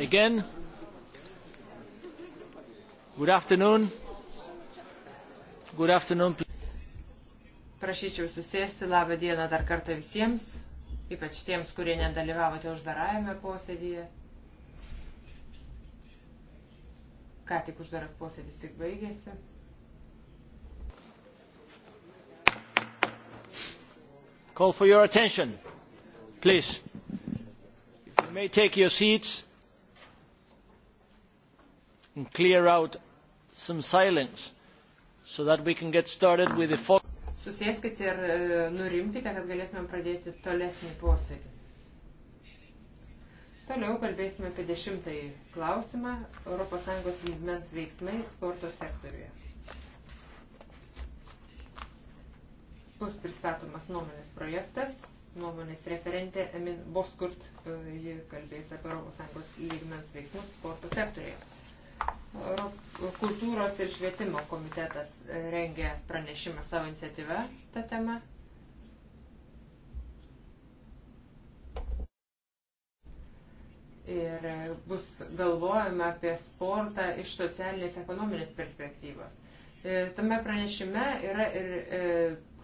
again. Good afternoon. Good afternoon. Prašyčiau susėsti. Labą dieną dar kartą visiems, ypač tiems, kurie nedalyvavote uždarajame posėdėje. Ką tik uždaras posėdis tik baigėsi. Call for your attention, please. If you may take your seats and clear out some silence so that we can get started with the fo- Susėskite ir e, nurimkite, kad galėtumėm pradėti tolesnį posėdį. Toliau kalbėsime apie dešimtąjį klausimą ES lygmens veiksmai sporto sektoriuje. Bus pristatomas nuomonės projektas, nuomonės referentė Emin Boskurt, e, ji kalbės apie ES lygmens veiksmus sporto sektoriuje kultūros ir švietimo komitetas e, rengia pranešimą savo iniciatyvą tą temą. Ir e, bus galvojama apie sportą iš socialinės ekonominės perspektyvos. E, tame pranešime yra ir e,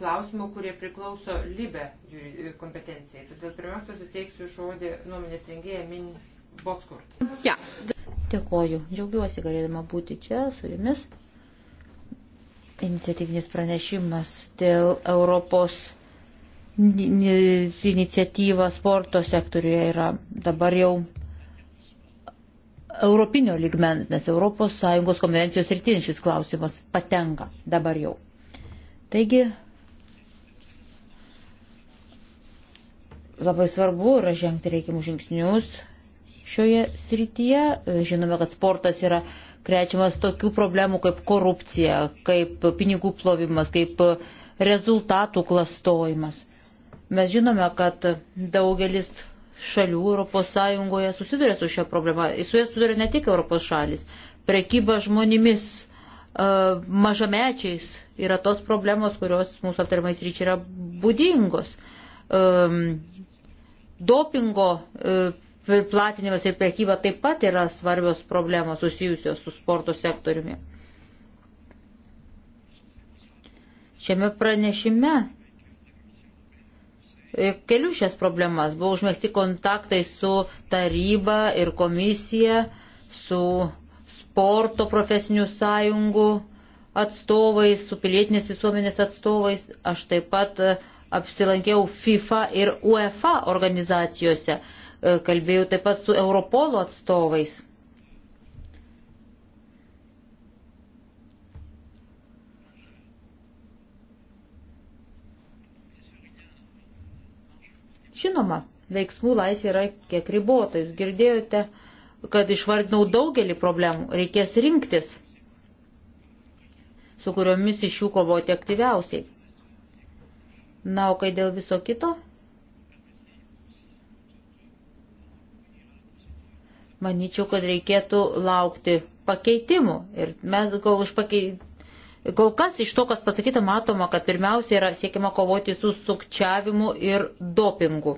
klausimų, kurie priklauso libe kompetencijai. Todėl pirmiausia suteiksiu žodį nuomonės rengėja Min Botskurt. Ja. Dėkoju, džiaugiuosi galėdama būti čia su jumis. Iniciatyvinis pranešimas dėl Europos iniciatyva sporto sektoriuje yra dabar jau europinio ligmens, nes ES konvencijos rytinis šis klausimas patenka dabar jau. Taigi labai svarbu yra žengti reikiamus žingsnius šioje srityje. Žinome, kad sportas yra krečiamas tokių problemų kaip korupcija, kaip pinigų plovimas, kaip rezultatų klastojimas. Mes žinome, kad daugelis šalių ES susiduria su šia problema. Su jais susiduria ne tik Europos šalis. Prekyba žmonėmis, e, mažamečiais yra tos problemos, kurios mūsų aptarimais ryčiai yra būdingos. Dopingo e, platinimas ir priekyba taip pat yra svarbios problemos susijusios su sporto sektoriumi. Šiame pranešime e, kelių šias problemas buvo užmėgsti kontaktai su taryba ir komisija, su sporto profesinių sąjungų atstovais, su pilietinės visuomenės atstovais. Aš taip pat e, apsilankiau FIFA ir UEFA organizacijose E, kalbėjau taip pat su Europolo atstovais. Žinoma, veiksmų laisvė yra kiek ribota. Jūs girdėjote, kad išvardinau daugelį problemų. Reikės rinktis, su kuriomis iš jų kovoti aktyviausiai. Na, o kai dėl viso kito, manyčiau, kad reikėtų laukti pakeitimų. Ir mes kol, pakei... kol kas iš to, kas pasakyta, matoma, kad pirmiausia yra siekiama kovoti su sukčiavimu ir dopingu.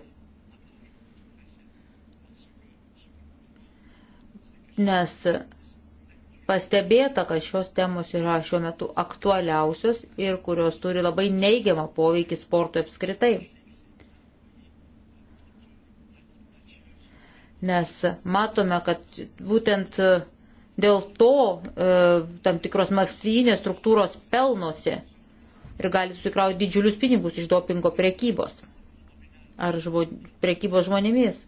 Nes pastebėta, kad šios temos yra šiuo metu aktualiausios ir kurios turi labai neigiamą poveikį sportui apskritai. nes matome, kad būtent dėl to e, tam tikros mafijinės struktūros pelnosi ir gali susikrauti didžiulius pinigus iš dopingo prekybos ar žmo, prekybos žmonėmis.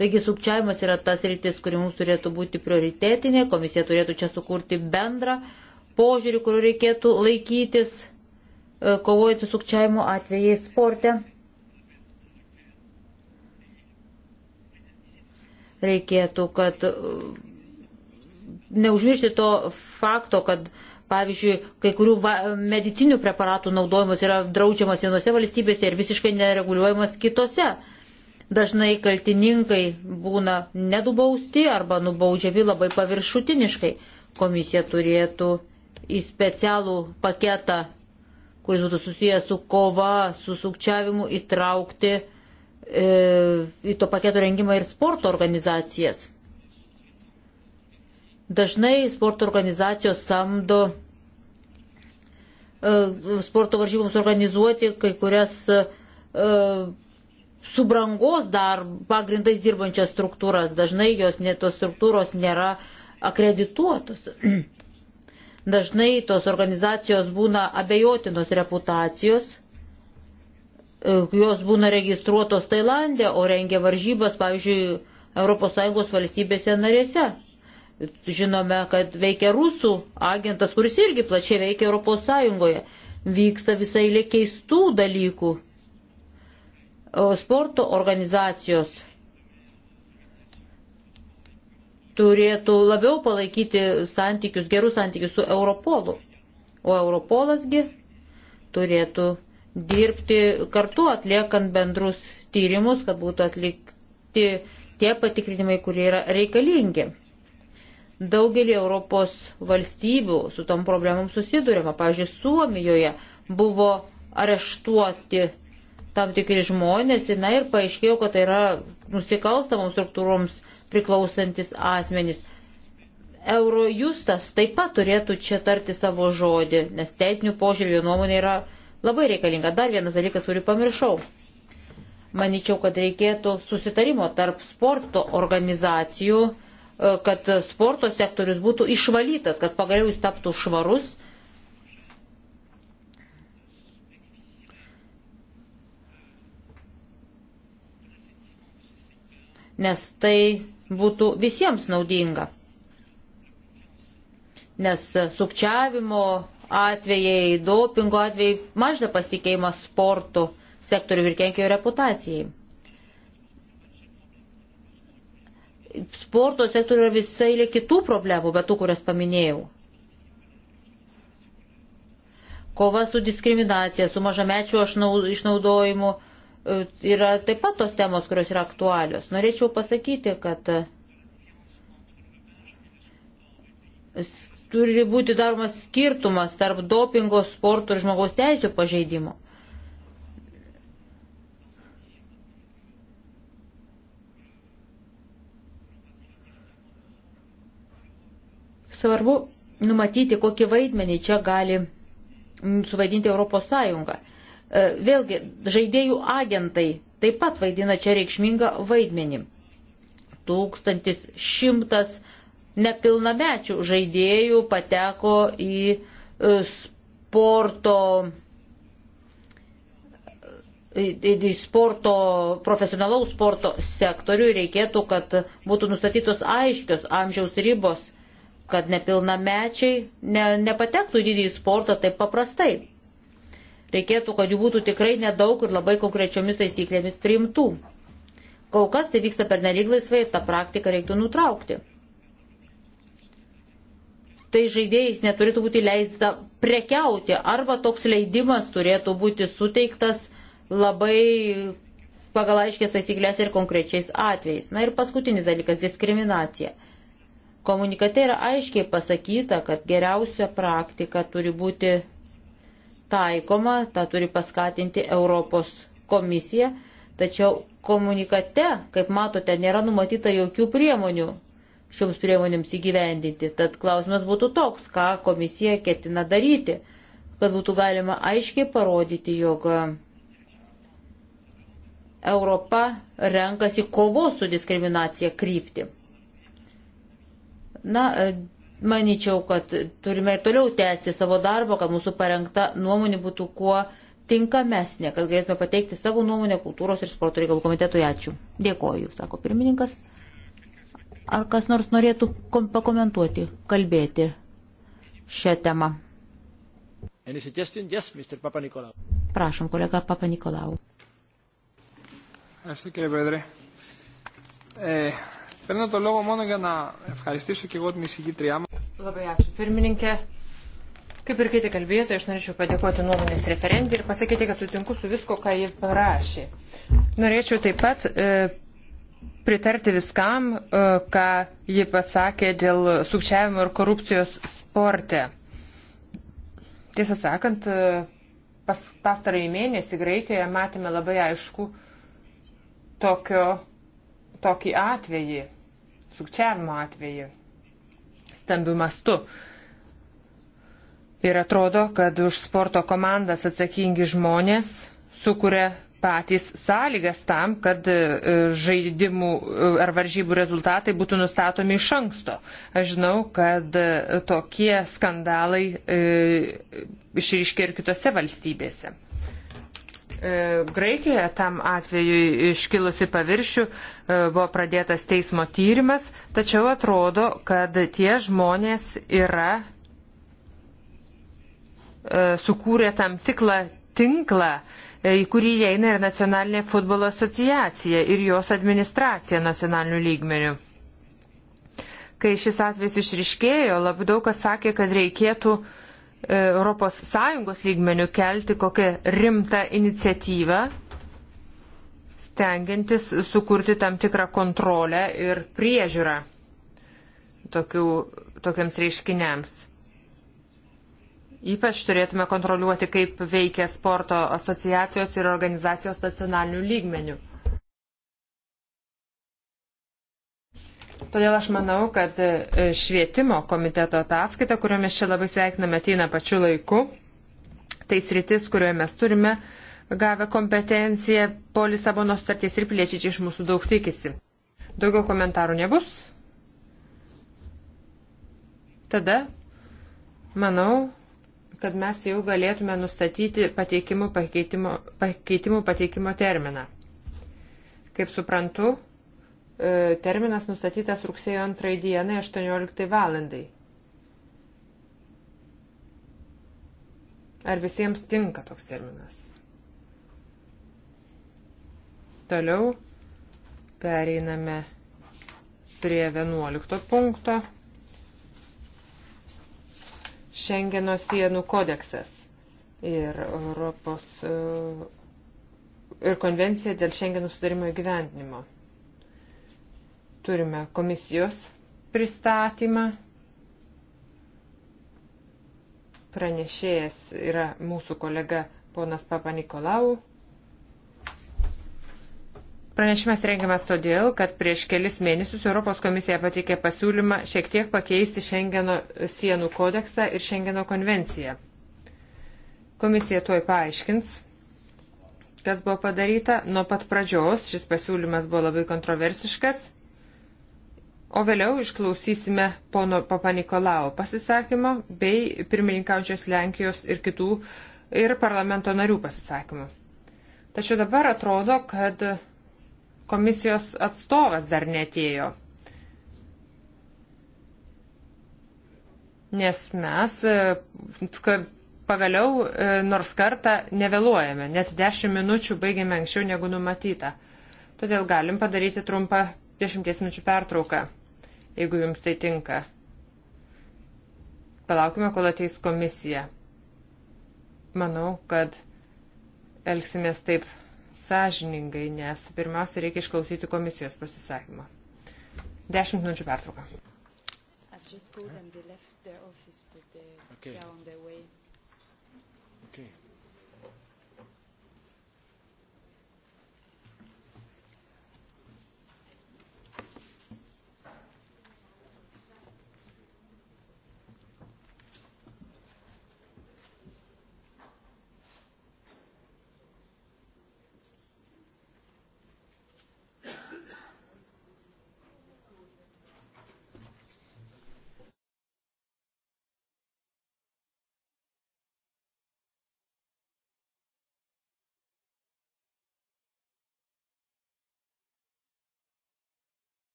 Taigi sukčiavimas yra tas rytis, kuri mums turėtų būti prioritetinė, komisija turėtų čia sukurti bendrą požiūrį, kuriuo reikėtų laikytis, e, kovojant su sukčiavimo atvejais sporte. reikėtų, kad neužmiršti to fakto, kad Pavyzdžiui, kai kurių medicinių preparatų naudojimas yra draudžiamas vienose valstybėse ir visiškai nereguliuojamas kitose. Dažnai kaltininkai būna nedubausti arba nubaudžiami labai paviršutiniškai. Komisija turėtų į specialų paketą kuris būtų susijęs su kova, su sukčiavimu, įtraukti E, į to paketo rengimą ir sporto organizacijas. Dažnai sporto organizacijos samdo e, sporto varžyboms organizuoti kai kurias e, subrangos dar pagrindais dirbančias struktūras. Dažnai jos net tos struktūros nėra akredituotos. Dažnai tos organizacijos būna abejotinos reputacijos E, jos būna registruotos Tailandė, o rengia varžybas, pavyzdžiui, ES valstybėse narėse. Žinome, kad veikia rusų agentas, kuris irgi plačiai veikia ES. Vyksta visai lė keistų dalykų. Sporto organizacijos turėtų labiau palaikyti santykius, gerus santykius su Europolu. O Europolasgi turėtų dirbti kartu atliekant bendrus tyrimus, kad būtų atlikti tie patikrinimai, kurie yra reikalingi. Daugelį Europos valstybių su tom problemom susidurėma. Pavyzdžiui, Suomijoje buvo areštuoti tam tikri žmonės na, ir paaiškėjo, kad tai yra nusikalstamoms struktūroms priklausantis asmenys. Eurojustas taip pat turėtų čia tarti savo žodį, nes teisinių požiūrių nuomonė yra Labai reikalinga. Dar vienas dalykas, kurį pamiršau. Maničiau, kad reikėtų susitarimo tarp sporto organizacijų, e, kad sporto sektorius būtų išvalytas, kad pagaliau jis taptų švarus. Nes tai būtų visiems naudinga. Nes sukčiavimo atvejai, dopingo atvejai mažina pasitikėjimą sportu sektoriu ir kenkia jo reputacijai. Sporto sektoriu yra visai lė kitų problemų, bet tų, kurias paminėjau. Kova su diskriminacija, su mažamečių išnaudojimu e, yra taip pat tos temos, kurios yra aktualios. Norėčiau pasakyti, kad turi būti daromas skirtumas tarp dopingo sporto ir žmogaus teisų pažeidimo. Svarbu numatyti, kokį vaidmenį čia gali suvaidinti Europos Sąjunga. E, vėlgi, žaidėjų agentai taip pat vaidina čia reikšmingą vaidmenį. 1100 nepilnamečių žaidėjų pateko į e, sporto, į, į sporto, profesionalaus sporto sektorių reikėtų, kad būtų nustatytos aiškios amžiaus ribos, kad nepilnamečiai ne, nepatektų į didįjį sportą taip paprastai. Reikėtų, kad jų būtų tikrai nedaug ir labai konkrečiomis taisyklėmis priimtų. Kol kas tai vyksta per nelyg laisvai ir tą praktiką reiktų nutraukti tai žaidėjais neturėtų būti leista prekiauti arba toks leidimas turėtų būti suteiktas labai pagal aiškės taisyklės ir konkrečiais atvejais. Na ir paskutinis dalykas - diskriminacija. Komunikate yra aiškiai pasakyta, kad geriausia praktika turi būti taikoma, tą turi paskatinti Europos komisija, tačiau komunikate, kaip matote, nėra numatyta jokių priemonių šioms priemonėms įgyvendinti. Tad klausimas būtų toks, ką komisija ketina daryti, kad būtų galima aiškiai parodyti, jog Europa renkasi kovos su diskriminacija krypti. Na, manyčiau, kad turime ir toliau tęsti savo darbą, kad mūsų parengta nuomonė būtų kuo tinkamesnė, kad galėtume pateikti savo nuomonę kultūros ir sporto reikalų komitetui. Ačiū. Dėkoju, sako pirmininkas. Ar kas nors norėtų pakomentuoti, kalbėti šią temą? Yes, Prašom, kolega Papa Nikolau. Ευχαριστώ κύριε Πρόεδρε. Ε, παίρνω το λόγο μόνο για να ευχαριστήσω και εγώ την εισηγήτριά μου. Labai ačiū pirmininkė. Kaip ir kiti kalbėtojai, aš norėčiau padėkoti nuomonės referendį ir pasakyti, kad sutinku su visko, ką jie parašė. Norėčiau taip pat e, pritarti viskam, e, ką ji pasakė dėl sukčiavimo ir korupcijos sporte. Tiesą sakant, e, pastarąjį mėnesį Graikijoje matėme labai aišku tokio, tokį atvejį, sukčiavimo atvejį, stambių mastų. Ir atrodo, kad už sporto komandas atsakingi žmonės sukuria patys sąlygas tam, kad e, žaidimų e, ar varžybų rezultatai būtų nustatomi iš anksto. Aš žinau, kad e, tokie skandalai išryškia ir kitose valstybėse. Graikijoje tam atveju iškilusi paviršių buvo pradėtas teismo tyrimas, tačiau atrodo, kad tie žmonės yra sukūrė tam tiklą tinklą, tinklą E, į kurį įeina ir nacionalinė futbolo asociacija ir jos administracija nacionaliniu lygmeniu. Kai šis atvejs išriškėjo, labai daug kas sakė, kad reikėtų ES lygmenių kelti kokią rimtą iniciatyvą, stengiantis sukurti tam tikrą kontrolę ir priežiūrą tokių, tokiams reiškiniams. Ypač turėtume kontroliuoti, kaip veikia sporto asociacijos ir organizacijos nacionalinių lygmenių. Todėl aš manau, kad e, švietimo komiteto ataskaita, kuriuo mes čia labai sveikiname, ateina pačiu laiku. Tai sritis, kurioje mes turime gavę kompetenciją po Lisabono starties ir piliečiai čia iš mūsų daug tikisi. Daugiau komentarų nebus. Tada, manau, kad mes jau galėtume nustatyti pateikimų pakeitimo, pakeitimų pateikimo terminą. Kaip suprantu, e, terminas nustatytas rugsėjo 2 dienai 18 valandai. Ar visiems tinka toks terminas? Toliau pereiname prie 11 punkto. Šengeno sienų kodeksas ir Europos e, ir konvencija dėl Šengeno sudarimo įgyvendinimo. Turime komisijos pristatymą. Pranešėjas yra mūsų kolega ponas Papa Nikolau. Pranešimas rengiamas todėl, kad prieš kelis mėnesius Europos komisija pateikė pasiūlymą šiek tiek pakeisti Šengeno sienų kodeksą ir Šengeno konvenciją. Komisija tuoj paaiškins, kas buvo padaryta. Nuo pat pradžios šis pasiūlymas buvo labai kontroversiškas. O vėliau išklausysime pono Papanikolao pasisakymą bei pirmininkaujančios Lenkijos ir kitų ir parlamento narių pasisakymą. Tačiau dabar atrodo, kad Komisijos atstovas dar netėjo. Nes mes e, pagaliau e, nors kartą nevėluojame, net 10 minučių baigėme anksčiau negu numatyta. Todėl galim padaryti trumpą 10 minučių pertrauką, jeigu jums tai tinka. Palaukime, kol ateis komisija. Manau, kad elgsimės taip sąžiningai, nes pirmiausia reikia išklausyti komisijos pasisakymą. Dešimt minučių pertrauką. Okay.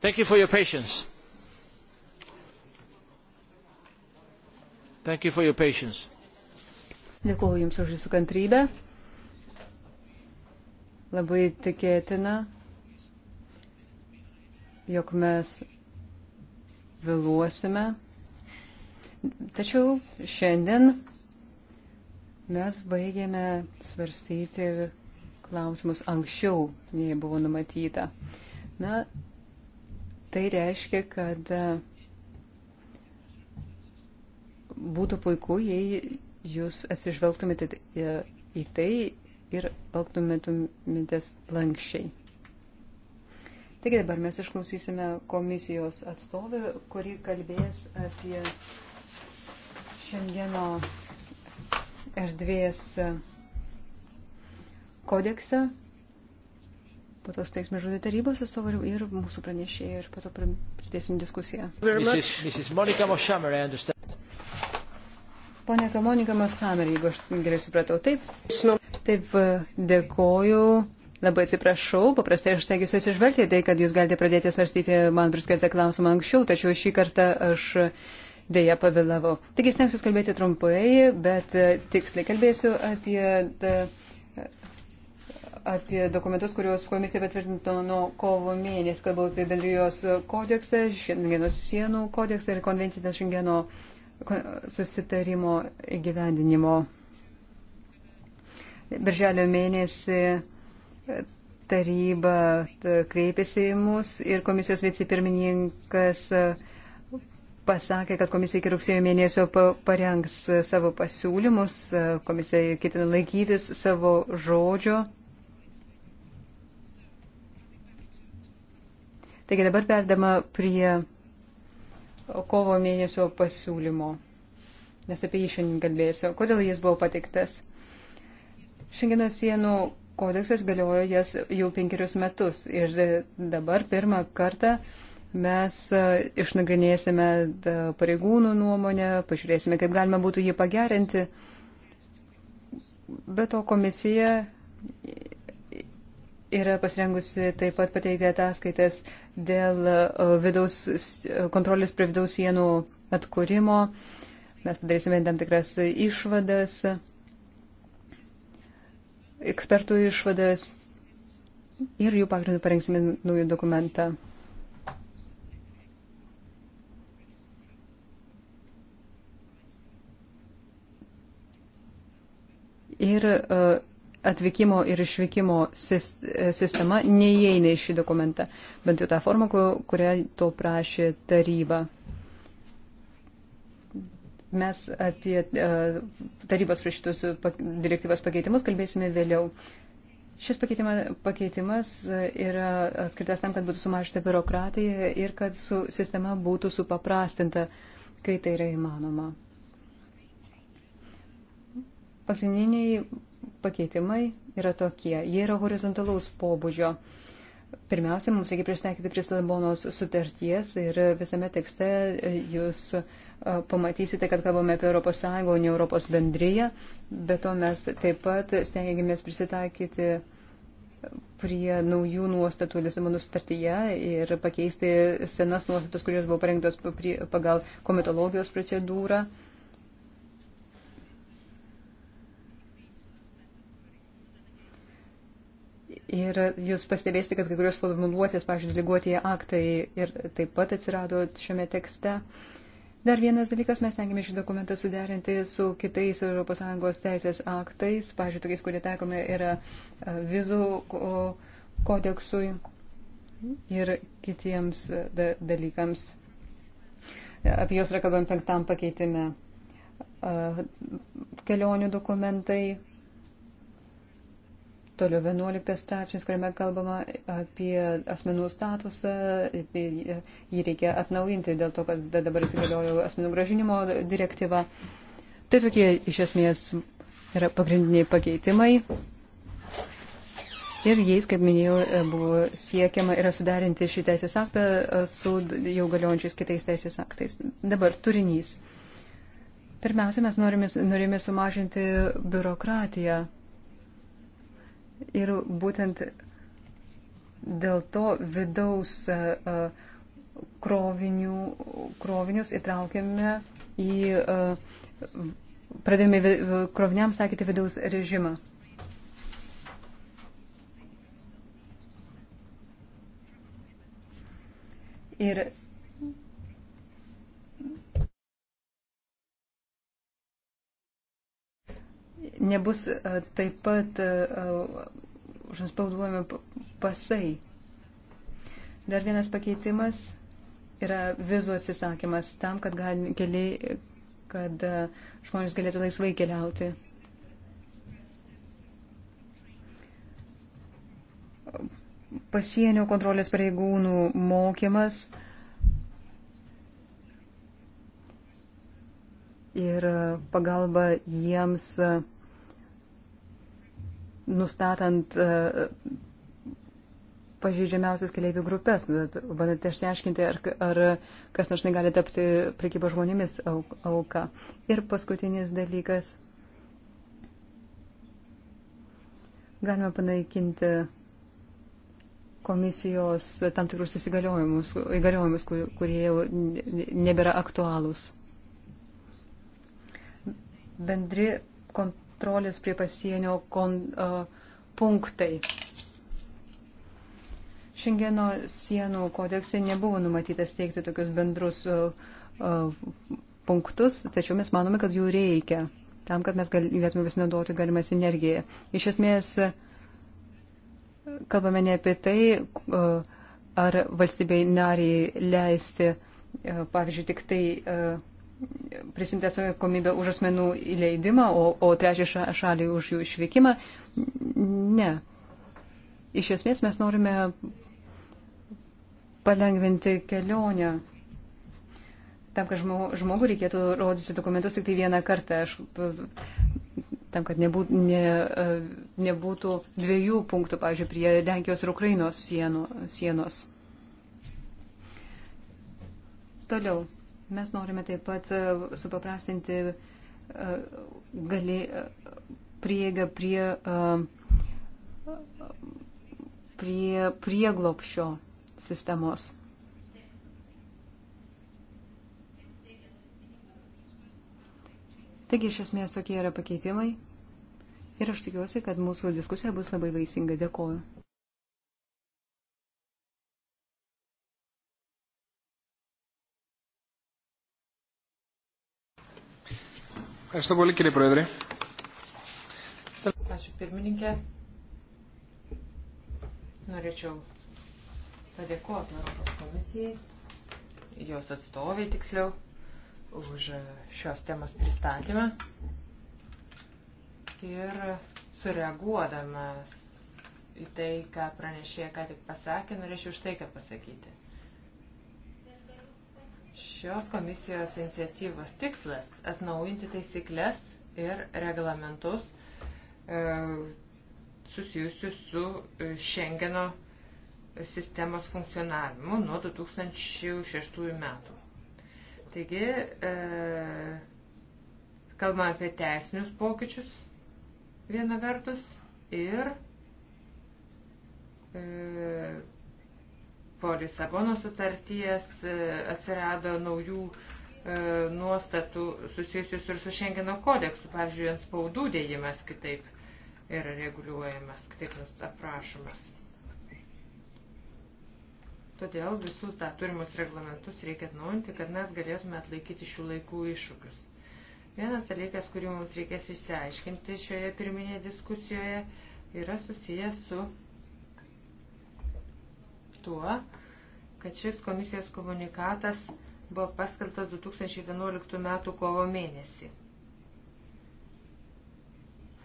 Thank you for your patience. Thank you for your patience. Dėkuoju Jums už Jūsų kantrybę. Labai tikėtina, jog mes vėluosime. Tačiau šiandien mes baigėme svarstyti klausimus anksčiau, nei buvo numatyta. Na, Tai reiškia, kad e, būtų puiku, jei jūs atsižvelgtumėte į tai ir elgtumėtumėtės lankščiai. Taigi dabar mes išklausysime komisijos atstovę, kuri kalbės apie šiandieno erdvės e, kodeksą, po to steigsime žodį tarybą su savo ir mūsų pranešėjai ir po to pridėsim diskusiją. Pone Kamonika Moskamer, jeigu aš gerai supratau, taip. Taip, e, dėkoju. Labai atsiprašau, paprastai aš stengiuosi atsižvelgti tai, kad jūs galite pradėti svarstyti man priskirtą klausimą anksčiau, tačiau šį kartą aš dėja pavėlavau. Taigi stengsiu kalbėti trumpai, bet e, tiksliai kalbėsiu apie e, apie dokumentus, kuriuos komisija patvirtino nuo kovo mėnesį. Kalbu apie bendrijos kodeksą, Šengeno sienų kodeksą ir konvenciją dėl Šengeno susitarimo įgyvendinimo. Birželio mėnesį taryba kreipėsi į mus ir komisijos vicepirmininkas pasakė, kad komisija iki rugsėjo mėnesio parengs savo pasiūlymus, komisija ketina laikytis savo žodžio. Taigi dabar perdama prie kovo mėnesio pasiūlymo, nes apie jį šiandien kalbėsiu. Kodėl jis buvo pateiktas? Šengeno sienų kodeksas galiojo jas jau penkerius metus ir dabar pirmą kartą mes e, išnagrinėsime e, pareigūnų nuomonę, pažiūrėsime, kaip galima būtų jį pagerinti. Be to komisija yra pasirengusi taip pat pateikti ataskaitas dėl vidaus, kontrolės prie vidaus sienų atkūrimo. Mes padarysime tam tikras išvadas, ekspertų išvadas ir jų pagrindų parengsime naujų dokumentą. Ir uh, atvykimo ir išvykimo e, sistema neįeina į šį dokumentą, bent jau tą formą, kurią to prašė taryba. Mes apie e, tarybos prašytus direktyvos pakeitimus kalbėsime vėliau. Šis pakeitima, pakeitimas e, yra skirtas tam, kad būtų sumažinta biurokratija ir kad su sistema būtų supaprastinta, kai tai yra įmanoma. Pagrindiniai pakeitimai yra tokie. Jie yra horizontalaus pobūdžio. Pirmiausia, mums reikia pristaikyti prie Lisabonos sutarties ir visame tekste e, jūs e, pamatysite, kad kalbame apie ES, o ne Europos bendryje, bet to mes taip pat stengiamės prisitaikyti prie naujų nuostatų Lisabono sutartyje ir pakeisti senas nuostatus, kurios buvo parengtos pagal komitologijos procedūrą. Ir jūs pastebėsite, kad kai kurios formuluotės, pavyzdžiui, deleguotieji aktai ir taip pat atsirado šiame tekste. Dar vienas dalykas, mes tengiame šį dokumentą suderinti su kitais ES teisės aktais, pavyzdžiui, tokiais, kurie taikomi yra e, vizų kodeksui ir kitiems e, dalykams. Apie juos yra kalbam penktam pakeitime. E, kelionių dokumentai, Toliau 11 straipsnis, kuriame kalbama apie asmenų statusą, jį reikia atnaujinti dėl to, kad dabar įsigaliojo asmenų gražinimo direktyva. Tai tokie iš esmės yra pagrindiniai pakeitimai. Ir jais, kaip minėjau, buvo siekiama yra sudarinti šį teisės aktą su jau galiojančiais kitais teisės aktais. Dabar turinys. Pirmiausia, mes norime, norime sumažinti biurokratiją Ir būtent dėl to vidaus krovinių, krovinius įtraukėme į, pradėjome kroviniams sakyti vidaus režimą. Ir nebus e, taip pat e, e, užspauduojami pasai. Dar vienas pakeitimas yra vizų atsisakymas tam, kad, gali, keli, kad žmonės galėtų laisvai keliauti. Pasienio kontrolės pareigūnų mokymas ir pagalba jiems nustatant e, pažeidžiamiausius keliaivių grupės, bandant išsiaiškinti, ar, ar kas nors negali tapti prekybo žmonėmis auka. Ir paskutinis dalykas. Galima panaikinti komisijos tam tikrus įsigaliojimus, įgaliojimus, kur, kurie jau nebėra aktualūs. Bendri kompetencijos kontrolės prie pasienio kon, uh, punktai. Šengeno sienų kodeksai nebuvo numatytas teikti tokius bendrus uh, punktus, tačiau mes manome, kad jų reikia tam, kad mes galėtume pasinaudoti galimą sinergiją. Iš esmės, kalbame ne apie tai, uh, ar valstybei nariai leisti, uh, pavyzdžiui, tik tai uh, prisimti atsakomybę už asmenų įleidimą, o, o trečią šalį už jų išvykimą. Ne. Iš esmės mes norime palengventi kelionę. Tam, kad žmogų reikėtų rodyti dokumentus tik tai vieną kartą. Aš, tam, kad nebūt, ne, e, nebūtų dviejų punktų, pavyzdžiui, prie Lenkijos ir Ukrainos sienų, sienos. Toliau. Mes norime taip pat e, supaprastinti e, gali e, prieigą prie, prie prieglopšio sistemos. Taigi iš esmės tokie yra pakeitimai ir aš tikiuosi, kad mūsų diskusija bus labai vaisinga. Dėkuoju. Ευχαριστώ πολύ κύριε Πρόεδρε. Ačiū pirmininkė. Norėčiau padėkoti Europos komisijai, jos atstoviai tiksliau, už šios temos pristatymą. Ir sureaguodama į tai, ką pranešė, ką tik pasakė, norėčiau štai ką pasakyti. Šios komisijos iniciatyvos tikslas - atnaujinti taisyklės ir reglamentus e, susijusius su e, Schengeno sistemos funkcionavimu nuo 2006 metų. Taigi, e, kalbame apie teisinius pokyčius viena vertus ir e, po Lisabono sutarties e, atsirado naujų e, nuostatų susijusius ir su Šengeno kodeksu, pavyzdžiui, ant spaudų dėjimas kitaip yra reguliuojamas, kitaip aprašomas. Todėl visus tą turimus reglamentus reikia atnaujinti, kad mes galėtume atlaikyti šių laikų iššūkius. Vienas dalykas, kurį mums reikės išsiaiškinti šioje pirminėje diskusijoje, yra susijęs su tuo, kad šis komisijos komunikatas buvo paskelbtas 2011 m. kovo mėnesį.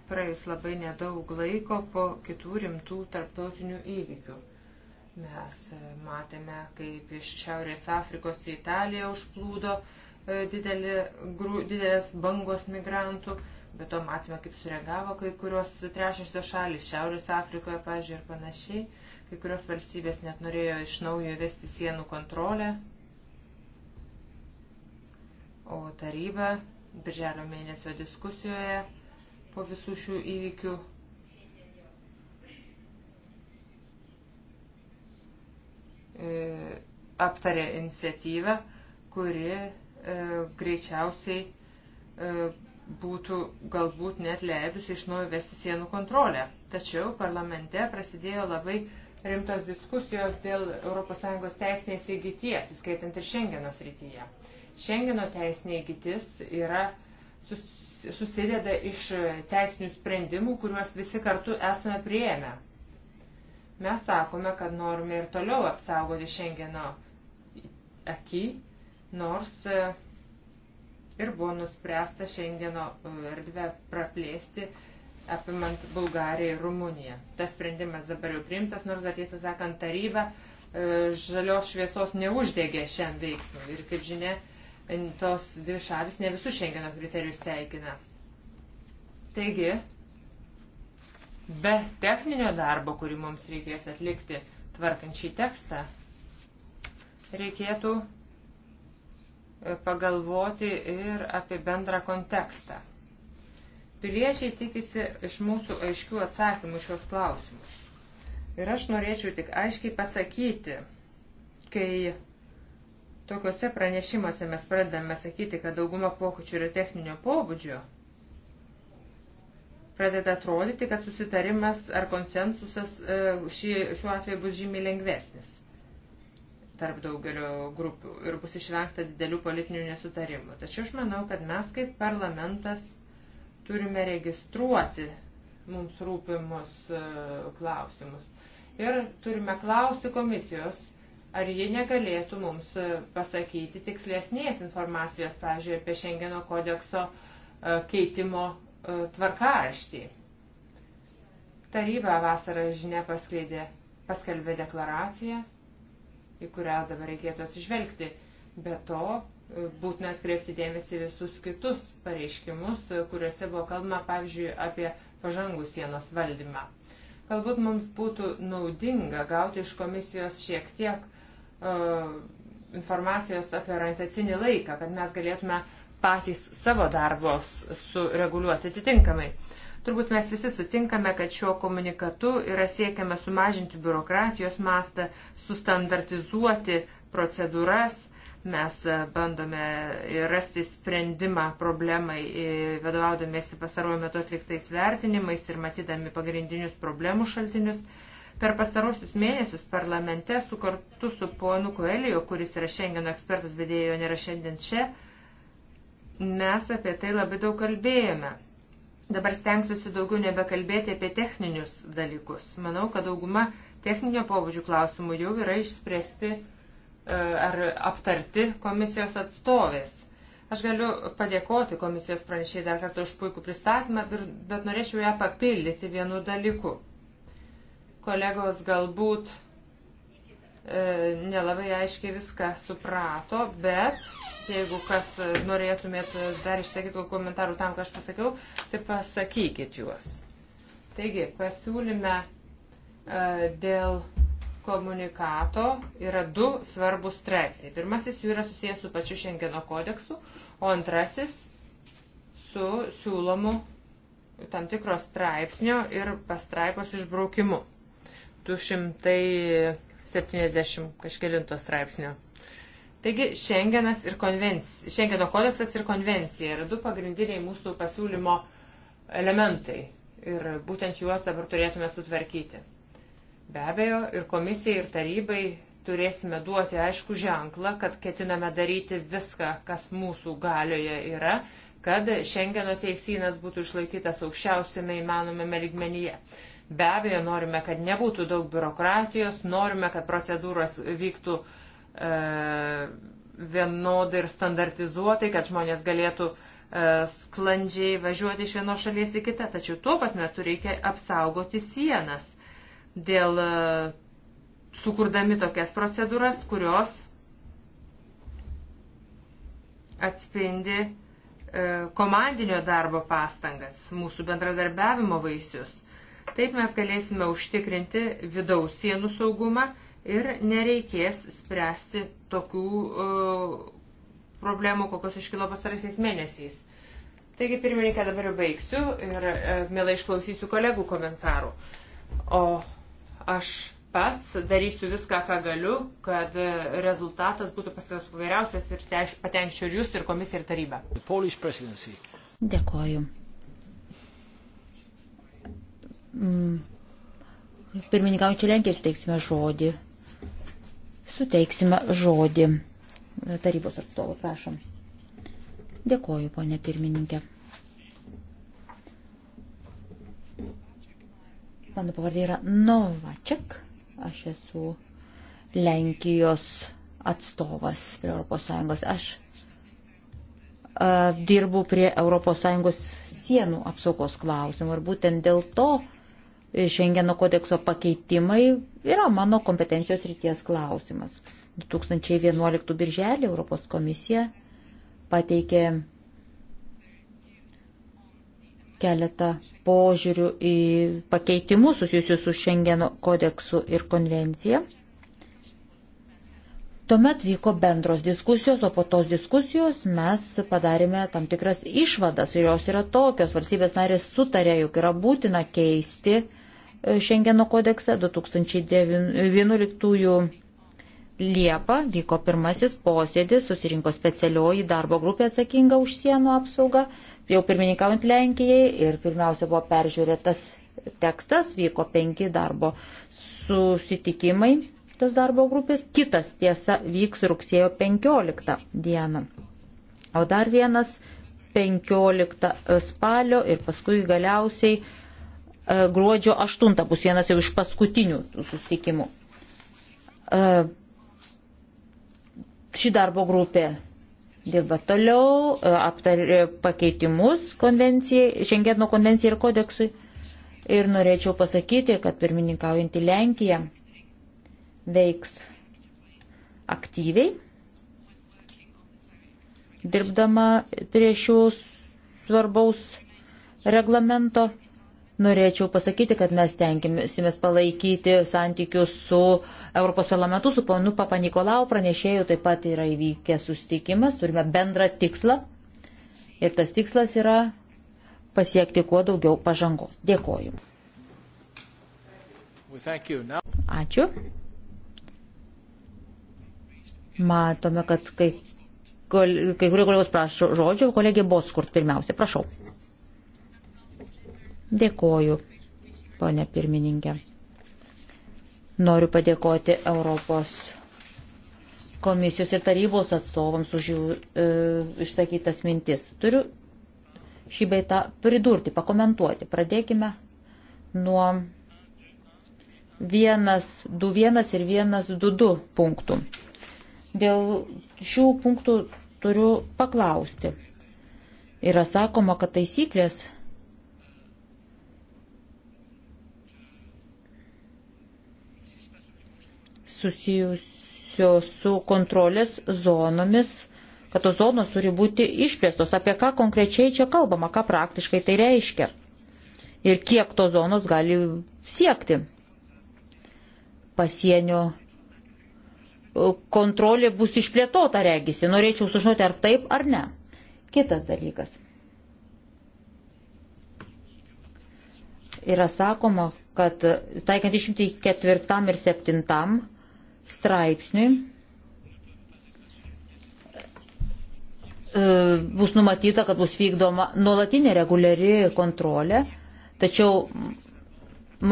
Praėjus labai nedaug laiko po kitų rimtų tarptautinių įvykių. Mes e, matėme, kaip iš Šiaurės Afrikos į Italiją užplūdo e, didelė, gru, didelės bangos migrantų, bet to matėme, kaip sureagavo kai kurios trečiosios šalis Šiaurės Afrikoje, pažiūrėjau, ir panašiai. Kai kurios valstybės net norėjo iš naujo vesti sienų kontrolę, o taryba birželio mėnesio diskusijoje po visų šių įvykių e, aptarė iniciatyvą, kuri e, greičiausiai e, būtų galbūt net leidusi iš naujo vesti sienų kontrolę. Tačiau parlamente prasidėjo labai rimtos diskusijos dėl ES teisinės įgyties, įskaitant ir Šengeno srityje. Šengeno teisinė įgytis yra sus, susideda iš teisinių sprendimų, kuriuos visi kartu esame prieėmę. Mes sakome, kad norime ir toliau apsaugoti Šengeno akį, nors e, ir buvo nuspręsta Šengeno e, erdvę praplėsti apimant Bulgariją ir Rumuniją. Tas sprendimas dabar jau priimtas, nors, tiesą sakant, taryba e, žalios šviesos neuždegė šiam veiksmui. Ir, kaip žinia, tos dvi šalis ne visus šengeno kriterijus teikina. Taigi, be techninio darbo, kurį mums reikės atlikti tvarkant šį tekstą, reikėtų e, pagalvoti ir apie bendrą kontekstą. Piliečiai tikisi iš mūsų aiškių atsakymų šios klausimus. Ir aš norėčiau tik aiškiai pasakyti, kai tokiuose pranešimuose mes pradedame sakyti, kad dauguma pokyčių yra techninio pobūdžio, pradeda atrodyti, kad susitarimas ar konsensusas e, šį, šiuo atveju bus žymiai lengvesnis tarp daugelio grupių ir bus išvengta didelių politinių nesutarimų. Tačiau aš manau, kad mes kaip parlamentas turime registruoti mums rūpimus e, klausimus. Ir turime klausti komisijos, ar ji negalėtų mums e, pasakyti tikslesnės informacijos, pavyzdžiui, apie Šengeno kodekso e, keitimo tvarkaraštį. Taryba vasarą žinia paskleidė, paskelbė deklaraciją, į kurią dabar reikėtų atsižvelgti. Be to, būtina atkreipti dėmesį visus kitus pareiškimus, kuriuose buvo kalbama, pavyzdžiui, apie pažangų sienos valdymą. Galbūt mums būtų naudinga gauti iš komisijos šiek tiek uh, informacijos apie orientacinį laiką, kad mes galėtume patys savo darbos sureguliuoti atitinkamai. Turbūt mes visi sutinkame, kad šiuo komunikatu yra siekiama sumažinti biurokratijos mastą, sustandartizuoti procedūras, Mes e, bandome rasti sprendimą problemai, e, vadovaudomėsi pasaruoju metu atliktais vertinimais ir matydami pagrindinius problemų šaltinius. Per pastarosius mėnesius parlamente su kartu su ponu Koelijo, kuris yra šiandien ekspertas, bet jo nėra šiandien čia, mes apie tai labai daug kalbėjome. Dabar stengsiuosi daugiau nebekalbėti apie techninius dalykus. Manau, kad dauguma techninio pobūdžio klausimų jau yra išspręsti E, ar aptarti komisijos atstovės. Aš galiu padėkoti komisijos pranešėjai dar kartą už puikų pristatymą, bet norėčiau ją papildyti vienu dalyku. Kolegos galbūt e, nelabai aiškiai viską suprato, bet jeigu kas norėtumėt dar išsakyti komentarų tam, ką aš pasakiau, tai pasakykit juos. Taigi, pasiūlyme e, dėl komunikato yra du svarbus straipsniai. Pirmasis jų yra susijęs su pačiu Šengeno kodeksu, o antrasis su siūlomu tam tikro straipsnio ir pastraipos išbraukimu. 270 kažkėlinto straipsnio. Taigi Šengenas ir konvencija, Šengeno kodeksas ir konvencija yra du pagrindiniai mūsų pasiūlymo elementai ir būtent juos dabar turėtume sutvarkyti. Be abejo, ir komisijai, ir tarybai turėsime duoti aišku ženklą, kad ketiname daryti viską, kas mūsų galioje yra, kad Šengeno teisynas būtų išlaikytas aukščiausiame įmanomame lygmenyje. Be abejo, norime, kad nebūtų daug biurokratijos, norime, kad procedūros vyktų e, vienodai ir standartizuotai, kad žmonės galėtų e, sklandžiai važiuoti iš vienos šalies į kitą, tačiau tuo pat metu reikia apsaugoti sienas dėl e, sukurdami tokias procedūras, kurios atspindi e, komandinio darbo pastangas, mūsų bendradarbiavimo vaisius. Taip mes galėsime užtikrinti vidaus sienų saugumą ir nereikės spręsti tokių uh, problemų, kokios iškilo pasaraisiais mėnesiais. Taigi, pirmininkė, dabar jau baigsiu ir uh, mielai išklausysiu kolegų komentarų. O Aš pats darysiu viską, ką galiu, kad rezultatas būtų pasiektas vairiausias ir patenkinčiau ir jūs, ir komisiją, ir tarybą. Dėkoju. Mm. Pirmininkaujančiai Lenkijai suteiksime žodį. Suteiksime žodį. Tarybos atstovų, prašom. Dėkoju, ponė pirmininkė. Mano pavardė yra Novaček. Aš esu Lenkijos atstovas prie ES. Aš uh, dirbu prie ES sienų apsaugos klausimų ir būtent dėl to Šengeno kodekso pakeitimai yra mano kompetencijos ryties klausimas. 2011 birželį Europos komisija pateikė keletą požiūrių į pakeitimus susijusius su Šengeno kodeksu ir konvencija. Tuomet vyko bendros diskusijos, o po tos diskusijos mes padarėme tam tikras išvadas ir jos yra tokios. Valstybės narės sutarė, jog yra būtina keisti Šengeno e, kodeksą 2011 Liepą vyko pirmasis posėdis, susirinko specialioji darbo grupė atsakinga už sienų apsaugą jau pirmininkaujant Lenkijai ir pirmiausia buvo peržiūrėtas tekstas, vyko penki darbo susitikimai tos darbo grupės, kitas tiesa vyks rugsėjo 15 dieną. O dar vienas 15 spalio ir paskui galiausiai e, gruodžio 8 bus vienas jau iš paskutinių susitikimų. E, ši darbo grupė dirba toliau, e, aptarė pakeitimus konvencijai, Šengeno konvencijai ir kodeksui. Ir norėčiau pasakyti, kad pirmininkaujantį Lenkiją veiks aktyviai, dirbdama prie šių svarbaus reglamento. Norėčiau pasakyti, kad mes tenkiamės palaikyti santykius su uh, Europos parlamentu, su ponu Papa Nikolau pranešėjų taip pat yra įvykęs sustikimas, turime bendrą tikslą ir tas tikslas yra pasiekti kuo daugiau pažangos. Dėkoju. Ačiū. Matome, kad kai, kai kurie kolegos prašo žodžio, kolegė Boskurt pirmiausia, prašau. Dėkoju, ponė pirmininkė. Noriu padėkoti Europos komisijos ir tarybos atstovams už jų e, išsakytas mintis. Turiu šį beitą pridurti, pakomentuoti. Pradėkime nuo 1.2.1 ir 1.2.2 punktų. Dėl šių punktų turiu paklausti. Yra sakoma, kad taisyklės susijusios su kontrolės zonomis, kad tos zonos turi būti išplėstos. Apie ką konkrečiai čia kalbama, ką praktiškai tai reiškia ir kiek tos zonos gali siekti. Pasienio e, kontrolė bus išplėtota regisi. Norėčiau sužinoti, ar taip, ar ne. Kitas dalykas. Yra sakoma, kad taikant išimti ketvirtam ir septintam straipsniui e, bus numatyta, kad bus vykdoma nuolatinė reguliari kontrolė, tačiau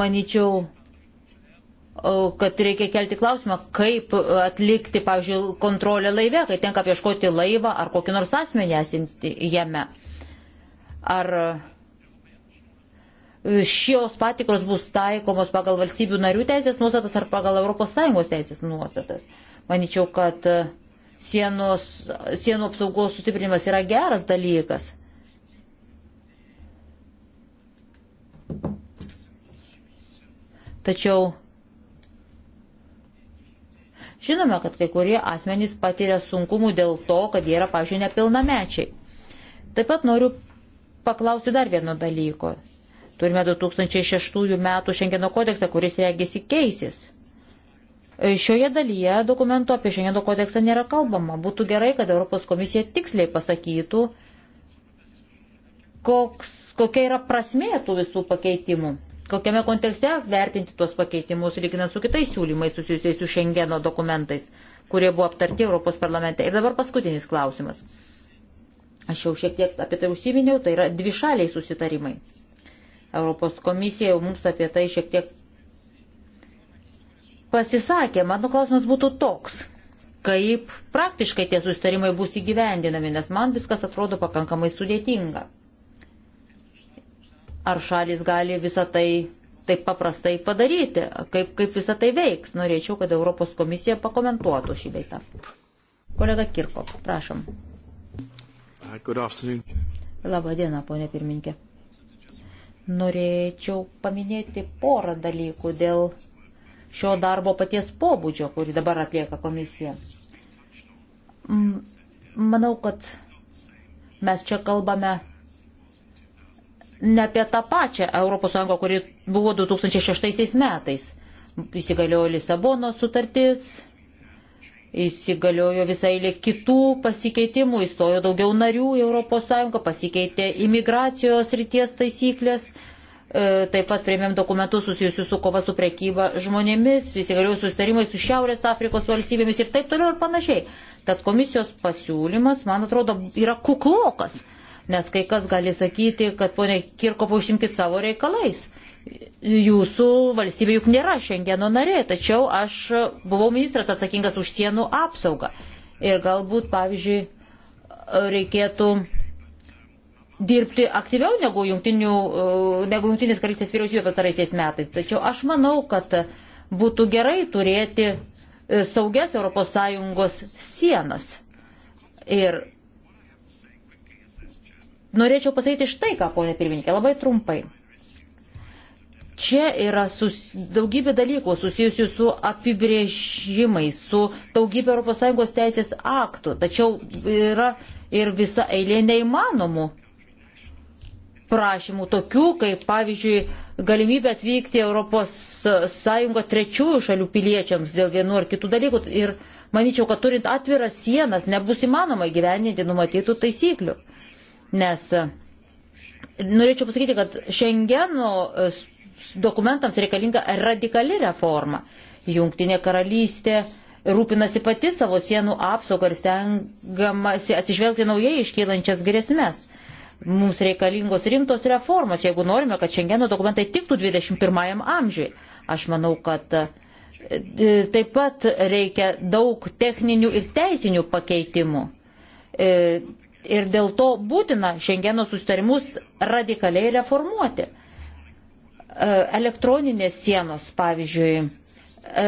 manyčiau, e, kad reikia kelti klausimą, kaip atlikti, pavyzdžiui, kontrolę laive, kai tenka apieškoti laivą ar kokį nors asmenį esinti jame. Ar šios patikros bus taikomos pagal valstybių narių teisės nuostatas ar pagal ES teisės nuostatas. Maničiau, kad e, sienos, sienų apsaugos sustiprinimas yra geras dalykas. Tačiau žinome, kad kai kurie asmenys patiria sunkumų dėl to, kad jie yra, pažiūrėjau, nepilnamečiai. Taip pat noriu paklausti dar vieno dalyko. Turime 2006 metų Šengeno kodeksą, kuris regisi keisis. Šioje dalyje dokumento apie Šengeno kodeksą nėra kalbama. Būtų gerai, kad Europos komisija tiksliai pasakytų, koks, kokia yra prasmė tų visų pakeitimų, kokiame kontekste vertinti tuos pakeitimus, lyginant su kitais siūlymais susijusiais su Šengeno dokumentais, kurie buvo aptarti Europos parlamente. Ir dabar paskutinis klausimas. Aš jau šiek tiek apie tai užsiminiau, tai yra dvišaliai susitarimai. Europos komisija jau mums apie tai šiek tiek pasisakė. Mano klausimas būtų toks, kaip praktiškai tie sustarimai bus įgyvendinami, nes man viskas atrodo pakankamai sudėtinga. Ar šalis gali visą tai taip paprastai padaryti, kaip, kaip visą tai veiks. Norėčiau, kad Europos komisija pakomentuotų šį beitą. Kolega Kirko, prašom. Labą dieną, ponė pirminkė. Norėčiau paminėti porą dalykų dėl šio darbo paties pobūdžio, kurį dabar atlieka komisija. Manau, kad mes čia kalbame ne apie tą pačią ES, kuri buvo 2006 metais. Įsigaliojo Lisabono sutartis, įsigaliojo visai lė kitų pasikeitimų, įstojo daugiau narių į ES, pasikeitė imigracijos ryties taisyklės, e, taip pat prieimėm dokumentus susijusius su kova su prekyba žmonėmis, įsigaliojo sustarimai su Šiaurės Afrikos valstybėmis ir taip toliau ir panašiai. Tad komisijos pasiūlymas, man atrodo, yra kuklokas, nes kai kas gali sakyti, kad ponė Kirkopo užsimkit savo reikalais jūsų valstybė juk nėra Šengeno narė, tačiau aš buvau ministras atsakingas už sienų apsaugą. Ir galbūt, pavyzdžiui, reikėtų dirbti aktyviau negu, jungtinių, negu jungtinės karalystės vyriausybė pastaraisiais metais. Tačiau aš manau, kad būtų gerai turėti e, saugias ES sienas. Ir norėčiau pasakyti štai ką, ponė pirmininkė, labai trumpai. Čia yra sus, daugybė dalykų susijusių su apibrėžimais, su daugybė ES teisės aktų, tačiau yra ir visa eilė neįmanomų prašymų, tokių kaip, pavyzdžiui, galimybė atvykti ES trečiųjų šalių piliečiams dėl vienu ar kitų dalykų. Ir manyčiau, kad turint atviras sienas nebus įmanoma gyveninti numatytų taisyklių. Nes e, norėčiau pasakyti, kad Šengeno dokumentams reikalinga radikali reforma. Jungtinė karalystė rūpinasi pati savo sienų apsaugą ir stengiamasi atsižvelgti naujai iškylančias grėsmės. Mums reikalingos rimtos reformos, jeigu norime, kad šiandieno dokumentai tiktų 21 amžiui. Aš manau, kad e, taip pat reikia daug techninių ir teisinių pakeitimų. E, ir dėl to būtina šiandieno sustarimus radikaliai reformuoti. E, elektroninės sienos, pavyzdžiui, e,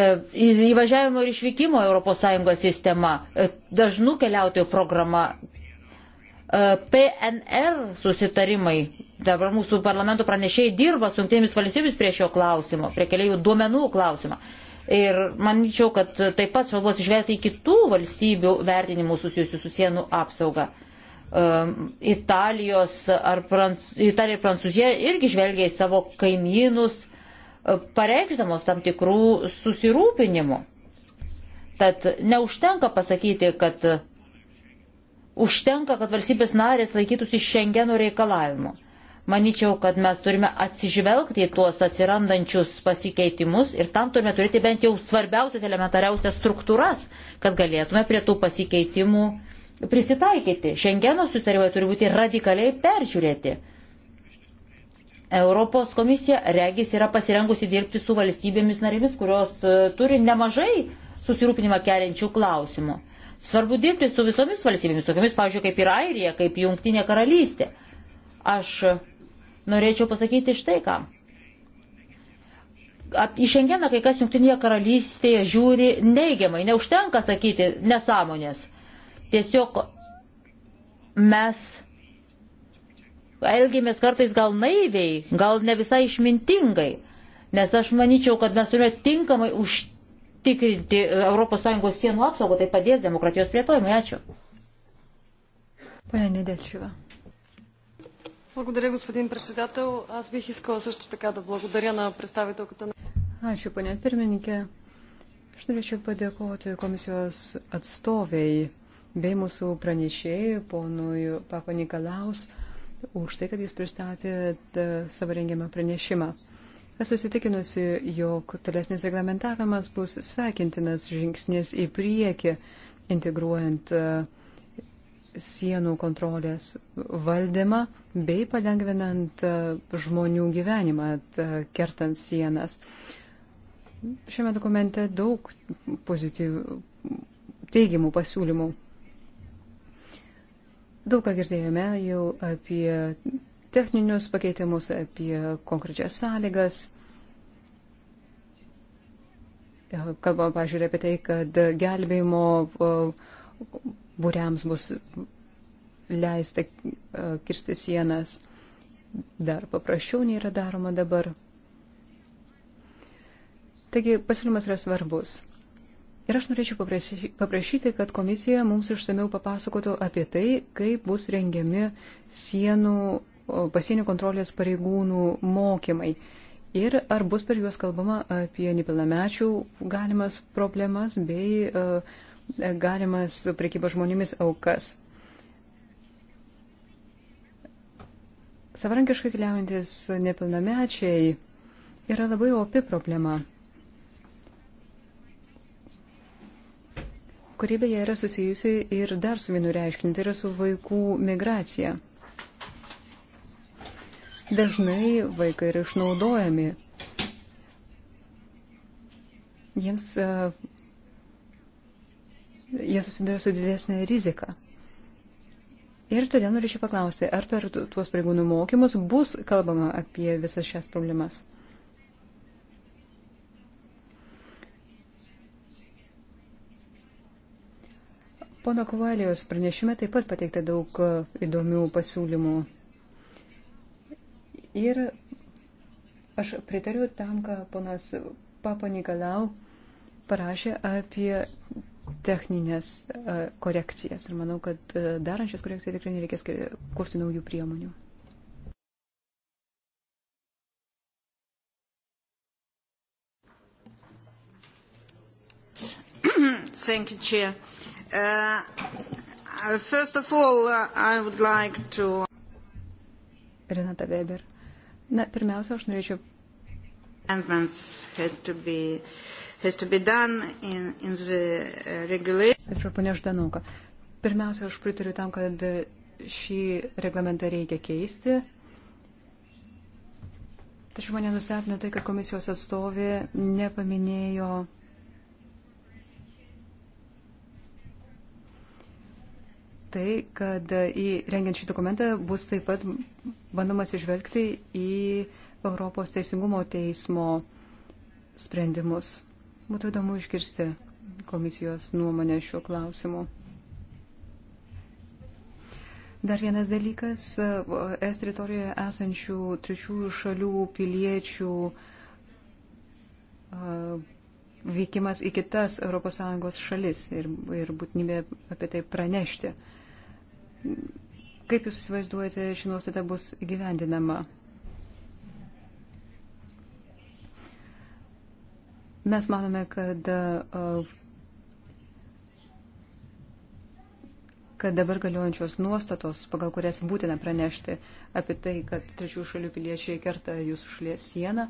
įvažiavimo ir išvykimo ES sistema, e, dažnų keliautojų programa, PNR susitarimai. Dabar mūsų parlamento pranešėjai dirba su jungtinėmis valstybėmis prie šio klausimo, prie keliaivių duomenų klausimo. Ir manyčiau, kad taip pat svarbu atsižvelgti į kitų valstybių vertinimus susijusių su sienų apsauga. Um, Italijos ar Pranc Italija ir Prancūzija irgi žvelgia į savo kaimynus, uh, pareikšdamos tam tikrų susirūpinimų. Tad neužtenka pasakyti, kad uh, užtenka, kad valstybės narės laikytųsi šengeno reikalavimų. Maničiau, kad mes turime atsižvelgti į tuos atsirandančius pasikeitimus ir tam turime turėti bent jau svarbiausias elementariausias struktūras, kas galėtume prie tų pasikeitimų uh, prisitaikyti. Šengeno susitarimai turi būti radikaliai peržiūrėti. Europos komisija regis yra pasirengusi dirbti su valstybėmis narėmis, kurios e, turi nemažai susirūpinimą keliančių klausimų. Svarbu dirbti su visomis valstybėmis, tokiamis, pavyzdžiui, kaip ir Airija, kaip Jungtinė karalystė. Aš norėčiau pasakyti štai ką. Į šiandieną kai kas Junktinėje karalystėje žiūri neigiamai, neužtenka sakyti nesąmonės. Tiesiog mes elgėmės kartais gal naiviai, gal ne visai išmintingai, nes aš manyčiau, kad mes turime tinkamai užtikrinti ES sienų apsaugą, tai padės demokratijos plėtojimui. Ačiū. Пане Недельчева. Благодаря, господин председател. Аз бих искала също така да благодаря на представителката на... Ačiū, ponė pirmininkė. Aš norėčiau padėkoti komisijos atstoviai bei mūsų pranešėjai, ponui Papa Nikolaus, už tai, kad jis pristatė e, savo rengiamą pranešimą. Esu įsitikinusi, jog tolesnis reglamentavimas bus sveikintinas žingsnis į priekį, integruojant e, sienų kontrolės valdymą bei palengvinant e, žmonių gyvenimą, kertant sienas. Šiame dokumente daug pozityvių teigiamų pasiūlymų. Daug ką girdėjome jau apie techninius pakeitimus, apie konkrečias sąlygas. Kalbam, pažiūrėjau, apie tai, kad gelbėjimo būriams bus leista kirsti sienas dar paprasčiau nei yra daroma dabar. Taigi pasiūlymas yra svarbus. Ir aš norėčiau paprašyti, kad komisija mums išsameu papasakotų apie tai, kaip bus rengiami sienų, pasienio kontrolės pareigūnų mokymai. Ir ar bus per juos kalbama apie nepilnamečių galimas problemas bei uh, galimas priekybos žmonėmis aukas. Savarankiškai keliaujantis nepilnamečiai yra labai opi problema. kuri beje yra susijusi ir dar su vienu reiškiniu, tai yra su vaikų migracija. Dažnai vaikai yra išnaudojami. Jiems uh, jie susiduria su didesnė rizika. Ir todėl norėčiau paklausti, ar per tuos pareigūnų mokymus bus kalbama apie visas šias problemas. Pono Kovalijos pranešime taip pat pateikta daug e, įdomių pasiūlymų. Ir aš pritariu tam, ką ponas Papa Nikolau parašė apie techninės e, korekcijas. Ir manau, kad e, darančias korekcijas tikrai nereikės kurti naujų priemonių. Thank you, Chair. Uh, first of all, uh, I would like to. Renata Weber. Na, pirmiausia, aš norėčiau. Amendments had to be, has to be done in, in the uh, regulation. Atsiprašau, ponia Ždanuka. Pirmiausia, aš pritariu tam, kad šį reglamentą reikia keisti. Tačiau mane nustebino tai, kad komisijos atstovė nepaminėjo tai, kad į rengiant šį dokumentą bus taip pat bandomas išvelgti į Europos Teisingumo teismo sprendimus. Būtų įdomu išgirsti komisijos nuomonę šiuo klausimu. Dar vienas dalykas - es teritorijoje esančių trečiųjų šalių piliečių vykimas į kitas ES šalis ir, ir būtinybė apie tai pranešti. Uh, Kaip Jūs įsivaizduojate, ši nuostata bus įgyvendinama? Mes manome, kad, uh, kad dabar galiojančios nuostatos, pagal kurias būtina pranešti apie tai, kad trečių šalių piliečiai kerta jūsų šalies sieną,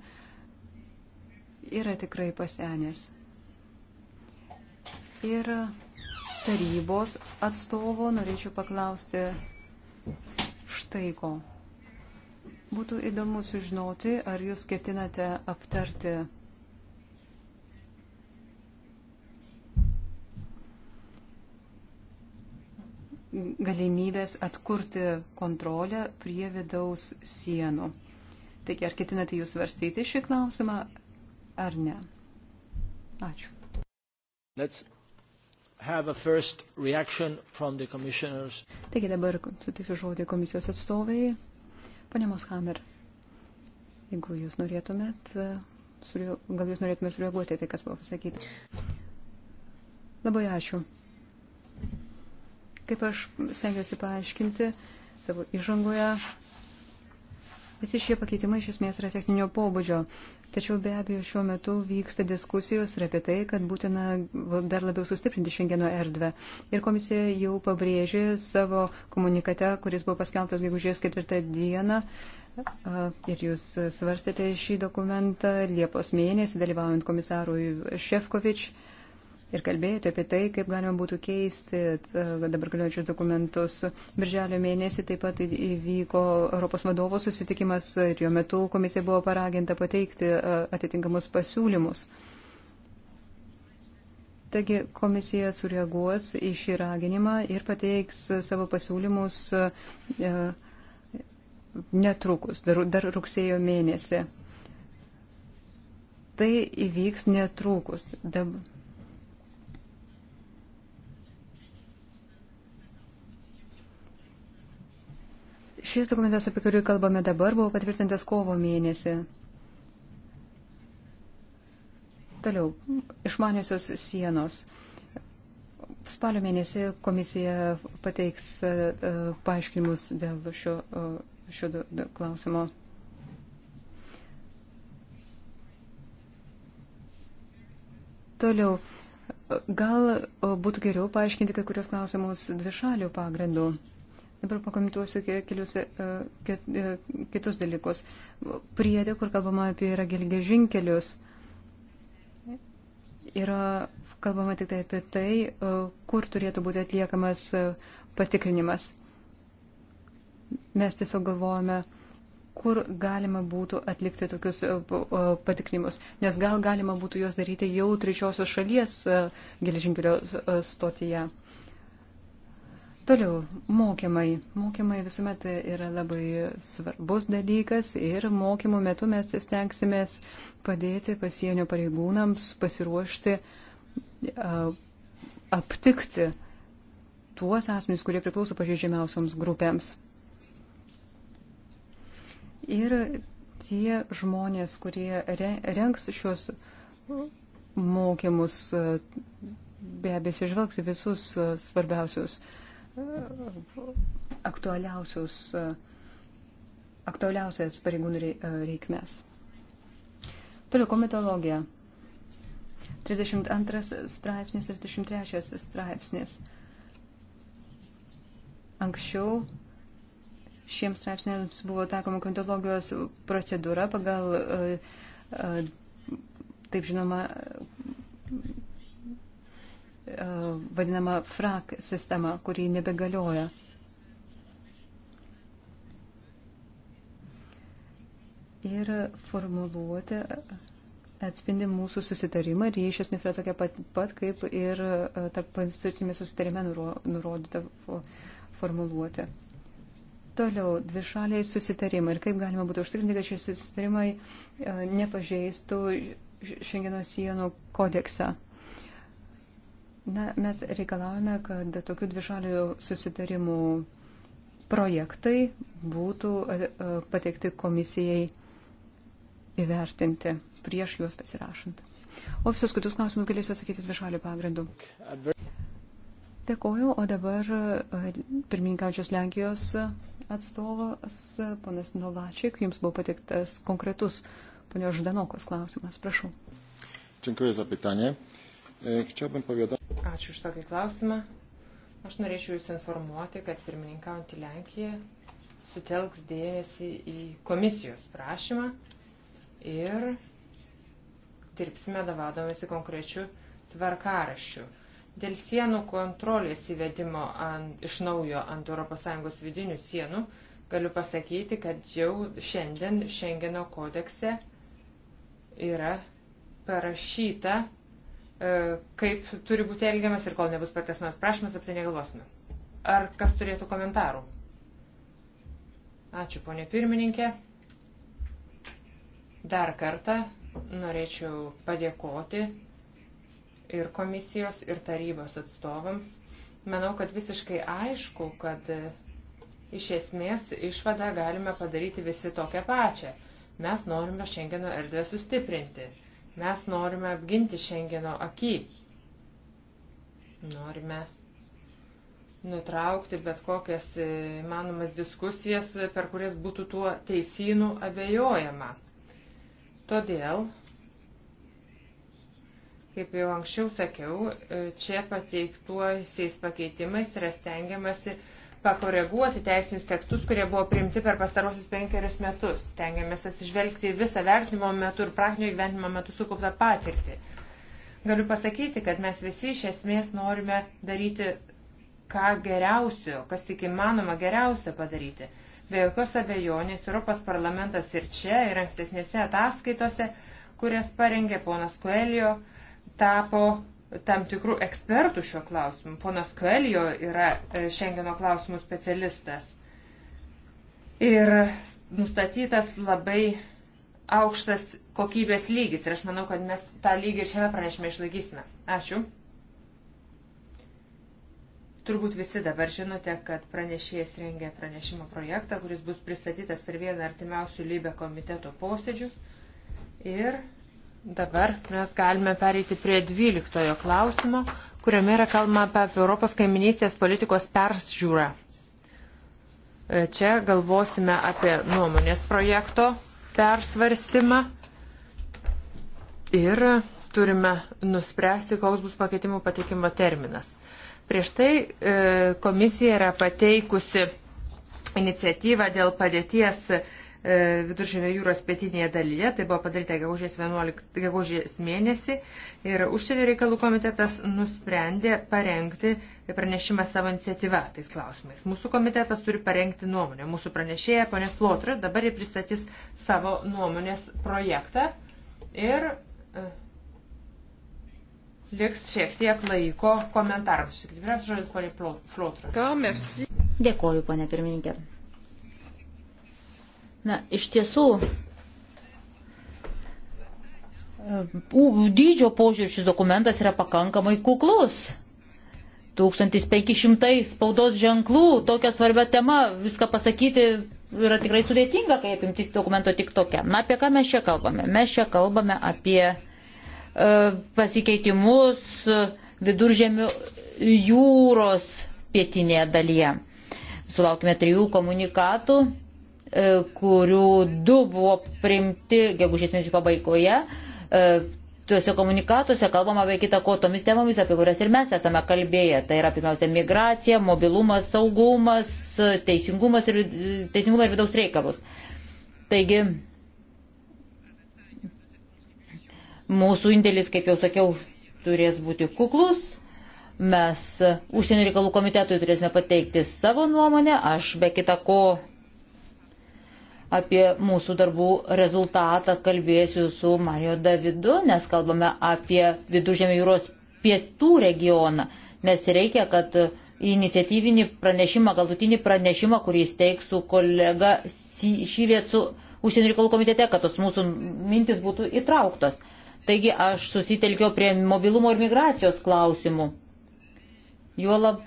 yra tikrai pasenės. Ir tarybos atstovo norėčiau paklausti štai ko. Būtų įdomu sužinoti, ar jūs ketinate aptarti galimybės atkurti kontrolę prie vidaus sienų. Taigi, ar ketinate jūs svarstyti šį klausimą ar ne? Ačiū. Let's Taigi dabar sutiksiu žodį komisijos atstovai. Pane Moshammer, jeigu jūs norėtumėt, e, gal jūs norėtumėt sureaguoti tai, kas buvo pasakyti. Labai ačiū. Kaip aš stengiuosi paaiškinti savo įžangoje, Visi šie pakeitimai iš esmės yra techninio pobūdžio. Tačiau be abejo šiuo metu vyksta diskusijos ir apie tai, kad būtina dar labiau sustiprinti šiandieno erdvę. Ir komisija jau pabrėžė savo komunikate, kuris buvo paskelbtas gegužės ketvirtą dieną. Ir jūs svarstėte šį dokumentą Liepos mėnesį, dalyvaujant komisarui Šefkovič ir kalbėjote apie tai, kaip galima būtų keisti e, dabar galiojančius dokumentus. Birželio mėnesį taip pat įvyko Europos vadovo susitikimas ir jo metu komisija buvo paraginta pateikti e, atitinkamus pasiūlymus. Taigi komisija sureaguos į šį raginimą ir pateiks savo pasiūlymus e, netrukus, dar, dar rugsėjo mėnesį. Tai įvyks netrukus. Dabar Šis dokumentas, apie kurį kalbame dabar, buvo patvirtintas kovo mėnesį. Toliau, išmaniosios sienos. Spalio mėnesį komisija pateiks e, e, paaiškinimus dėl šio, e, šio klausimo. Toliau, gal būtų geriau paaiškinti kai kurios klausimus dvišalių pagrindų. Dabar pakomentuosiu kelius, e, e, kitus dalykus. Priedė, kur kalbama apie yra gelgežinkelius, yra kalbama tik tai apie tai, e, kur turėtų būti atliekamas patikrinimas. Mes tiesiog galvojame, kur galima būtų atlikti tokius patikrinimus, nes gal galima būtų juos daryti jau trečiosios šalies geležinkelio stotyje. Toliau, mokymai. Mokymai visuomet yra labai svarbus dalykas ir mokymų metu mes stengsimės padėti pasienio pareigūnams pasiruošti, aptikti tuos asmenys, kurie priklauso pažeidžiamiausioms grupėms. Ir tie žmonės, kurie renks šios mokymus, be abejo, išvelgs visus svarbiausius aktualiausius, aktualiausias pareigūnų e, reikmes. Toliau komitologija. 32 straipsnis ir 33 straipsnis. Anksčiau šiems straipsniams buvo taikoma komitologijos procedūra pagal, e, e, taip žinoma, E, vadinama frak sistema, kuri nebegalioja. Ir formuluoti atspindi mūsų susitarimą ir jie iš esmės yra tokia pat, pat kaip ir e, tarp institucinėme susitarime nuro, nurodyta formuluoti. Toliau, dvišaliai susitarimai ir kaip galima būtų užtikrinti, kad šie susitarimai e, nepažeistų Šengeno sienų kodeksą. Na, mes reikalavome, kad tokių dvišalių susitarimų projektai būtų e, e, pateikti komisijai įvertinti prieš juos pasirašant. O visus kitus klausimus galėsiu atsakyti dvišalių pagrindų. Dėkoju, o dabar e, pirmininkaučios Lenkijos atstovas, ponas Novačiak, jums buvo patiktas konkretus ponio Ždanokos klausimas. Prašau. Dziękuję za pytanie. Chciałbym powiadać. Ačiū už tokį klausimą. Aš norėčiau Jūs informuoti, kad pirmininkaujantį Lenkiją sutelks dėmesį į komisijos prašymą ir dirbsime davadomėsi konkrečių tvarkaraščių. Dėl sienų kontrolės įvedimo ant, iš naujo ant ES vidinių sienų galiu pasakyti, kad jau šiandien Šengeno kodekse yra parašyta E, kaip turi būti elgiamas ir kol nebus patesmas prašymas, apie tai negalvosime. Ar kas turėtų komentarų? Ačiū, ponė pirmininkė. Dar kartą norėčiau padėkoti ir komisijos, ir tarybos atstovams. Manau, kad visiškai aišku, kad iš esmės išvadą galime padaryti visi tokią pačią. Mes norime Šengeno erdvę sustiprinti. Mes norime apginti Šengeno akį. Norime nutraukti bet kokias įmanomas diskusijas, per kurias būtų tuo teisynų abejojama. Todėl, kaip jau anksčiau sakiau, čia pateiktuosiais pakeitimais yra stengiamasi uh, pakoreguoti teisinius tekstus, kurie buvo priimti per pastarosius penkerius metus. Stengiamės atsižvelgti visą vertinimo metu ir praktinio gyvenimo metu sukauptą patirtį. Galiu pasakyti, kad mes visi iš esmės norime daryti ką geriausio, kas tik įmanoma geriausio padaryti. Be jokios abejonės Europos parlamentas ir čia, ir ankstesnėse ataskaitose, kurias parengė ponas Koelio, tapo tam tikrų ekspertų šiuo klausimu. Ponas Koelio yra e, Šengeno klausimų specialistas. Ir nustatytas labai aukštas kokybės lygis. Ir aš manau, kad mes tą lygį ir šiame pranešime išlaikysime. Ačiū. Turbūt visi dabar žinote, kad pranešėjas rengia pranešimo projektą, kuris bus pristatytas per vieną artimiausių lybę komiteto posėdžių. Ir Dabar mes galime pereiti prie 12 klausimo, kuriame yra kalbama apie Europos kaiminystės politikos persžiūrą. E, čia galvosime apie nuomonės projekto persvarstymą ir turime nuspręsti, koks bus pakeitimų pateikimo terminas. Prieš tai e, komisija yra pateikusi iniciatyvą dėl padėties E, viduržėmio jūros pietinėje dalyje. Tai buvo padaryta gegužės, 11, gegužės mėnesį. Ir užsienio reikalų komitetas nusprendė parengti pranešimą savo iniciatyvą tais klausimais. Mūsų komitetas turi parengti nuomonę. Mūsų pranešėja, ponė Flotra, dabar jie pristatys savo nuomonės projektą. Ir e, liks šiek tiek laiko komentarams. Šiek tiek žodis, ponė Flotra. Dėkuoju, ponė pirmininkė. Na, iš tiesų, e, dydžio požiūrį šis dokumentas yra pakankamai kuklus. 1500 spaudos ženklų, tokia svarbia tema, viską pasakyti yra tikrai sudėtinga, kai apimtis dokumento tik tokia. Na, apie ką mes čia kalbame? Mes čia kalbame apie e, pasikeitimus e, viduržėmių jūros pietinėje dalyje. Sulaukime trijų komunikatų E, kurių du buvo priimti gegužės mėnesio pabaigoje. E, tuose komunikatuose kalbama be kita ko tomis temomis, apie kurias ir mes esame kalbėję. Tai yra pirmiausia migracija, mobilumas, saugumas, teisingumas ir, teisingumas ir vidaus reikalus. Taigi, mūsų indėlis, kaip jau sakiau, turės būti kuklus. Mes užsienio reikalų komitetui turėsime pateikti savo nuomonę. Aš be kita ko apie mūsų darbų rezultatą kalbėsiu su Mario Davidu, nes kalbame apie Vidužėmio jūros pietų regioną, nes reikia, kad iniciatyvinį pranešimą, galutinį pranešimą, kurį steiksų kolega šį vietų užsienio reikalų komitete, kad tos mūsų mintis būtų įtrauktos. Taigi aš susitelkiau prie mobilumo ir migracijos klausimų. Juolab,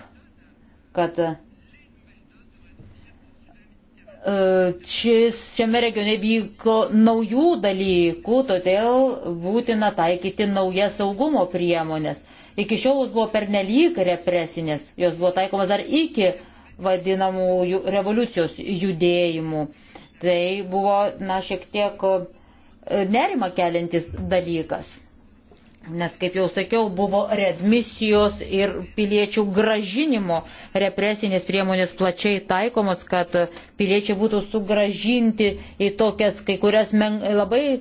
kad šis, šiame regione vyko naujų dalykų, todėl būtina taikyti naujas saugumo priemonės. Iki šiol jos buvo pernelyg represinės, jos buvo taikomas dar iki vadinamų revoliucijos judėjimų. Tai buvo, na, šiek tiek e, nerima keliantis dalykas. Nes, kaip jau sakiau, buvo redmisijos ir piliečių gražinimo represinės priemonės plačiai taikomos, kad piliečiai būtų sugražinti į tokias kai kurias men, labai e,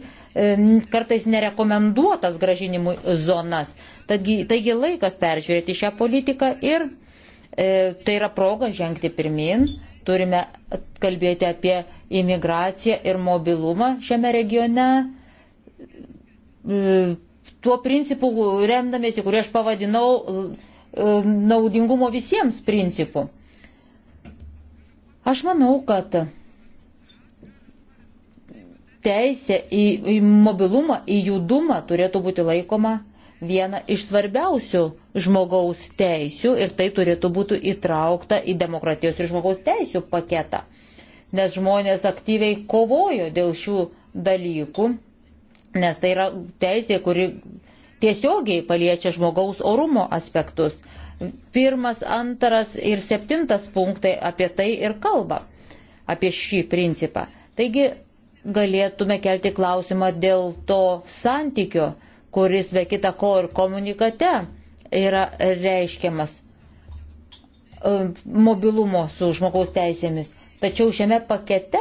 kartais nerekomenduotas gražinimų zonas. Tadgi, taigi laikas peržiūrėti šią politiką ir e, tai yra proga žengti pirmin. Turime kalbėti apie imigraciją ir mobilumą šiame regione. E, tuo principu remdamėsi, kurį aš pavadinau e, e, naudingumo visiems principu. Aš manau, kad teisė į, į mobilumą, į judumą turėtų būti laikoma viena iš svarbiausių žmogaus teisių ir tai turėtų būti įtraukta į demokratijos ir žmogaus teisių paketą. Nes žmonės aktyviai kovojo dėl šių dalykų nes tai yra teisė, kuri tiesiogiai paliečia žmogaus orumo aspektus. Pirmas, antras ir septintas punktai apie tai ir kalba, apie šį principą. Taigi galėtume kelti klausimą dėl to santykio, kuris be kita ko ir komunikate yra reiškiamas e, mobilumo su žmogaus teisėmis. Tačiau šiame pakete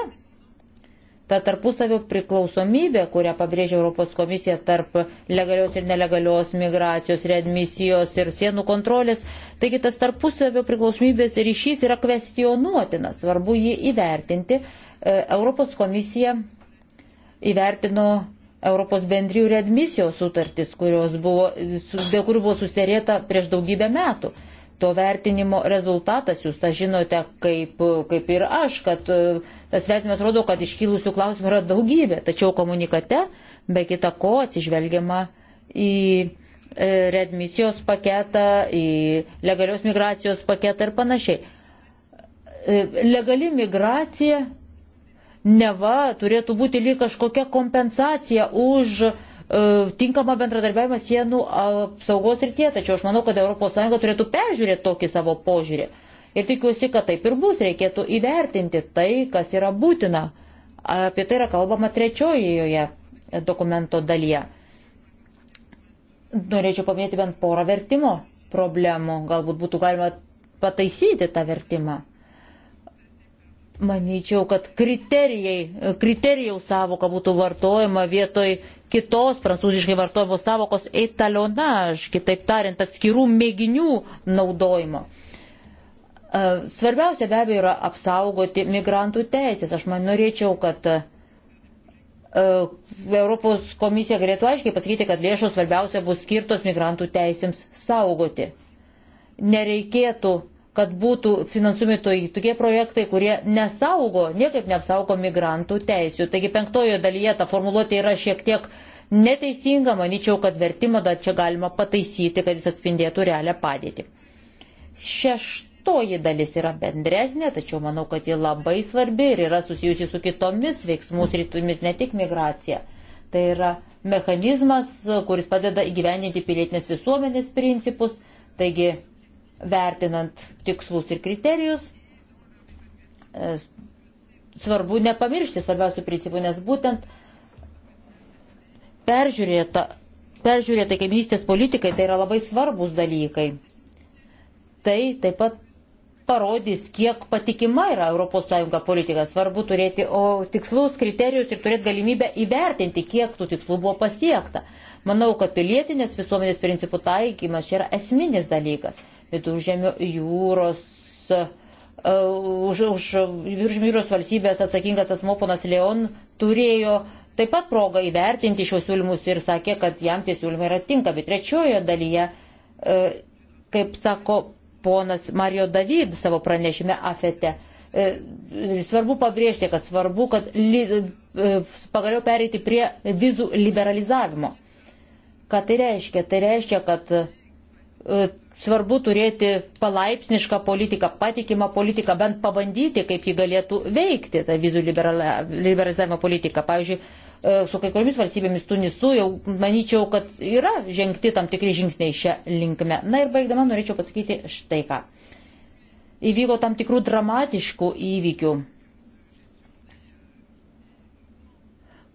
Ta tarpusavio priklausomybė, kurią pabrėžia Europos komisija tarp legalios ir nelegalios migracijos, readmisijos ir sienų kontrolės, taigi tas tarpusavio priklausomybės ryšys yra kvestionuotinas, svarbu jį įvertinti. E, Europos komisija įvertino Europos bendrijų readmisijos sutartis, buvo, dėl kurių buvo susterėta prieš daugybę metų. To vertinimo rezultatas, jūs tą žinote kaip, kaip ir aš, kad Tas vertinimas rodo, kad iškilusių klausimų yra daugybė, tačiau komunikate be kita ko atsižvelgiama į e, redmisijos paketą, į legalios migracijos paketą ir panašiai. E, legali migracija neva turėtų būti lyg kažkokia kompensacija už e, tinkamą bendradarbiavimą sienų apsaugos rytie, tačiau aš manau, kad ES turėtų peržiūrėti tokį savo požiūrį. Ir tikiuosi, kad taip ir bus, reikėtų įvertinti tai, kas yra būtina. Apie tai yra kalbama trečiojoje dokumento dalyje. Norėčiau paminėti bent porą vertimo problemų. Galbūt būtų galima pataisyti tą vertimą. Manyčiau, kad kriterijai, kriterijų savoka būtų vartojama vietoj kitos prancūziškai vartojamos savokos etalionage, kitaip tariant, atskirų mėginių naudojimo. Svarbiausia be abejo yra apsaugoti migrantų teisės. Aš man norėčiau, kad Europos komisija galėtų aiškiai pasakyti, kad lėšos svarbiausia bus skirtos migrantų teisėms saugoti. Nereikėtų, kad būtų finansuomi tokie projektai, kurie nesaugo, niekaip neapsaugo migrantų teisių. Taigi penktojo dalyje ta formuluotė yra šiek tiek neteisinga, manyčiau, kad vertimą dar čia galima pataisyti, kad jis atspindėtų realią padėtį. Šešt Penktoji dalis yra bendresnė, tačiau manau, kad ji labai svarbi ir yra susijusi su kitomis veiksmus rytumis, ne tik migracija. Tai yra mechanizmas, kuris padeda įgyvendinti pilietinės visuomenės principus, taigi vertinant tikslus ir kriterijus. E, svarbu nepamiršti svarbiausių principų, nes būtent peržiūrėta, peržiūrėta kaiminystės politikai tai yra labai svarbus dalykai. Tai taip pat parodys, kiek patikima yra ES politika. Svarbu turėti tikslus, kriterijus ir turėti galimybę įvertinti, kiek tų tikslų buvo pasiekta. Manau, kad pilietinės visuomenės principų taikymas yra esminis dalykas. Viduržėmio jūros. Uh, už, už Viržmyros valstybės atsakingas asmo ponas Leon turėjo taip pat progą įvertinti šios siūlymus ir sakė, kad jam tie siūlymai yra tinkami. Trečiojo dalyje, e, kaip sako ponas Mario David savo pranešime afete. E, svarbu pabrėžti, kad svarbu, kad li, e, pagaliau pereiti prie vizų liberalizavimo. Ką tai reiškia? Tai reiškia, kad e, svarbu turėti palaipsnišką politiką, patikimą politiką, bent pabandyti, kaip ji galėtų veikti, ta vizų liberalizavimo politika. Pavyzdžiui, E, su kai kuriomis valstybėmis Tunisu jau manyčiau, kad yra žengti tam tikri žingsniai šią linkmę. Na ir baigdama norėčiau pasakyti štai ką. Įvyko tam tikrų dramatiškų įvykių,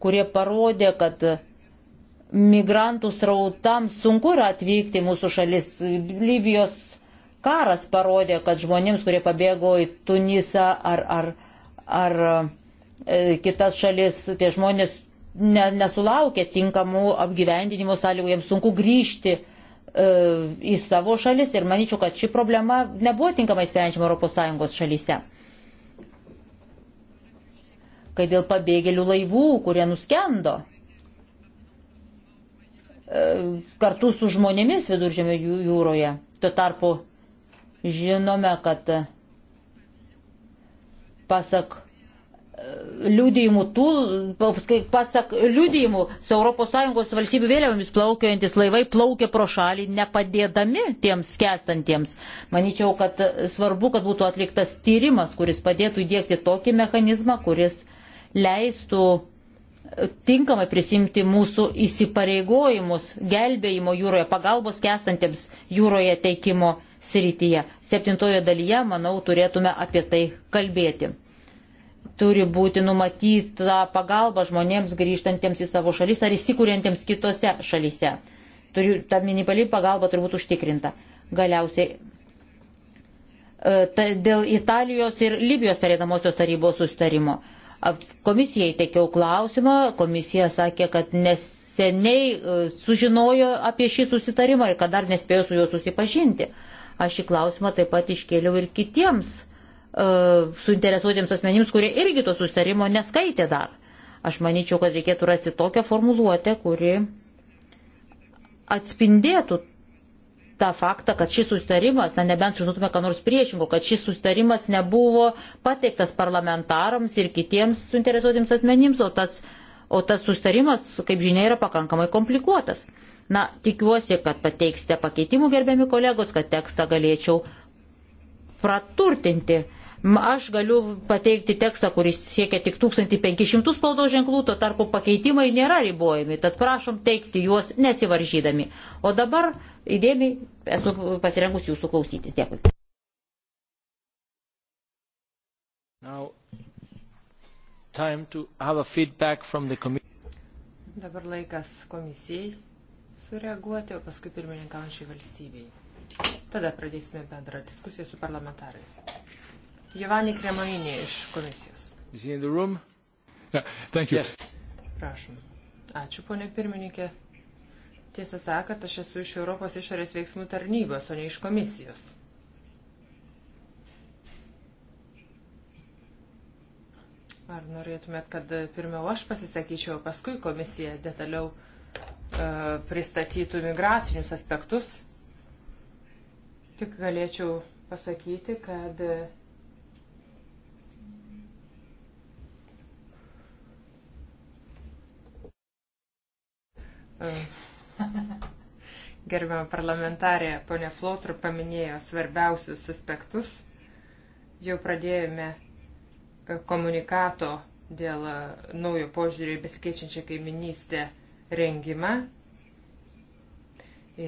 kurie parodė, kad migrantų srautams sunku yra atvykti į mūsų šalis. Libijos karas parodė, kad žmonėms, kurie pabėgo į Tunisą ar, ar, ar e, kitas šalis, tie žmonės ne, nesulaukia tinkamų apgyvendinimo sąlygų, jiems sunku grįžti e, į savo šalis ir manyčiau, kad ši problema nebuvo tinkamai sprendžiama ES šalyse. Kai dėl pabėgėlių laivų, kurie nuskendo e, kartu su žmonėmis viduržėmio jūroje. Tuo tarpu žinome, kad pasak liudijimų, tų, pasak liudijimų, su ES valstybių vėliavomis plaukiantis laivai plaukė pro šalį, nepadėdami tiems skestantiems. Maničiau, kad svarbu, kad būtų atliktas tyrimas, kuris padėtų įdėkti tokį mechanizmą, kuris leistų tinkamai prisimti mūsų įsipareigojimus gelbėjimo jūroje, pagalbos kestantiems jūroje teikimo srityje. Septintojo dalyje, manau, turėtume apie tai kalbėti turi būti numatyta pagalba žmonėms grįžtantiems į savo šalis ar įsikūrentiems kitose šalise. Turi, ta minimali pagalba turi būti užtikrinta. Galiausiai e, ta, dėl Italijos ir Libijos perėdamosios tarybos sustarimo. Komisijai teikiau klausimą, komisija sakė, kad neseniai e, sužinojo apie šį susitarimą ir kad dar nespėjo su juo susipažinti. Aš šį klausimą taip pat iškėliau ir kitiems E, suinteresuotiems asmenims, kurie irgi to sustarimo neskaitė dar. Aš manyčiau, kad reikėtų rasti tokią formuluotę, kuri atspindėtų tą faktą, kad šis sustarimas, na nebent sužinotume, ką nors priešingo, kad šis sustarimas nebuvo pateiktas parlamentarams ir kitiems suinteresuotiems asmenims, o tas, o tas sustarimas, kaip žinia, yra pakankamai komplikuotas. Na, tikiuosi, kad pateiksite pakeitimų gerbiami kolegos, kad tekstą galėčiau praturtinti Aš galiu pateikti tekstą, kuris siekia tik 1500 spaudos ženklų, tuo tarpu pakeitimai nėra ribojami, tad prašom teikti juos nesivaržydami. O dabar įdėmiai esu pasirengus jūsų klausytis. Dėkui. Now, Dabar laikas komisijai sureaguoti, o paskui pirmininkaujančiai valstybei. Tada pradėsime bendrą diskusiją su parlamentarai. Giovanni Kremoinė iš komisijos. Yeah, yes. Prašom. Ačiū, ponė pirmininkė. Tiesą sakant, aš esu iš Europos išorės veiksmų tarnybos, o ne iš komisijos. Ar norėtumėt, kad pirmiau aš pasisakyčiau, paskui komisija detaliau e, pristatytų migracinius aspektus? Tik galėčiau pasakyti, kad Gerbiamą parlamentarę, ponė Flotru paminėjo svarbiausius aspektus. Jau pradėjome e, komunikato dėl e, naujo požiūrį besikeičiančią kaiminystę rengimą.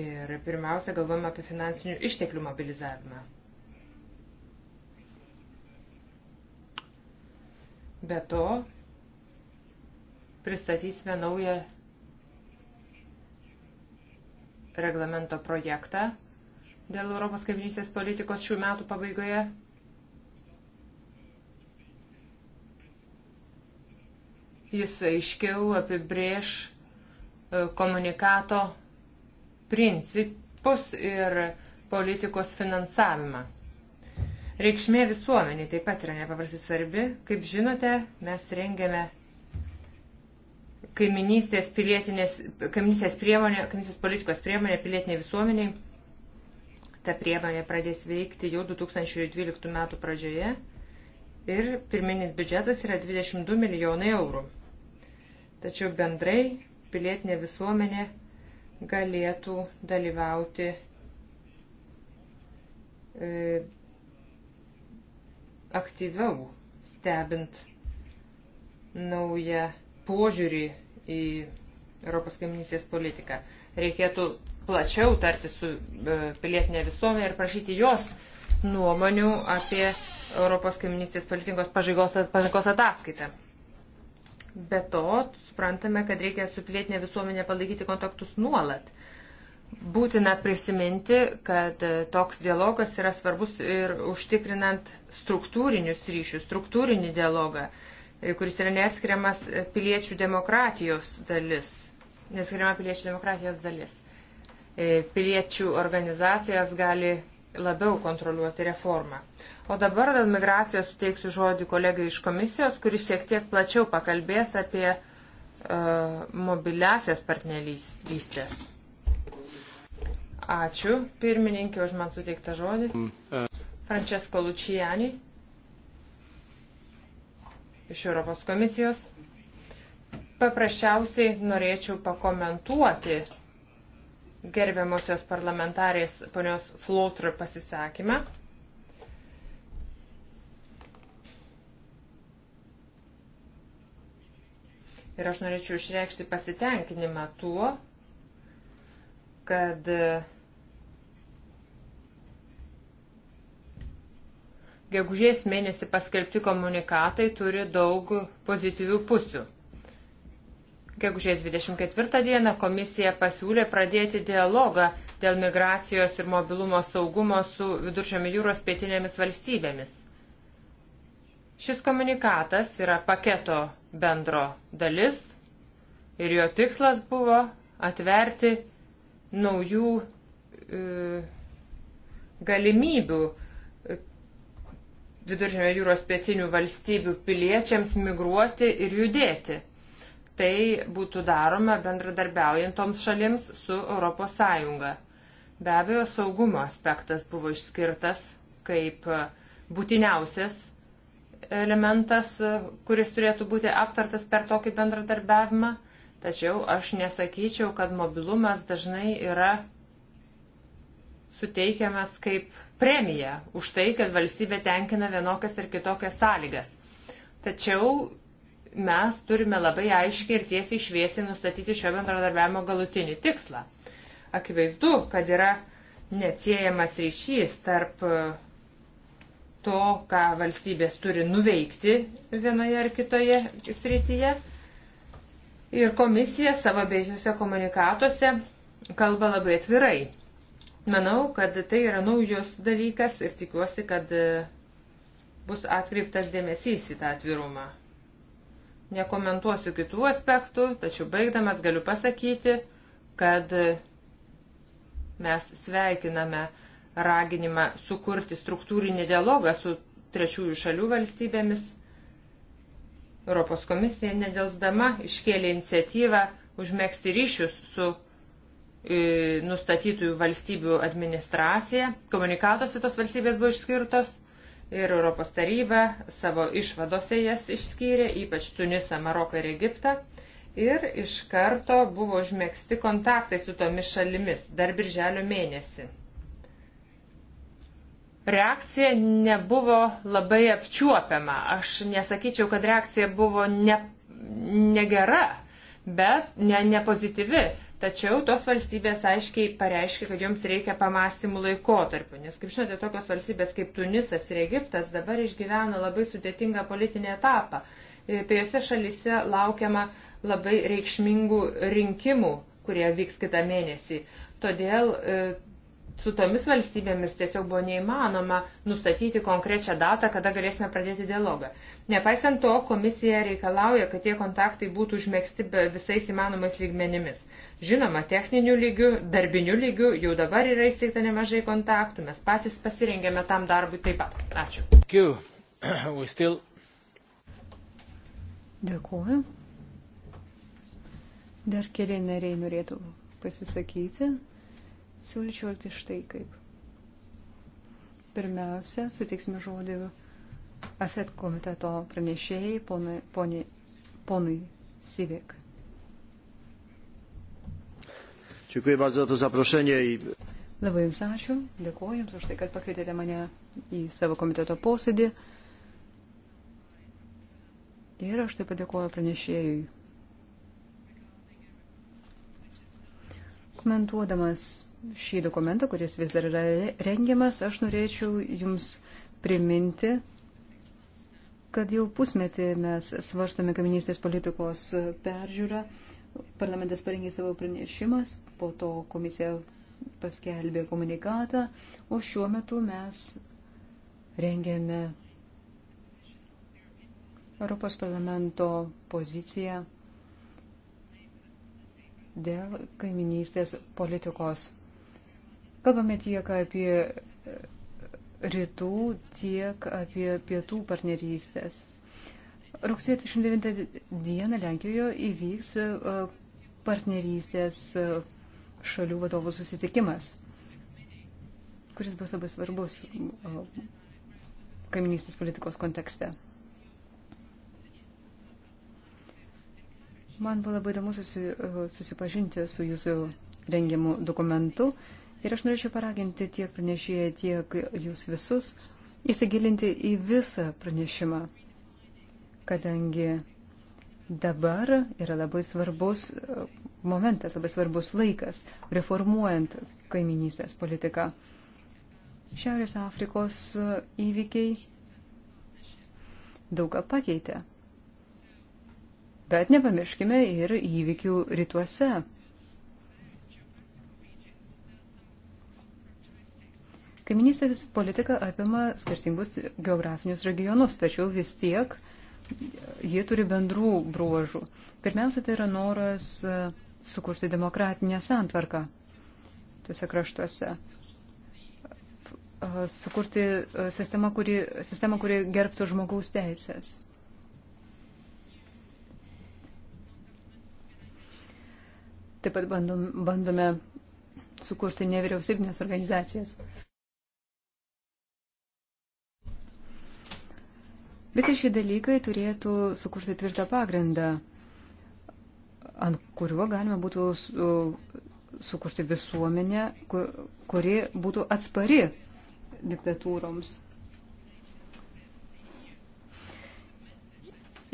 Ir pirmiausia, galvojame apie finansinių išteklių mobilizavimą. Be to, pristatysime naują reglamento projektą dėl Europos kaiminystės politikos šių metų pabaigoje. Jis aiškiau apibrėž e, komunikato principus ir politikos finansavimą. Reikšmė visuomenė taip pat yra nepaprastai svarbi. Kaip žinote, mes rengiame kaiminystės, kaiminystės, priemonė, kaiminystės politikos priemonė pilietiniai visuomeniai. Ta priemonė pradės veikti jau 2012 metų pradžioje ir pirminis biudžetas yra 22 milijonai eurų. Tačiau bendrai pilietinė visuomenė galėtų dalyvauti e, aktyviau stebint naują požiūrį į Europos kaiminysės politiką. Reikėtų plačiau tarti su e, pilietinė visuomenė ir prašyti jos nuomonių apie Europos kaiminystės politikos pažaigos pažaigos ataskaitą. Be to, suprantame, kad reikia su pilietinė visuomenė palaikyti kontaktus nuolat. Būtina prisiminti, kad e, toks dialogas yra svarbus ir užtikrinant struktūrinius ryšius, struktūrinį dialogą. Uh, E, kuris yra neskiriamas e, piliečių demokratijos dalis. Neskiriama piliečių demokratijos dalis. E, piliečių organizacijas gali labiau kontroliuoti reformą. O dabar dėl migracijos suteiksiu žodį kolegai iš komisijos, kuris šiek tiek plačiau pakalbės apie uh, mobiliasias partnerystės. Ačiū pirmininkė už man suteiktą žodį. Mm, Francesco Luciani iš Europos komisijos. Paprasčiausiai norėčiau pakomentuoti gerbiamosios parlamentarės ponios Flotr pasisakymą. Ir aš norėčiau išreikšti pasitenkinimą tuo, kad uh, Gegužės mėnesį paskelbti komunikatai turi daug pozityvių pusių. Gegužės 24 dieną komisija pasiūlė pradėti dialogą dėl migracijos ir mobilumo saugumo su viduržėmi jūros pietinėmis valstybėmis. Šis komunikatas yra paketo bendro dalis ir jo tikslas buvo atverti naujų e, galimybių viduržėmio jūros pietinių valstybių piliečiams migruoti ir judėti. Tai būtų daroma bendradarbiaujant toms šalims su ES. Be abejo, saugumo aspektas buvo išskirtas kaip e, būtiniausias elementas, e, kuris turėtų būti aptartas per tokį bendradarbiavimą. Tačiau aš nesakyčiau, kad mobilumas dažnai yra suteikiamas kaip premiją už tai, kad valstybė tenkina vienokias ir kitokias sąlygas. Tačiau mes turime labai aiškiai ir tiesiai išviesiai nustatyti šio bendradarbiavimo galutinį tikslą. Akivaizdu, kad yra neatsiejamas ryšys tarp e, to, ką valstybės turi nuveikti vienoje ar kitoje srityje. Ir komisija savo beisiuose komunikatuose kalba labai atvirai Manau, kad tai yra naujus dalykas ir tikiuosi, kad e, bus atkreiptas dėmesys į tą atvirumą. Nekomentuosiu kitų aspektų, tačiau baigdamas galiu pasakyti, kad e, mes sveikiname raginimą sukurti struktūrinį dialogą su trečiųjų šalių valstybėmis. Europos komisija nedelsdama iškėlė iniciatyvą užmėgsti ryšius su nustatytųjų valstybių administracija, komunikatuose tos valstybės buvo išskirtos ir Europos taryba savo išvadose jas išskyrė, ypač Tunisą, Maroką ir Egiptą. Ir iš karto buvo užmėgsti kontaktai su tomis šalimis dar birželio mėnesį. Reakcija nebuvo labai apčiuopiama. Aš nesakyčiau, kad reakcija buvo ne, negera, bet ne, ne pozityvi Tačiau tos valstybės aiškiai pareiškia, kad joms reikia pamastymų laikotarpių, nes, kaip žinote, tokios valstybės kaip Tunisas ir Egiptas dabar išgyvena labai sudėtingą politinį etapą. E, tai jose šalise laukiama labai reikšmingų rinkimų, kurie vyks kitą mėnesį. Todėl e, su tomis valstybėmis tiesiog buvo neįmanoma nustatyti konkrečią datą, kada galėsime pradėti dialogą. Nepaisant to, komisija reikalauja, kad tie kontaktai būtų užmėgsti visais įmanomais lygmenimis. Žinoma, techninių lygių, darbinių lygių jau dabar yra įsteigta nemažai kontaktų, mes patys pasirengėme tam darbui taip pat. Ačiū. Still... Dėkuoju. Dar keli nariai norėtų pasisakyti. Siūlyčiau elgti štai kaip. Pirmiausia, suteiksime žodį AFET komiteto pranešėjai ponui, ponui, ponui Sivik. Dziękuję bardzo za to zaproszenie i Labai Jums ačiū, dėkuoju Jums už tai, kad pakvietėte mane į savo komiteto posėdį. Ir aš taip pat dėkuoju pranešėjui. Komentuodamas šį dokumentą, kuris vis dar yra rengiamas, aš norėčiau Jums priminti, kad jau pusmetį mes svarstome kaiminystės politikos peržiūrą. Parlamentas parengė savo pranešimas, po to komisija paskelbė komunikatą, o šiuo metu mes rengėme Europos parlamento poziciją dėl kaiminystės politikos. Kalbame tiek apie e, rytų, tiek apie pietų partnerystės. Rugsėjo 29 dieną Lenkijoje įvyks e, partnerystės e, šalių vadovų susitikimas, kuris bus labai svarbus kaiminystės politikos kontekste. Man buvo labai įdomu susi, susipažinti su jūsų rengiamu dokumentu. Uh, Ir aš norėčiau paraginti tiek pranešėją, tiek jūs visus įsigilinti į visą pranešimą, kadangi dabar yra labai svarbus e, momentas, labai svarbus laikas reformuojant kaiminystės politiką. Šiaurės Afrikos e, įvykiai daugą pakeitė. Bet nepamirškime ir įvykių rytuose. Kaiminystės politika apima skirtingus geografinius regionus, tačiau vis tiek jie turi bendrų bruožų. Pirmiausia, tai yra noras e, sukurti demokratinę santvarką tuose kraštuose e, sukurti e, sistemą, kuri, sistemą, kuri gerbtų žmogaus teisės. Taip pat bandom, bandome sukurti nevyriausybinės organizacijas. Uh, Visi šie dalykai turėtų sukurti tvirtą pagrindą, ant kurio galima būtų sukurti visuomenę, kuri būtų atspari diktatūroms.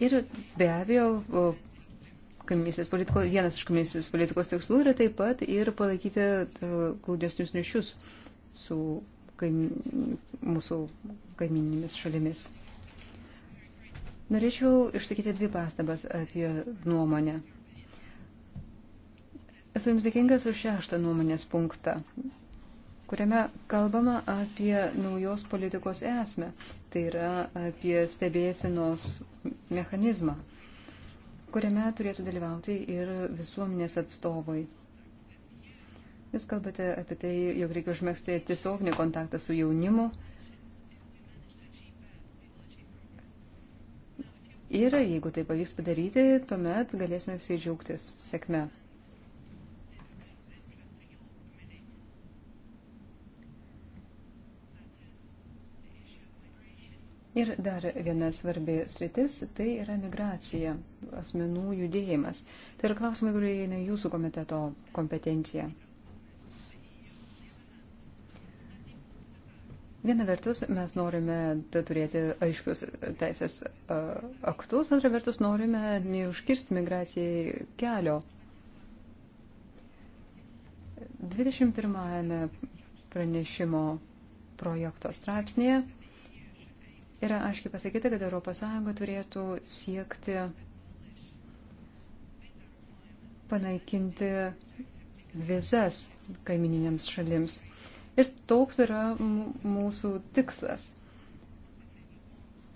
Ir be abejo, kaimynystės politikos, vienas iš kaimynystės politikos tikslų yra taip pat ir palaikyti glaudesnius ryšius su kaim, mūsų kaimininėmis šalimis. Norėčiau išsakyti dvi pastabas apie nuomonę. Esu Jums dėkingas už šeštą nuomonės punktą, kuriame kalbama apie naujos politikos esmę, tai yra apie stebėsinos mechanizmą, kuriame turėtų dalyvauti ir visuomenės atstovai. Jūs kalbate apie tai, jog reikia užmėgsti tiesioginį kontaktą su jaunimu Ir jeigu tai pavyks padaryti, tuomet galėsime visi džiaugtis sėkme. Ir dar viena svarbi sritis - tai yra migracija, asmenų judėjimas. Tai yra klausimai, kurie įeina jūsų komiteto kompetencija. Viena vertus, mes norime turėti aiškius teisės aktus, antra vertus, norime neužkirsti migracijai kelio. 21 pranešimo projekto straipsnėje yra aiškiai pasakyta, kad ES turėtų siekti panaikinti vizas kaimininėms šalims. Ir toks yra mūsų tikslas.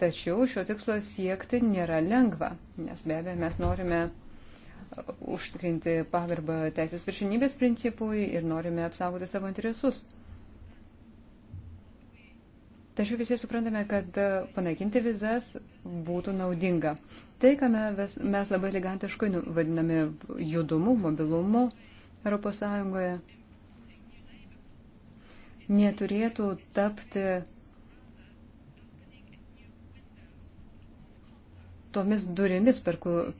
Tačiau šio tikslo siekti nėra lengva, nes be abejo mes norime uh, užtikrinti pagarbą teisės viršinybės principui ir norime apsaugoti savo interesus. Tačiau visi suprantame, kad uh, panaikinti vizas būtų naudinga. Tai, ką mes, mes labai elegantiškai nu-, vadiname judumu, mobilumu ES, neturėtų tapti tomis durimis, per, kur,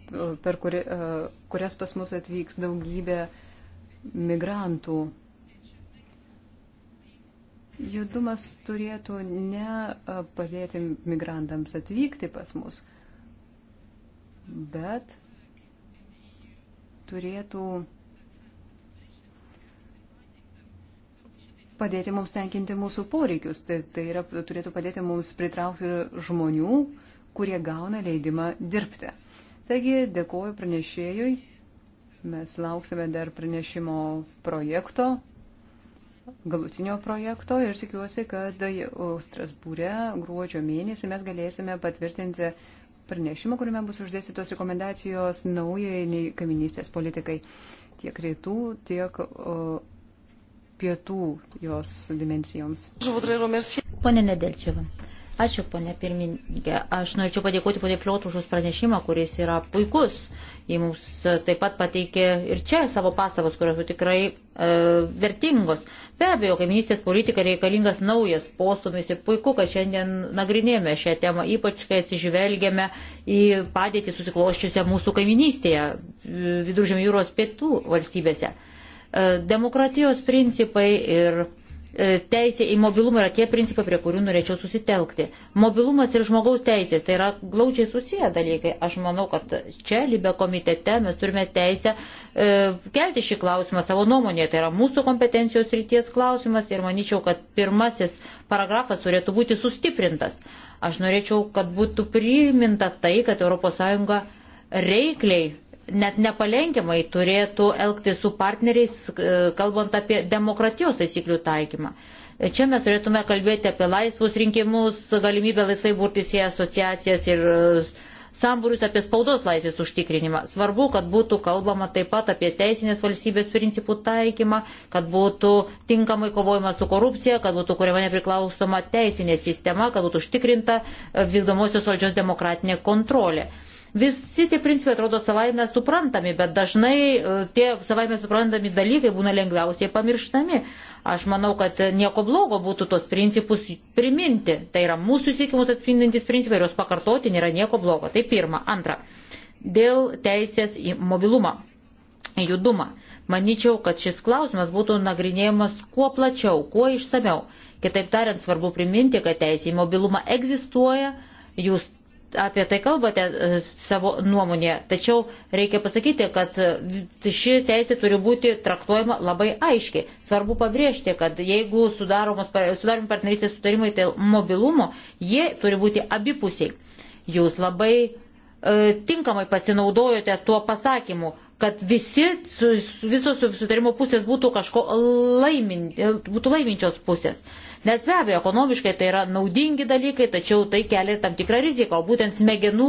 per kur, e, kurias pas mus atvyks daugybė migrantų. Judumas turėtų ne e, padėti migrantams atvykti pas mus, bet turėtų padėti mums tenkinti mūsų poreikius. Tai, tai yra, turėtų padėti mums pritraukti žmonių, kurie gauna leidimą dirbti. Taigi dėkoju pranešėjui. Mes lauksime dar pranešimo projekto, galutinio projekto ir tikiuosi, kad Strasbūre gruodžio mėnesį mes galėsime patvirtinti pranešimą, kuriame bus uždėstytos rekomendacijos naujai kaiminystės politikai tiek rytų, tiek pietų jos dimencijoms. Pone Nedelčiava. Ačiū, ponė pirmininkė. Aš norėčiau padėkoti ponė Fliot už jūsų pranešimą, kuris yra puikus. Jis mums taip pat pateikė ir čia savo pastabas, kurios buvo tikrai e, vertingos. Be abejo, kaiminystės politika reikalingas naujas postumis ir puiku, kad šiandien nagrinėjame šią temą, ypač kai atsižvelgėme į padėtį susikloščiusią mūsų kaiminystėje, e, viduržėmio jūros pietų valstybėse. E, E, demokratijos principai ir e, teisė į mobilumą yra tie principai, prie kurių norėčiau susitelkti. Mobilumas ir žmogaus teisės tai yra glaučiai susiję dalykai. Aš manau, kad čia, Libė komitete, mes turime teisę e, kelti šį klausimą savo nuomonėje. Tai yra mūsų kompetencijos ryties klausimas ir manyčiau, kad pirmasis paragrafas turėtų būti sustiprintas. Aš norėčiau, kad būtų priminta tai, kad ES reikliai net nepalenkiamai turėtų elgti su partneriais, e, kalbant apie demokratijos taisyklių taikymą. Čia mes turėtume kalbėti apie laisvus rinkimus, galimybę laisvai būrtis į asociacijas ir e, sambūrius apie spaudos laisvės užtikrinimą. Svarbu, kad būtų kalbama taip pat apie teisinės valstybės principų taikymą, kad būtų tinkamai kovojama su korupcija, kad būtų kuriama nepriklausoma teisinė sistema, kad būtų užtikrinta e, vykdomosios valdžios demokratinė kontrolė. Visi tie principai atrodo savaime suprantami, bet dažnai e, tie savaime suprantami dalykai būna lengviausiai pamirštami. Aš manau, kad nieko blogo būtų tos principus priminti. Tai yra mūsų siekimus atspindintys principai ir juos pakartoti nėra nieko blogo. Tai pirma. Antra. Dėl teisės į mobilumą, į judumą. Maničiau, kad šis klausimas būtų nagrinėjamas kuo plačiau, kuo išsameu. Kitaip tariant, svarbu priminti, kad teisė į mobilumą egzistuoja, jūs apie tai kalbate e, savo nuomonėje, tačiau reikia pasakyti, kad e, ši teisė turi būti traktuojama labai aiškiai. Svarbu pabrėžti, kad jeigu sudaromos partnerystės sutarimai dėl tai mobilumo, jie turi būti abipusiai. Jūs labai e, tinkamai pasinaudojote tuo pasakymu, kad visi, visos sutarimo pusės būtų kažko laimin, būtų laiminčios pusės. E, Nes be abejo, ekonomiškai tai yra naudingi dalykai, tačiau tai kelia ir tam tikrą riziką, o būtent smegenų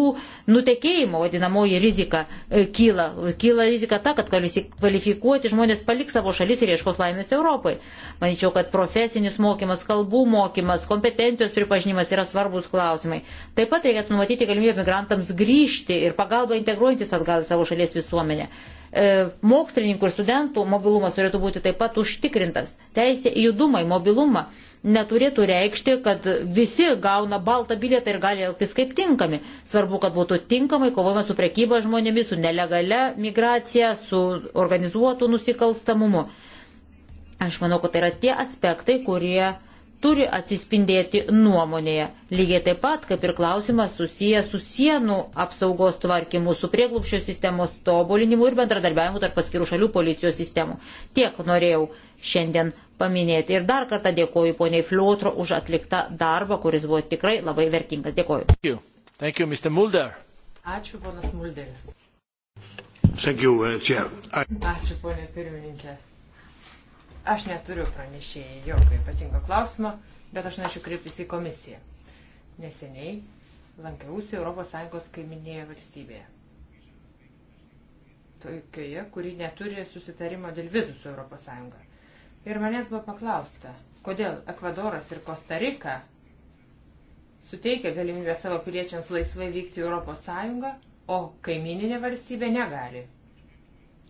nutekėjimo vadinamoji rizika e, kyla. Kyla rizika ta, kad kvalifikuoti žmonės paliks savo šalis ir ieškos laimės Europai. Manyčiau, kad profesinis mokymas, kalbų mokymas, kompetencijos pripažinimas yra svarbus klausimai. Taip pat reikėtų numatyti galimybę migrantams grįžti ir pagalbą integruojantis atgal į savo šalies visuomenę. E, mokslininkų ir studentų mobilumas turėtų būti taip pat užtikrintas. Teisė į judumą, į mobilumą neturėtų reikšti, kad visi gauna baltą bilietą ir gali elgtis kaip tinkami. Svarbu, kad būtų tinkamai kovojama su prekyba žmonėmis, su nelegale migracija, su organizuotu nusikalstamumu. Aš manau, kad tai yra tie aspektai, kurie turi atsispindėti nuomonėje. Lygiai taip pat, kaip ir klausimas susijęs su sienų apsaugos tvarkymu, su prieglupščio sistemos tobulinimu ir bendradarbiavimu tarp paskirų šalių policijos sistemų. Tiek norėjau šiandien paminėti. Ir dar kartą dėkoju poniai Fliotro už atliktą darbą, kuris buvo tikrai labai vertingas. Dėkoju. Thank you. Thank you, Mr. Mulder. Ačiū, ponas Mulderis. Thank you, uh, chair. I... Ačiū, ponė pirmininkė. Aš neturiu pranešėjai jokio ypatingo klausimo, bet aš norėčiau kreiptis į komisiją. Neseniai lankiausi ES kaiminėje valstybėje. Tokioje, kuri neturi susitarimo dėl vizų su ES. Ir manęs buvo paklausta, kodėl Ekvadoras ir Kostarika suteikia galimybę savo piliečiams laisvai vykti į ES, o kaimininė valstybė negali.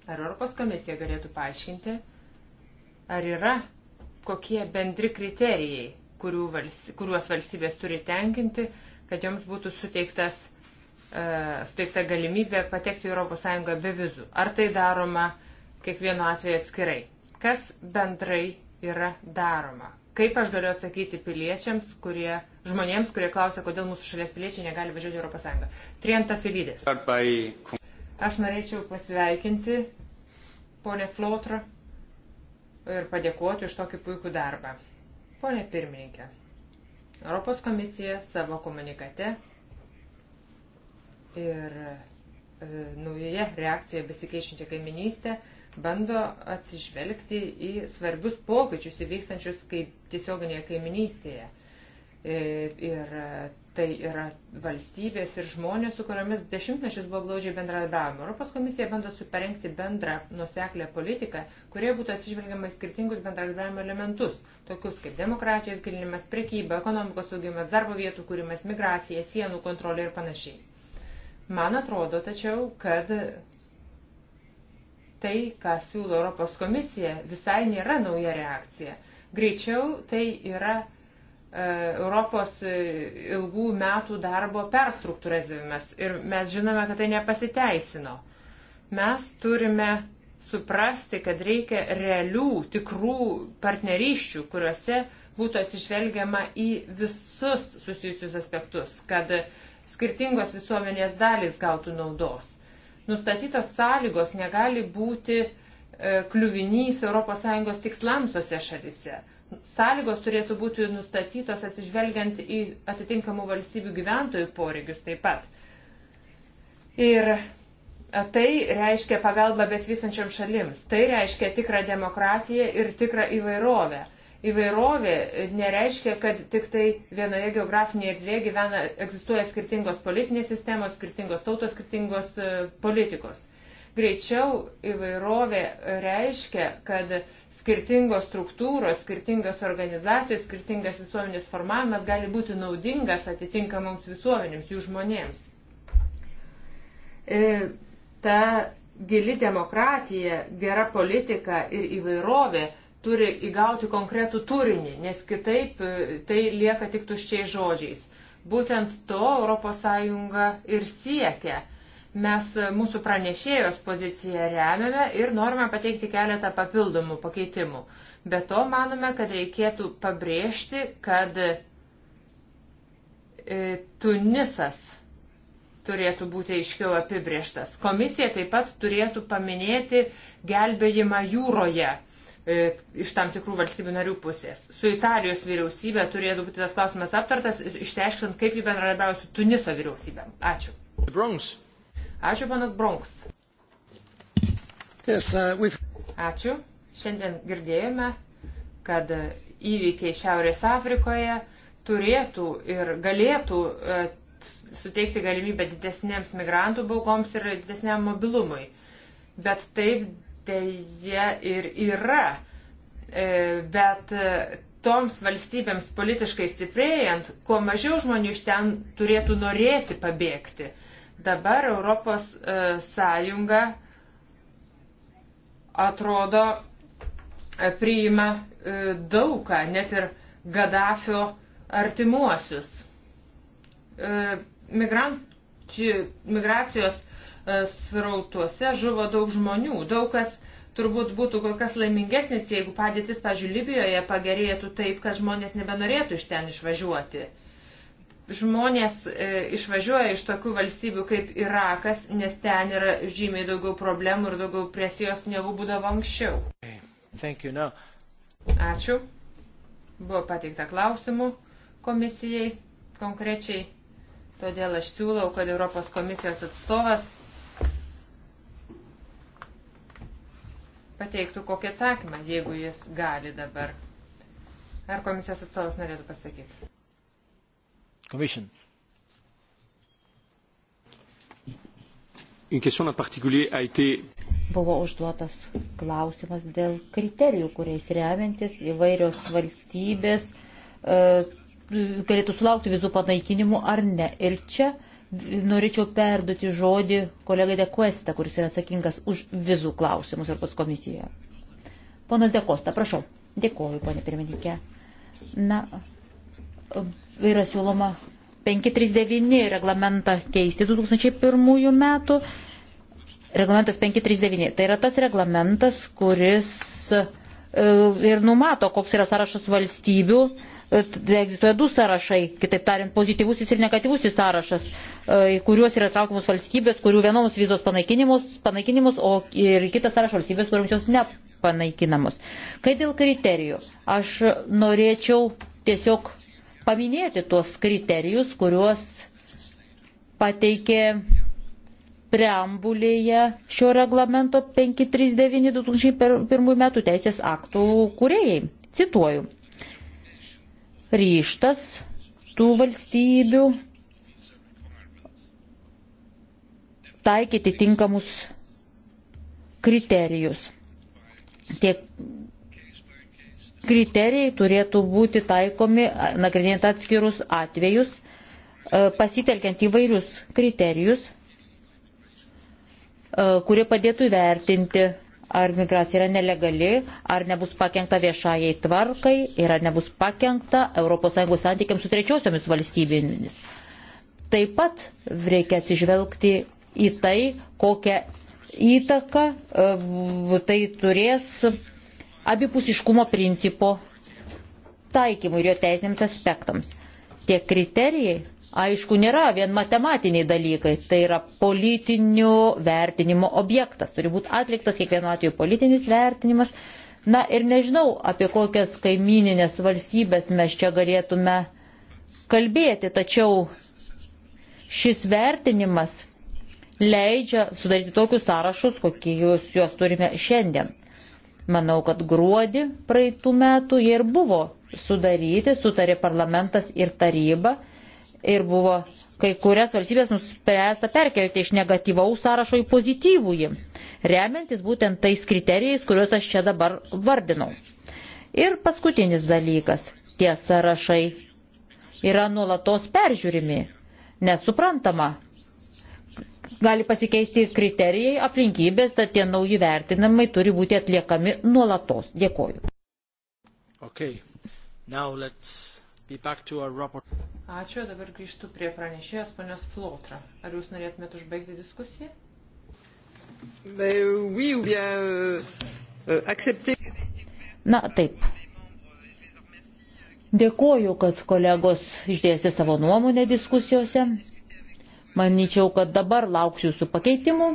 Ar Europos komisija galėtų paaiškinti, Ar yra kokie bendri kriterijai, valsty, kuriuos valstybės turi tenkinti, kad joms būtų suteiktas, uh, suteikta galimybė patekti į ES be vizų? Ar tai daroma kiekvienu atveju atskirai? Kas bendrai yra daroma? Kaip aš galiu atsakyti piliečiams, kurie, žmonėms, kurie klausia, kodėl mūsų šalies piliečiai negali važiuoti į ES? Trienta Filidės. Aš norėčiau pasveikinti ponę Flotrą ir padėkoti už tokį puikų darbą. Pone pirmininkė, Europos komisija savo komunikate ir e, naujoje reakcijoje besikeičiančią kaiminystę bando atsižvelgti į svarbius pokyčius įvykstančius kaip tiesioginėje kaiminystėje. E, ir Tai yra valstybės ir žmonės, su kuriomis dešimtmečius buvo glaužiai bendradarbiavimo. Europos komisija bando suparengti bendrą nuseklę politiką, kurioje būtų atsižvelgiama į skirtingus bendradarbiavimo elementus, tokius kaip demokratijos gilinimas, prekyba, ekonomikos augimas, darbo vietų kūrimas, migracija, sienų kontrolė ir panašiai. Man atrodo tačiau, kad tai, ką siūlo Europos komisija, visai nėra nauja reakcija. Greičiau tai yra E, Europos e, ilgų metų darbo perstruktūrizavimas. Ir mes žinome, kad tai nepasiteisino. Mes turime suprasti, kad reikia realių, tikrų partnerysčių, kuriuose būtų atsižvelgiama į visus susijusius aspektus, kad skirtingos visuomenės dalys gautų naudos. Nustatytos sąlygos negali būti e, kliuvinys ES tikslams tose šalise sąlygos turėtų būti nustatytos atsižvelgiant į atitinkamų valstybių gyventojų poreigius taip pat. Ir tai reiškia pagalbą besvysančiam šalims. Tai reiškia tikrą demokratiją ir tikrą įvairovę. Įvairovė nereiškia, kad tik tai vienoje geografinėje erdvėje gyvena, egzistuoja skirtingos politinės sistemos, skirtingos tautos, skirtingos e, politikos. Greičiau įvairovė reiškia, kad uh, skirtingos struktūros, skirtingos organizacijos, skirtingas visuomenės formavimas gali būti naudingas atitinkamoms visuomenėms, jų žmonėms. E, ta gili demokratija, gera politika ir įvairovė turi įgauti konkretų turinį, nes kitaip e, tai lieka tik tuščiai žodžiais. Būtent to ES ir siekia Mes e, mūsų pranešėjos poziciją remiame ir norime pateikti keletą papildomų pakeitimų. Be to, manome, kad reikėtų pabrėžti, kad e, Tunisas turėtų būti aiškiau apibrieštas. Komisija taip pat turėtų paminėti gelbėjimą jūroje e, iš tam tikrų valstybių narių pusės. Su Italijos vyriausybė turėtų būti tas klausimas aptartas, išteiškinant, kaip jį bendradarbiauja su Tuniso vyriausybė. Ačiū. Bronx. Ačiū, panas Bronks. Yes, uh, Ačiū. Šiandien girdėjome, kad įvykiai Šiaurės Afrikoje turėtų ir galėtų e, suteikti galimybę didesniems migrantų baugoms ir didesniam mobilumui. Bet taip dėja ir yra. E, bet e, toms valstybėms politiškai stiprėjant, kuo mažiau žmonių iš ten turėtų norėti pabėgti. Dabar Europos e, Sąjunga atrodo e, priima e, daugą, net ir Gaddafio artimuosius. Migracijos srautuose žuvo daug žmonių. Daug kas turbūt būtų kur kas laimingesnis, jeigu padėtis, pažiūrėjau, Libijoje pagerėtų taip, kad žmonės nebenorėtų iš ten išvažiuoti žmonės e, išvažiuoja iš tokių valstybių kaip Irakas, nes ten yra žymiai daugiau problemų ir daugiau presijos negu būdavo anksčiau. No. Ačiū. Buvo pateikta klausimų komisijai konkrečiai. Todėl aš siūlau, kad Europos komisijos atstovas pateiktų kokį atsakymą, jeigu jis gali dabar. Ar komisijos atstovas norėtų pasakyti? Commission. Buvo užduotas klausimas dėl kriterijų, kuriais remiantis įvairios valstybės e, galėtų sulaukti vizų panaikinimų ar ne. Ir čia norėčiau perduoti žodį kolegai De Cuesta, kuris yra atsakingas už vizų klausimus Europos komisijoje. Ponas De Costa, prašau. Dėkoju, ponė pirmininkė. Na, yra siūloma 539 reglamentą keisti 2001 metų. Reglamentas 539. Tai yra tas reglamentas, kuris e, ir numato, koks yra sąrašas valstybių. E, egzistuoja du sąrašai, kitaip tariant, pozityvusis ir negatyvusis sąrašas, e, į kuriuos yra traukiamos valstybės, kurių vienoms vizos panaikinimus, panaikinimus o ir kitas sąrašas valstybės, kuriuoms jos nepanaikinamos. Kai dėl kriterijų, aš norėčiau tiesiog paminėti tuos kriterijus, kuriuos pateikė preambulėje šio reglamento 539-2001 metų teisės aktų kūrėjai. Cituoju. Ryštas tų valstybių taikyti tinkamus kriterijus. Tiek kriterijai turėtų būti taikomi, nagrinėjant atskirus atvejus, e, pasitelkiant įvairius kriterijus, e, kurie padėtų įvertinti, ar migracija yra nelegali, ar nebus pakengta viešajai tvarkai ir ar nebus pakengta ES santykiams su trečiosiomis valstybėmis. Taip pat reikia atsižvelgti į tai, kokią įtaką e, tai turės abipusiškumo principo taikymui ir jo teisiniams aspektams. Tie kriterijai, aišku, nėra vien matematiniai dalykai, tai yra politinių vertinimo objektas. Turi būti atliktas kiekvienu atveju politinis vertinimas. Na ir nežinau, apie kokias kaimininės valstybės mes čia galėtume kalbėti, tačiau šis vertinimas leidžia sudaryti tokius sąrašus, kokie jūs juos turime šiandien. Manau, kad gruodį praeitų metų jie ir buvo sudaryti, sutarė parlamentas ir taryba ir buvo kai kurias valstybės nuspręsta perkelti iš negatyvaus sąrašo į pozityvųjį, remiantis būtent tais kriterijais, kuriuos aš čia dabar vardinau. Ir paskutinis dalykas - tie sąrašai yra nuolatos peržiūrimi, nesuprantama, gali pasikeisti kriterijai, aplinkybės, tad tie nauji vertinimai turi būti atliekami nuolatos. Dėkoju. Okay. Ačiū, dabar grįžtu prie pranešėjos ponios Flotra. Ar jūs norėtumėte užbaigti diskusiją? Euh, euh, Na taip. Dėkoju, kad kolegos išdėstė savo nuomonę diskusijose. Manyčiau, kad dabar lauksiu jūsų pakeitimų,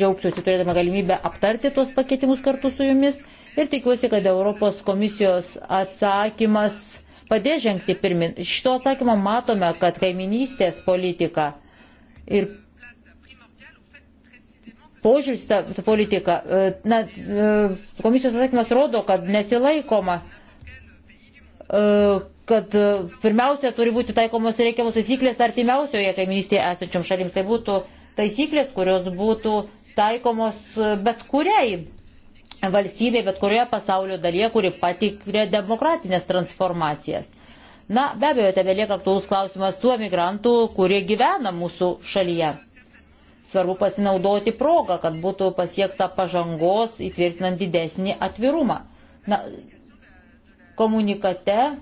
džiaugsiuosi turėdama galimybę aptarti tuos pakeitimus kartu su jumis ir tikiuosi, kad Europos komisijos atsakymas padės žengti pirmin. Šito atsakymo matome, kad kaiminystės politika ir požiūris politika, e, na, e, komisijos atsakymas rodo, kad nesilaikoma E, kad pirmiausia turi būti taikomos reikiamos taisyklės artimiausioje kaiminystėje esančiom šalims. Tai būtų taisyklės, kurios būtų taikomos bet kuriai valstybė, bet kurioje pasaulio dalyje, kuri patikrė demokratinės transformacijas. Na, be abejo, tebe lieka aktuolus klausimas tų emigrantų, kurie gyvena mūsų šalyje. Svarbu pasinaudoti progą, kad būtų pasiekta pažangos įtvirtinant didesnį atvirumą. Na, komunikate e,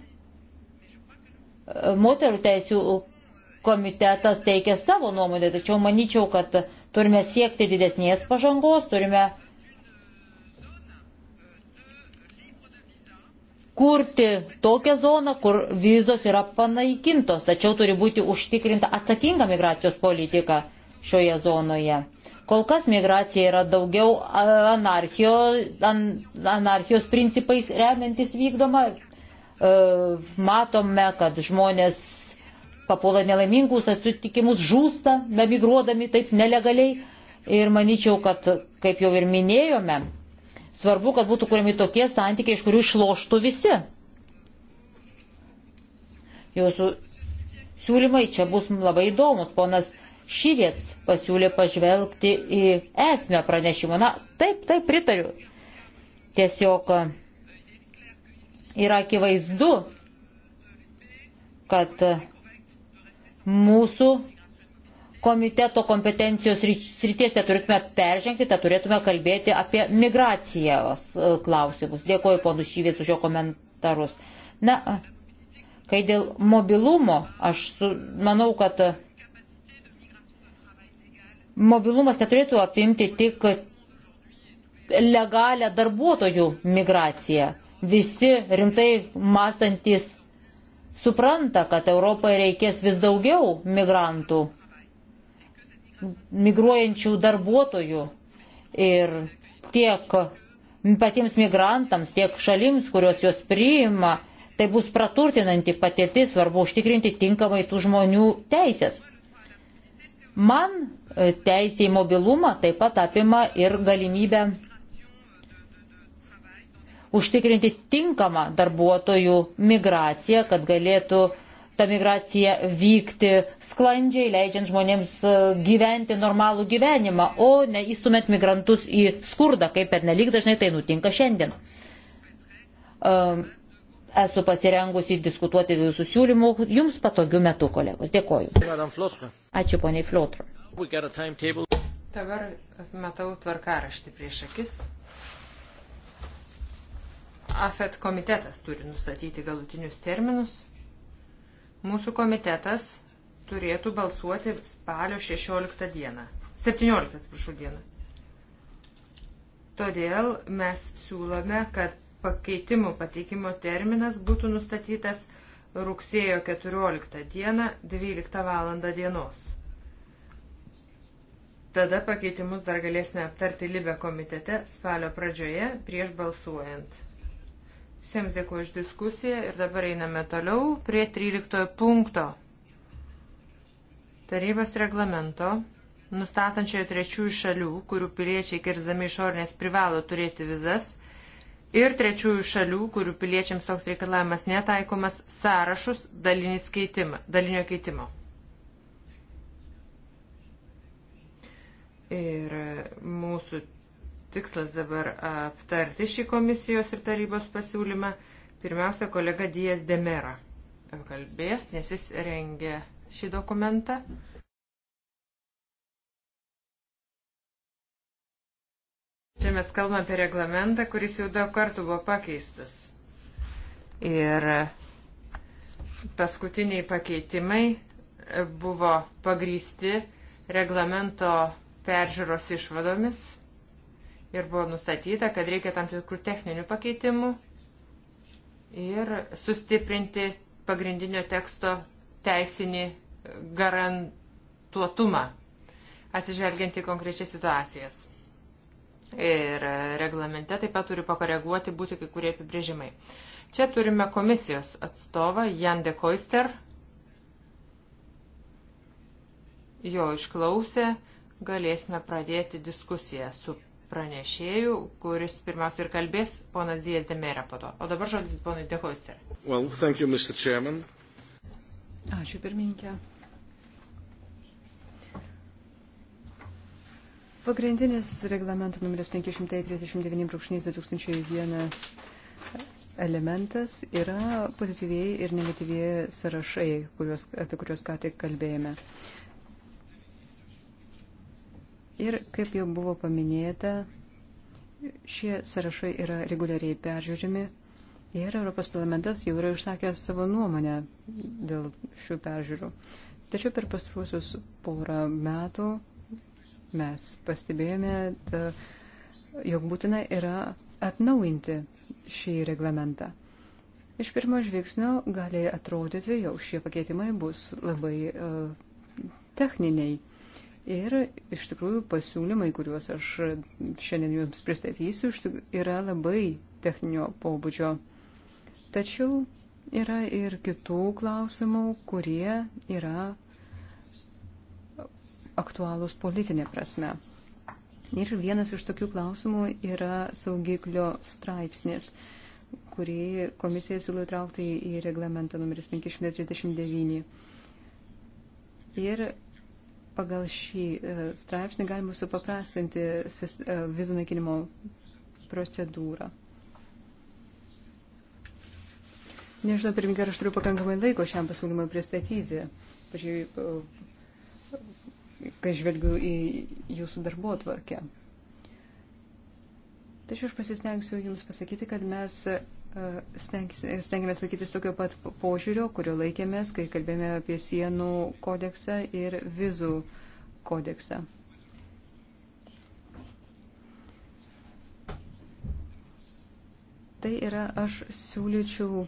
moterų teisų komitetas teikia savo nuomonę, tačiau manyčiau, kad turime siekti didesnės pažangos, turime kurti tokią zoną, kur vizos yra panaikintos, tačiau turi būti užtikrinta atsakinga migracijos politika šioje zonoje. Kol kas migracija yra daugiau anarchijos, anarchijos principais remiantis vykdoma. E, matome, kad žmonės papuola nelaimingus atsitikimus, žūsta, bemigruodami taip nelegaliai. Ir manyčiau, kad, kaip jau ir minėjome, svarbu, kad būtų kuriami tokie santykiai, iš kurių išloštų visi. Jūsų siūlymai čia bus labai įdomus. Ponas šyviets pasiūlė pažvelgti į esmę pranešimo. Na, taip, taip pritariu. Tiesiog e, yra akivaizdu, kad e, mūsų komiteto kompetencijos srities neturėtume peržengti, tad turėtume kalbėti apie migracijos e, klausimus. Dėkuoju ponu Šyvės už jo komentarus. Na, kai dėl mobilumo, aš su, manau, kad mobilumas neturėtų apimti tik legalią darbuotojų migraciją. Visi rimtai mąstantis supranta, kad Europai reikės vis daugiau migrantų, migruojančių darbuotojų ir tiek patiems migrantams, tiek šalims, kurios juos priima, tai bus praturtinanti patirtis, svarbu užtikrinti tinkamai tų žmonių teisės. Man E, teisė į mobilumą taip pat apima ir galimybę užtikrinti tinkamą darbuotojų migraciją, kad galėtų ta migracija vykti sklandžiai, leidžiant žmonėms e, gyventi normalų gyvenimą, o ne įstumėt migrantus į skurdą, kaip per nelik dažnai tai nutinka šiandien. E, esu pasirengusi diskutuoti dėl jūsų siūlymų jums patogiu metu, kolegos. Dėkoju. Ačiū poniai Fliotro. Dabar matau tvarkaraštį prieš akis. AFET komitetas turi nustatyti galutinius terminus. Mūsų komitetas turėtų balsuoti spalio 16 dieną. 17, atsiprašau, dieną. Todėl mes siūlome, kad pakeitimų pateikimo terminas būtų nustatytas rugsėjo 14 dieną 12 val. dienos. Tada pakeitimus dar galėsime aptarti Libe komitete spalio pradžioje prieš balsuojant. Visiems dėkuoju už diskusiją ir dabar einame toliau prie 13 punkto. Tarybos reglamento, nustatančiojo trečiųjų šalių, kurių piliečiai kirzdami išornės privalo turėti vizas, ir trečiųjų šalių, kurių piliečiams toks reikalavimas netaikomas, sąrašus dalinio keitimo. Ir mūsų tikslas dabar aptarti šį komisijos ir tarybos pasiūlymą. Pirmiausia, kolega Dijas Demera kalbės, nes jis rengia šį dokumentą. Čia mes kalbame apie reglamentą, kuris jau daug kartų buvo pakeistas. Ir paskutiniai pakeitimai buvo pagrysti reglamento peržiūros išvadomis ir buvo nustatyta, kad reikia tam tikrų techninių pakeitimų ir sustiprinti pagrindinio teksto teisinį garantuotumą, atsižvelgiant į konkrečias situacijas. Ir reglamente taip pat turi pakoreguoti būti kai kurie apibrėžimai. Čia turime komisijos atstovą Jan de Koister. Jo išklausė galėsime pradėti diskusiją su pranešėjų, kuris pirmiausia ir kalbės, ponas Zieltemerė po to. O dabar žodis ponui Dehoister. Well, thank you, Mr. Chairman. Ačiū, pirmininkė. Pagrindinis reglamento numeris 539.2001 elementas yra pozityviai ir negatyviai sąrašai, kuriuos, apie kuriuos ką tik kalbėjome. Uh, Ir kaip jau buvo paminėta, šie sąrašai yra reguliariai peržiūrimi ir Europos parlamentas jau yra išsakęs savo nuomonę dėl šių peržiūrų. Tačiau per pastruosius porą metų mes pastebėjome, jog būtina yra atnaujinti šį reglamentą. Iš pirmo žvilgsnio gali atrodyti, jog šie pakeitimai bus labai uh, techniniai. Ir iš tikrųjų pasiūlymai, kuriuos aš šiandien jums pristatysiu, yra labai techninio pobūdžio. Tačiau yra ir kitų klausimų, kurie yra aktualūs politinė prasme. Ir vienas iš tokių klausimų yra saugiklio straipsnis, kurį komisija siūlo įtraukti į reglamentą numeris 539. Ir pagal šį e, straipsnį galima supaprastinti e, vizų naikinimo procedūrą. Nežinau, pirmininkai, ar aš turiu pakankamai laiko šiam pasiūlymui pristatyti. Pažiūrėjau, e, kai žvelgiu į jūsų darbo atvarkę. Tačiau aš pasistengsiu Jums pasakyti, kad mes Stengiamės laikytis tokio pat požiūrio, kurio laikėmės, kai kalbėjome apie sienų kodeksą ir vizų kodeksą. Tai yra, aš siūlyčiau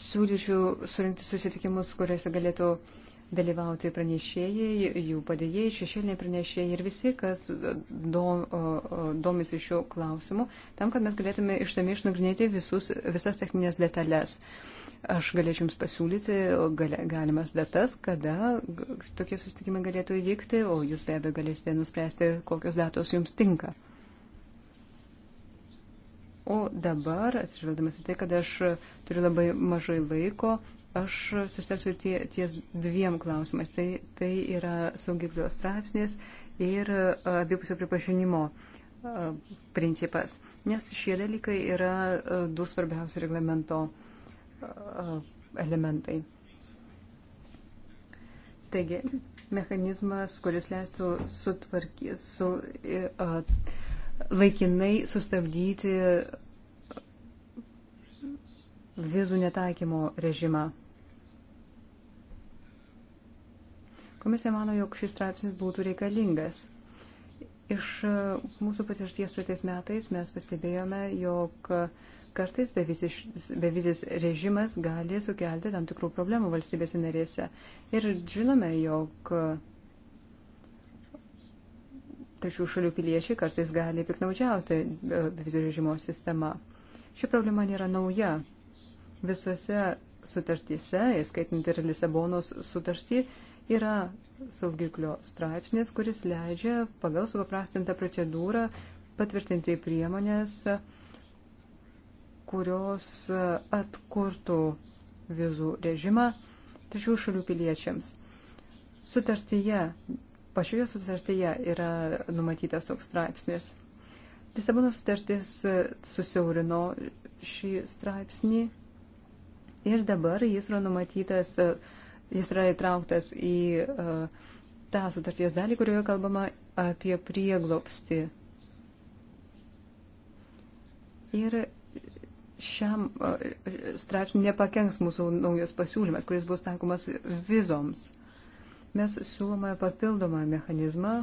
siūlyčiau surinkti susitikimus, kuriuose galėtų uh, dalyvauti pranešėjai, jų padėjėjai, šešėliniai pranešėjai ir visi, kas do, domisi šiuo klausimu, tam, kad mes galėtume ištami išnagrinėti visus, visas techninės detalės. Aš galėčiau Jums pasiūlyti galimas datas, kada tokie susitikimai galėtų įvykti, o Jūs be abejo galėsite nuspręsti, kokios datos Jums tinka. O dabar, atsižvelgdamas į tai, kad aš turiu labai mažai laiko, Aš susitelksiu tie, ties dviem klausimais. Tai, tai yra saugiklio straipsnis ir abipusio pripažinimo principas. Nes šie dalykai yra du svarbiausi reglamento elementai. Taigi, mechanizmas, kuris leistų sutvarkyti, su, uh, laikinai sustabdyti uh, vizų netaikymo režimą. Komisija mano, jog šis straipsnis būtų reikalingas. Iš e, mūsų patirties praeitais metais mes pastebėjome, jog kartais bevizis, bevizis režimas gali sukelti tam tikrų problemų valstybėse narėse. Ir žinome, jog tačių šalių piliečiai kartais gali piknaudžiauti e, bevizio režimo sistema. Ši problema nėra nauja. Visose sutartyse, įskaitant ir Lisabonos sutartį, yra saugiklio straipsnis, kuris leidžia pagal supaprastintą procedūrą patvirtinti priemonės, kurios atkurtų vizų režimą trečių šalių piliečiams. Sutartyje, pačioje sutartyje yra numatytas toks straipsnis. Lisabono sutartis susiaurino šį straipsnį Ir dabar jis yra numatytas, e, jis yra įtrauktas į e, tą sutarties dalį, kurioje kalbama apie prieglopsti. Ir šiam e, straipsniui nepakenks mūsų naujas pasiūlymas, kuris bus taikomas vizoms. Mes siūlome papildomą mechanizmą,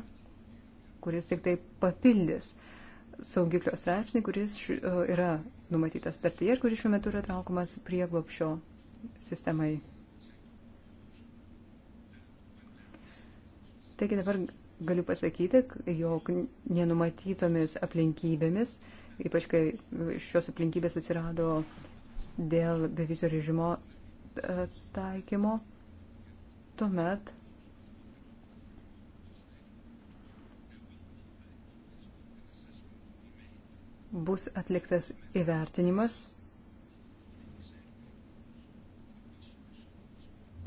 kuris tik tai papildys uh, saugiklio straipsnį, kuris e, yra numatytas sutartyje ir kuris šiuo metu yra traukomas prieglopšio sistemai. Taigi dabar galiu pasakyti, jog nenumatytomis aplinkybėmis, ypač kai šios aplinkybės atsirado dėl bevizio režimo e, taikymo, tuomet bus atliktas įvertinimas,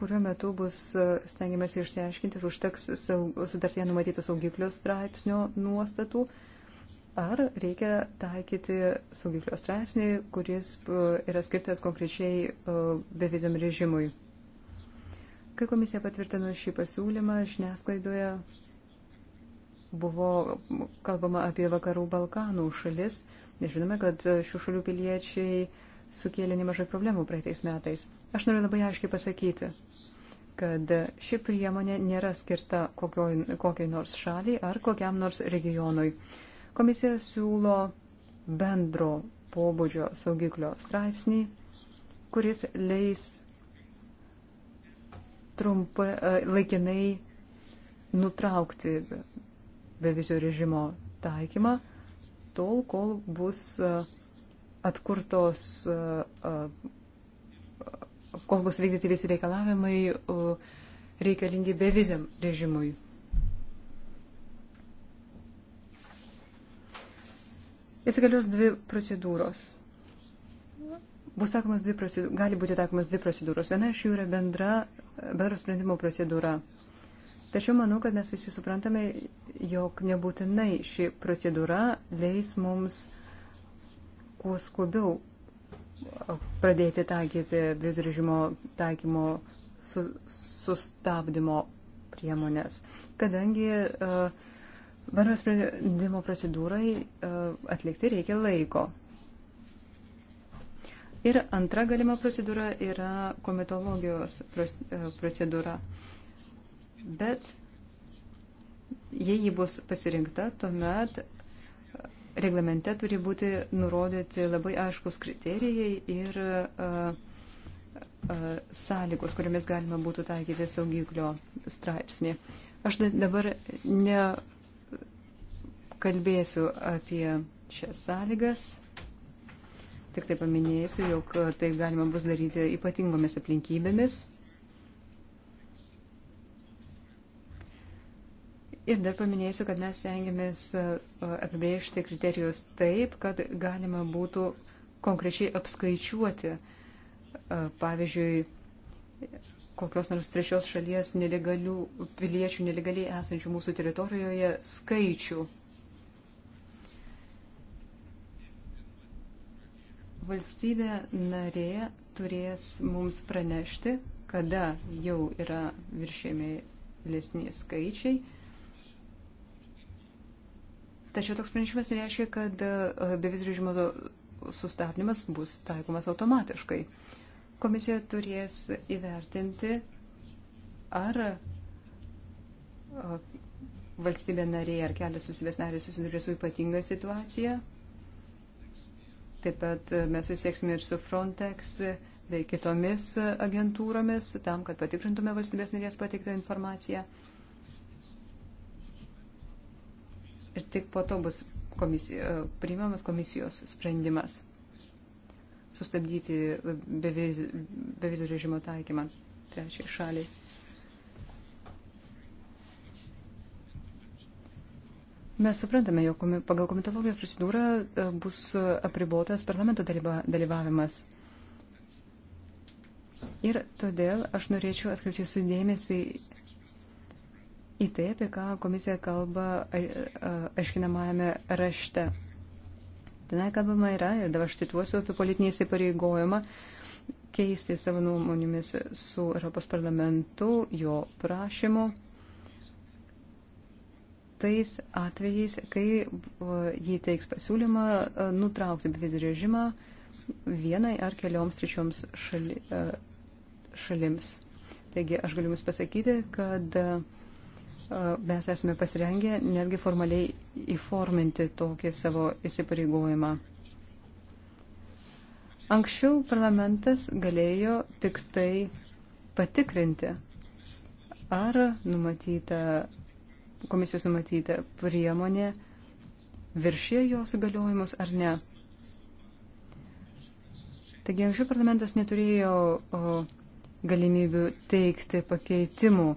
kuriuo metu bus e, stengiamas išsiaiškinti, užteks sutartie numatytų saugiklio straipsnio nuostatų, ar reikia taikyti saugiklio straipsnį, kuris e, yra skirtas konkrečiai e, beviziam režimui. Kai komisija patvirtino šį pasiūlymą, žiniasklaidoje buvo kalbama apie vakarų Balkanų šalis Nes žinome, kad šių šalių piliečiai sukėlė nemažai problemų praeitais metais. Aš noriu labai aiškiai pasakyti, kad ši priemonė nėra skirta kokioj, kokiai nors šaliai ar kokiam nors regionui. Komisija siūlo bendro pobūdžio saugiklio straipsnį, kuris leis trumpai, e, laikinai nutraukti bevizio režimo taikymą tol, kol bus e, atkurtos, e, e, kol bus vykdyti visi reikalavimai reikalingi beviziam režimui. Įsigalios dvi procedūros. Bus takomas dvi procedūros, gali būti takomas dvi procedūros. Viena iš jų yra bendra, bendro sprendimo procedūra. Tačiau manau, kad mes visi suprantame, jog nebūtinai ši procedūra leis mums kuo skubiau pradėti taikyti vizų režimo taikymo su, sustabdymo priemonės, kadangi uh, bendro sprendimo procedūrai uh, atlikti reikia laiko. Ir antra galima procedūra yra komitologijos e, procedūra. Uh, Bet jei ji bus pasirinkta, tuomet reglamente turi būti nurodyti labai aiškus kriterijai ir uh, uh, sąlygos, kuriamis galima būtų taikyti saugiklio straipsnį. Aš dabar nekalbėsiu apie šias sąlygas, tik tai paminėsiu, jog tai galima bus daryti ypatingomis aplinkybėmis. Ir dar paminėsiu, kad mes tengiamės e, apibrėžti kriterijus taip, kad galima būtų konkrečiai apskaičiuoti, e, pavyzdžiui, kokios nors trečios šalies nelegalių piliečių, nelegaliai esančių mūsų teritorijoje skaičių. Valstybė narė turės mums pranešti, kada jau yra viršėmi lesni skaičiai Tačiau toks pranešimas nereiškia, kad e, bevizų režimo sustabdymas bus taikomas automatiškai. Komisija turės įvertinti, ar e, valstybė narė ar kelios valstybės narės susiduria su ypatinga situacija. Taip pat e, mes susieksime ir su Frontex bei kitomis agentūromis tam, kad patikrintume valstybės narės pateiktą informaciją. ir tik po to bus komisijos, e, priimamas komisijos sprendimas sustabdyti bevizų režimo taikymą trečiai šaliai. Mes suprantame, jog pagal komitologijos procedūrą e, bus apribotas parlamento dalyvavimas. Ir todėl aš norėčiau atkreipti sudėmėsi į tai, apie ką komisija kalba aiškinamajame rašte. Tenai kalbama yra, ir dabar aš cituosiu apie politinį įsipareigojimą, keisti savo nuomonėmis su Europos parlamentu, jo prašymu, tais atvejais, kai jį teiks pasiūlymą nutraukti bevizį režimą vienai ar kelioms trečioms šali, šalims. Taigi aš galiu Jums pasakyti, kad uh, mes esame pasirengę netgi formaliai įforminti tokį savo įsipareigojimą. Anksčiau parlamentas galėjo tik tai patikrinti, ar numatyta, komisijos numatyta priemonė viršė jos įgaliojimus ar ne. Taigi anksčiau parlamentas neturėjo galimybių teikti pakeitimų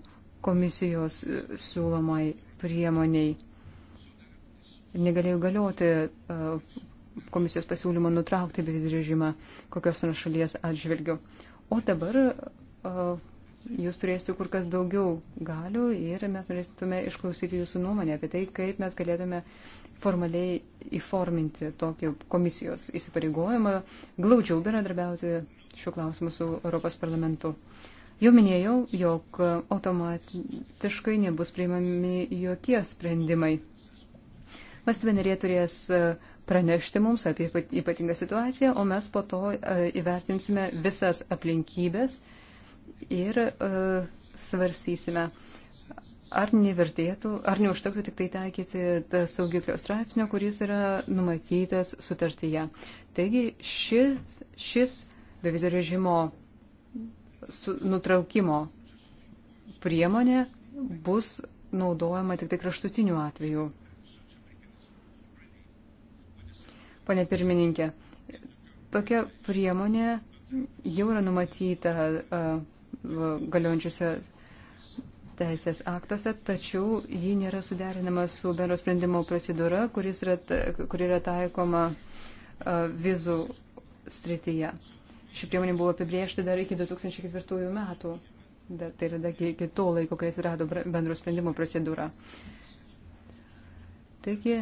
komisijos e, siūlomai priemoniai. Negalėjo galioti e, komisijos pasiūlymo nutraukti bevizį režimą kokios nors šalies atžvilgiu. O dabar e, jūs turėsite kur kas daugiau galių ir mes norėtume išklausyti jūsų nuomonę apie tai, kaip mes galėtume formaliai įforminti tokį komisijos įsipareigojimą, glaudžiau bendradarbiauti šiuo klausimu su Europos parlamentu. Jau minėjau, jog automatiškai nebus priimami jokie sprendimai. Valstybė narė turės e, pranešti mums apie ypatingą situaciją, o mes po to e, įvertinsime visas aplinkybės ir e, svarsysime, ar nevertėtų, ar neužtektų tik tai taikyti tą saugiklio straipsnio, kuris yra numatytas sutartyje. Taigi šis, šis bevizio režimo nutraukimo priemonė bus naudojama tik tai kraštutiniu atveju. Pane pirmininkė, tokia priemonė jau yra numatyta galiojančiuose teisės aktuose, tačiau ji nėra suderinama su bendro sprendimo procedūra, kuri yra taikoma vizų srityje. Ši priemonė buvo apibriežta dar iki 2004 metų. Da, tai yra iki to laiko, kai atsirado bendro sprendimo procedūra. Taigi,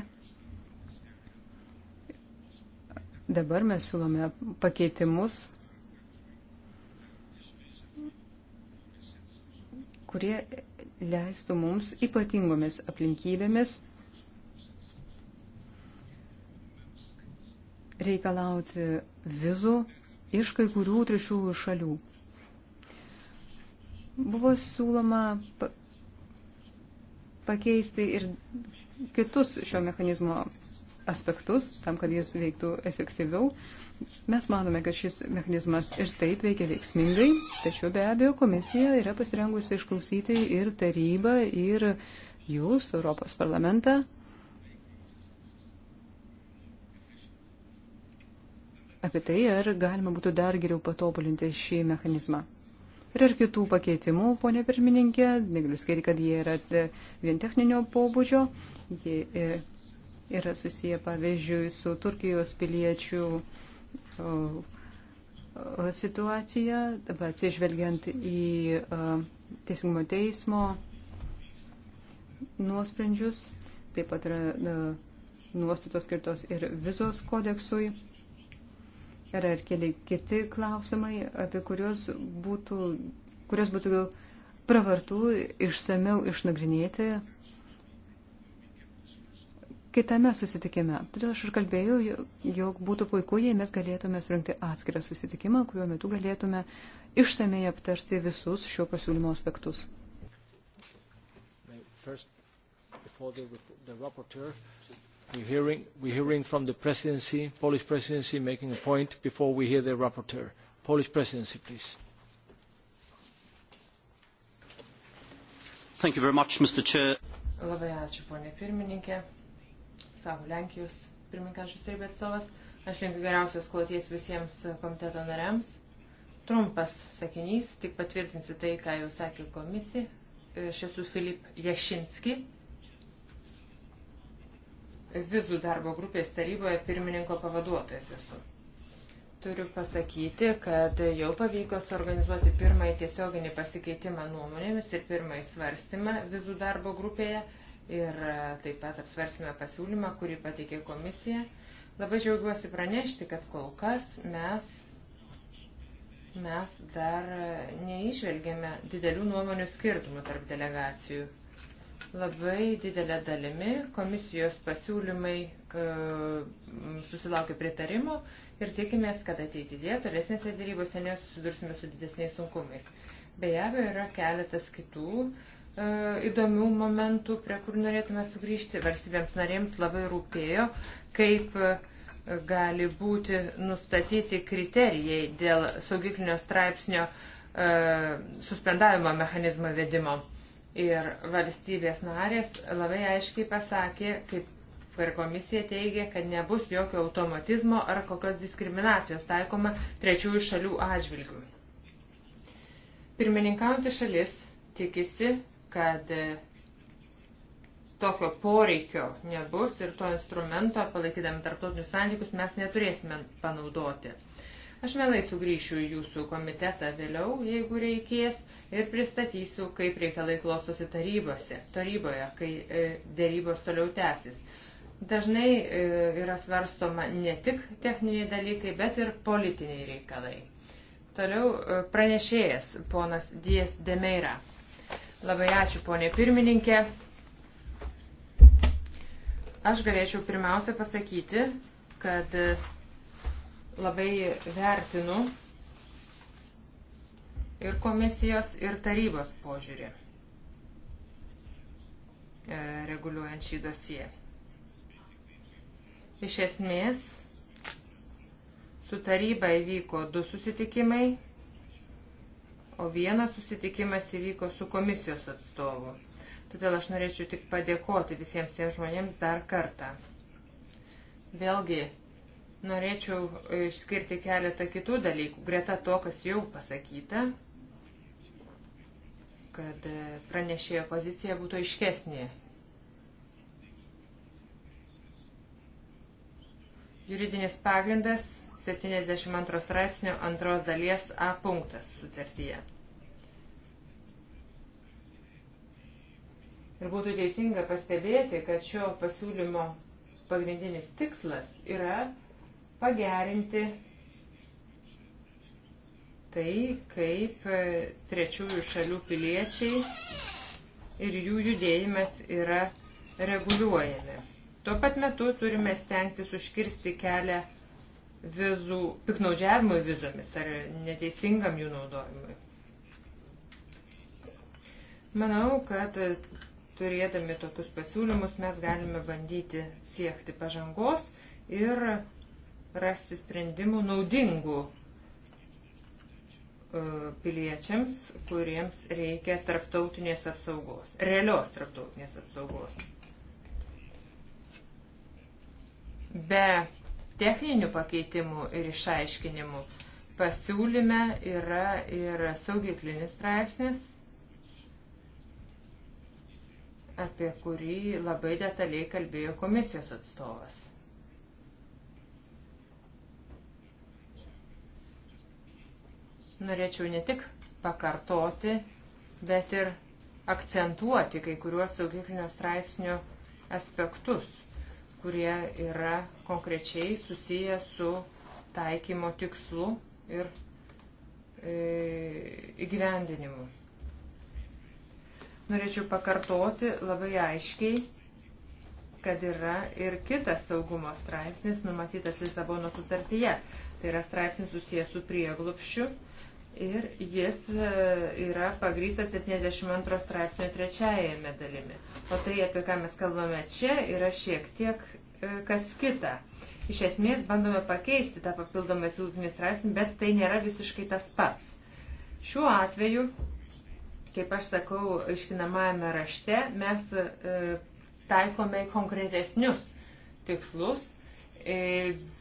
dabar mes siūlome pakeitimus, kurie leistų mums ypatingomis aplinkybėmis reikalauti vizų iš kai kurių trečiųjų šalių. Buvo siūloma pakeisti ir kitus šio mechanizmo aspektus, tam, kad jis veiktų efektyviau. Mes manome, kad šis mechanizmas ir taip veikia veiksmingai, tačiau be abejo komisija yra pasirengusi išklausyti ir tarybą, ir jūs, Europos parlamentą, apie tai, ar galima būtų dar geriau patobulinti šį mechanizmą. Ir ar kitų pakeitimų, ponė pirmininkė, negaliu skaityti, kad jie yra e, vien techninio pobūdžio, jie e, yra susiję, pavyzdžiui, su Turkijos piliečių situacija, atsižvelgiant į teisingumo teismo nuosprendžius, taip pat yra e, nuostatos skirtos ir vizos kodeksui. Yra ir keli kiti klausimai, apie kuriuos būtų, kuriuos būtų pravartų išsameu išnagrinėti kitame susitikime. Todėl aš ir kalbėjau, jog būtų puiku, jei mes galėtume surinkti atskirą susitikimą, kuriuo metu galėtume išsamei aptarti visus šio pasiūlymo aspektus. First, We're hearing, we're hearing from the presidency, Polish presidency, making a point before we hear the rapporteur. Polish presidency, please. Thank you very much, Mr. Chair. Labai ačiū, ponė pirmininkė. Savo Lenkijos pirmininkas ir atstovas. Aš linkiu geriausios kloties visiems komiteto nariams. Trumpas sakinys, tik patvirtinsiu tai, ką jau sakė komisija. Aš esu Filip Jašinski, vizų darbo grupės taryboje pirmininko pavaduotojas esu. Turiu pasakyti, kad jau pavyko suorganizuoti pirmąjį tiesioginį pasikeitimą nuomonėmis ir pirmąjį svarstymą vizų darbo grupėje ir e, taip pat apsvarsime pasiūlymą, kurį pateikė komisija. Labai džiaugiuosi pranešti, kad kol kas mes, mes dar e, neišvelgėme didelių nuomonių skirtumų tarp delegacijų Labai didelė dalimi komisijos pasiūlymai e, susilaukė pritarimo ir tikimės, kad ateityje tolesnėse dėrybose nesusidursime su didesniais sunkumais. Be abejo, yra keletas kitų e, įdomių momentų, prie kur norėtume sugrįžti. Varsybėms narėms labai rūpėjo, kaip e, gali būti nustatyti kriterijai dėl saugiklinio straipsnio e, suspendavimo mechanizmo vedimo. Ir valstybės narės labai aiškiai pasakė, kaip ir komisija teigė, kad nebus jokio automatizmo ar kokios diskriminacijos taikoma trečiųjų šalių atžvilgių. Pirmininkaujantį šalis tikisi, kad e, tokio poreikio nebus ir to instrumento, palaikydami tarptautinius santykius, mes neturėsime panaudoti. Aš mielai sugrįšiu į jūsų komitetą vėliau, jeigu reikės ir pristatysiu, kaip reikalai klostosi taryboje, kai e, dėrybos toliau tęsis. Dažnai e, yra svarstoma ne tik techniniai dalykai, bet ir politiniai reikalai. Toliau e, pranešėjas, ponas Dies Demeira. Labai ačiū, ponė pirmininkė. Aš galėčiau pirmiausia pasakyti, kad labai vertinu ir komisijos, ir tarybos požiūrį e, reguliuojant šį dosiją. Iš esmės, su taryba įvyko du susitikimai, o vienas susitikimas įvyko su komisijos atstovu. Todėl aš norėčiau tik padėkoti visiems tiems žmonėms dar kartą. Vėlgi, norėčiau išskirti keletą kitų dalykų, greta to, kas jau pasakyta, kad pranešėjo pozicija būtų aiškesnė. Juridinis pagrindas 72 straipsnio antros dalies A punktas sutartyje. Ir būtų teisinga pastebėti, kad šio pasiūlymo pagrindinis tikslas yra pagerinti tai, kaip e, trečiųjų šalių piliečiai ir jų judėjimas yra reguliuojami. Tuo pat metu turime stengtis užkirsti kelią vizų, piknaudžiavimui vizomis ar neteisingam jų naudojimui. Manau, kad e, turėdami tokius pasiūlymus mes galime bandyti siekti pažangos ir rasti sprendimų naudingų E, piliečiams, kuriems reikia tarptautinės apsaugos, realios tarptautinės apsaugos. Be techninių pakeitimų ir išaiškinimų pasiūlyme yra ir saugiklinis straipsnis, apie kurį labai detaliai kalbėjo komisijos atstovas. norėčiau ne tik pakartoti, bet ir akcentuoti kai kuriuos saugiklinio straipsnio aspektus, kurie yra konkrečiai susiję su taikymo tikslu ir e, įgyvendinimu. Norėčiau pakartoti labai aiškiai, kad yra ir kitas saugumo straipsnis numatytas Lisabono sutartyje. Tai yra straipsnis susijęs su prieglupščiu ir jis e, yra pagrystas 72 straipsnio trečiajame dalimi. O tai, apie ką mes kalbame čia, yra šiek tiek e, kas kita. Iš esmės bandome pakeisti tą papildomą siūlytinį straipsnį, bet tai nėra visiškai tas pats. Šiuo atveju, kaip aš sakau, iškinamajame rašte mes e, taikome konkretesnius tikslus, e,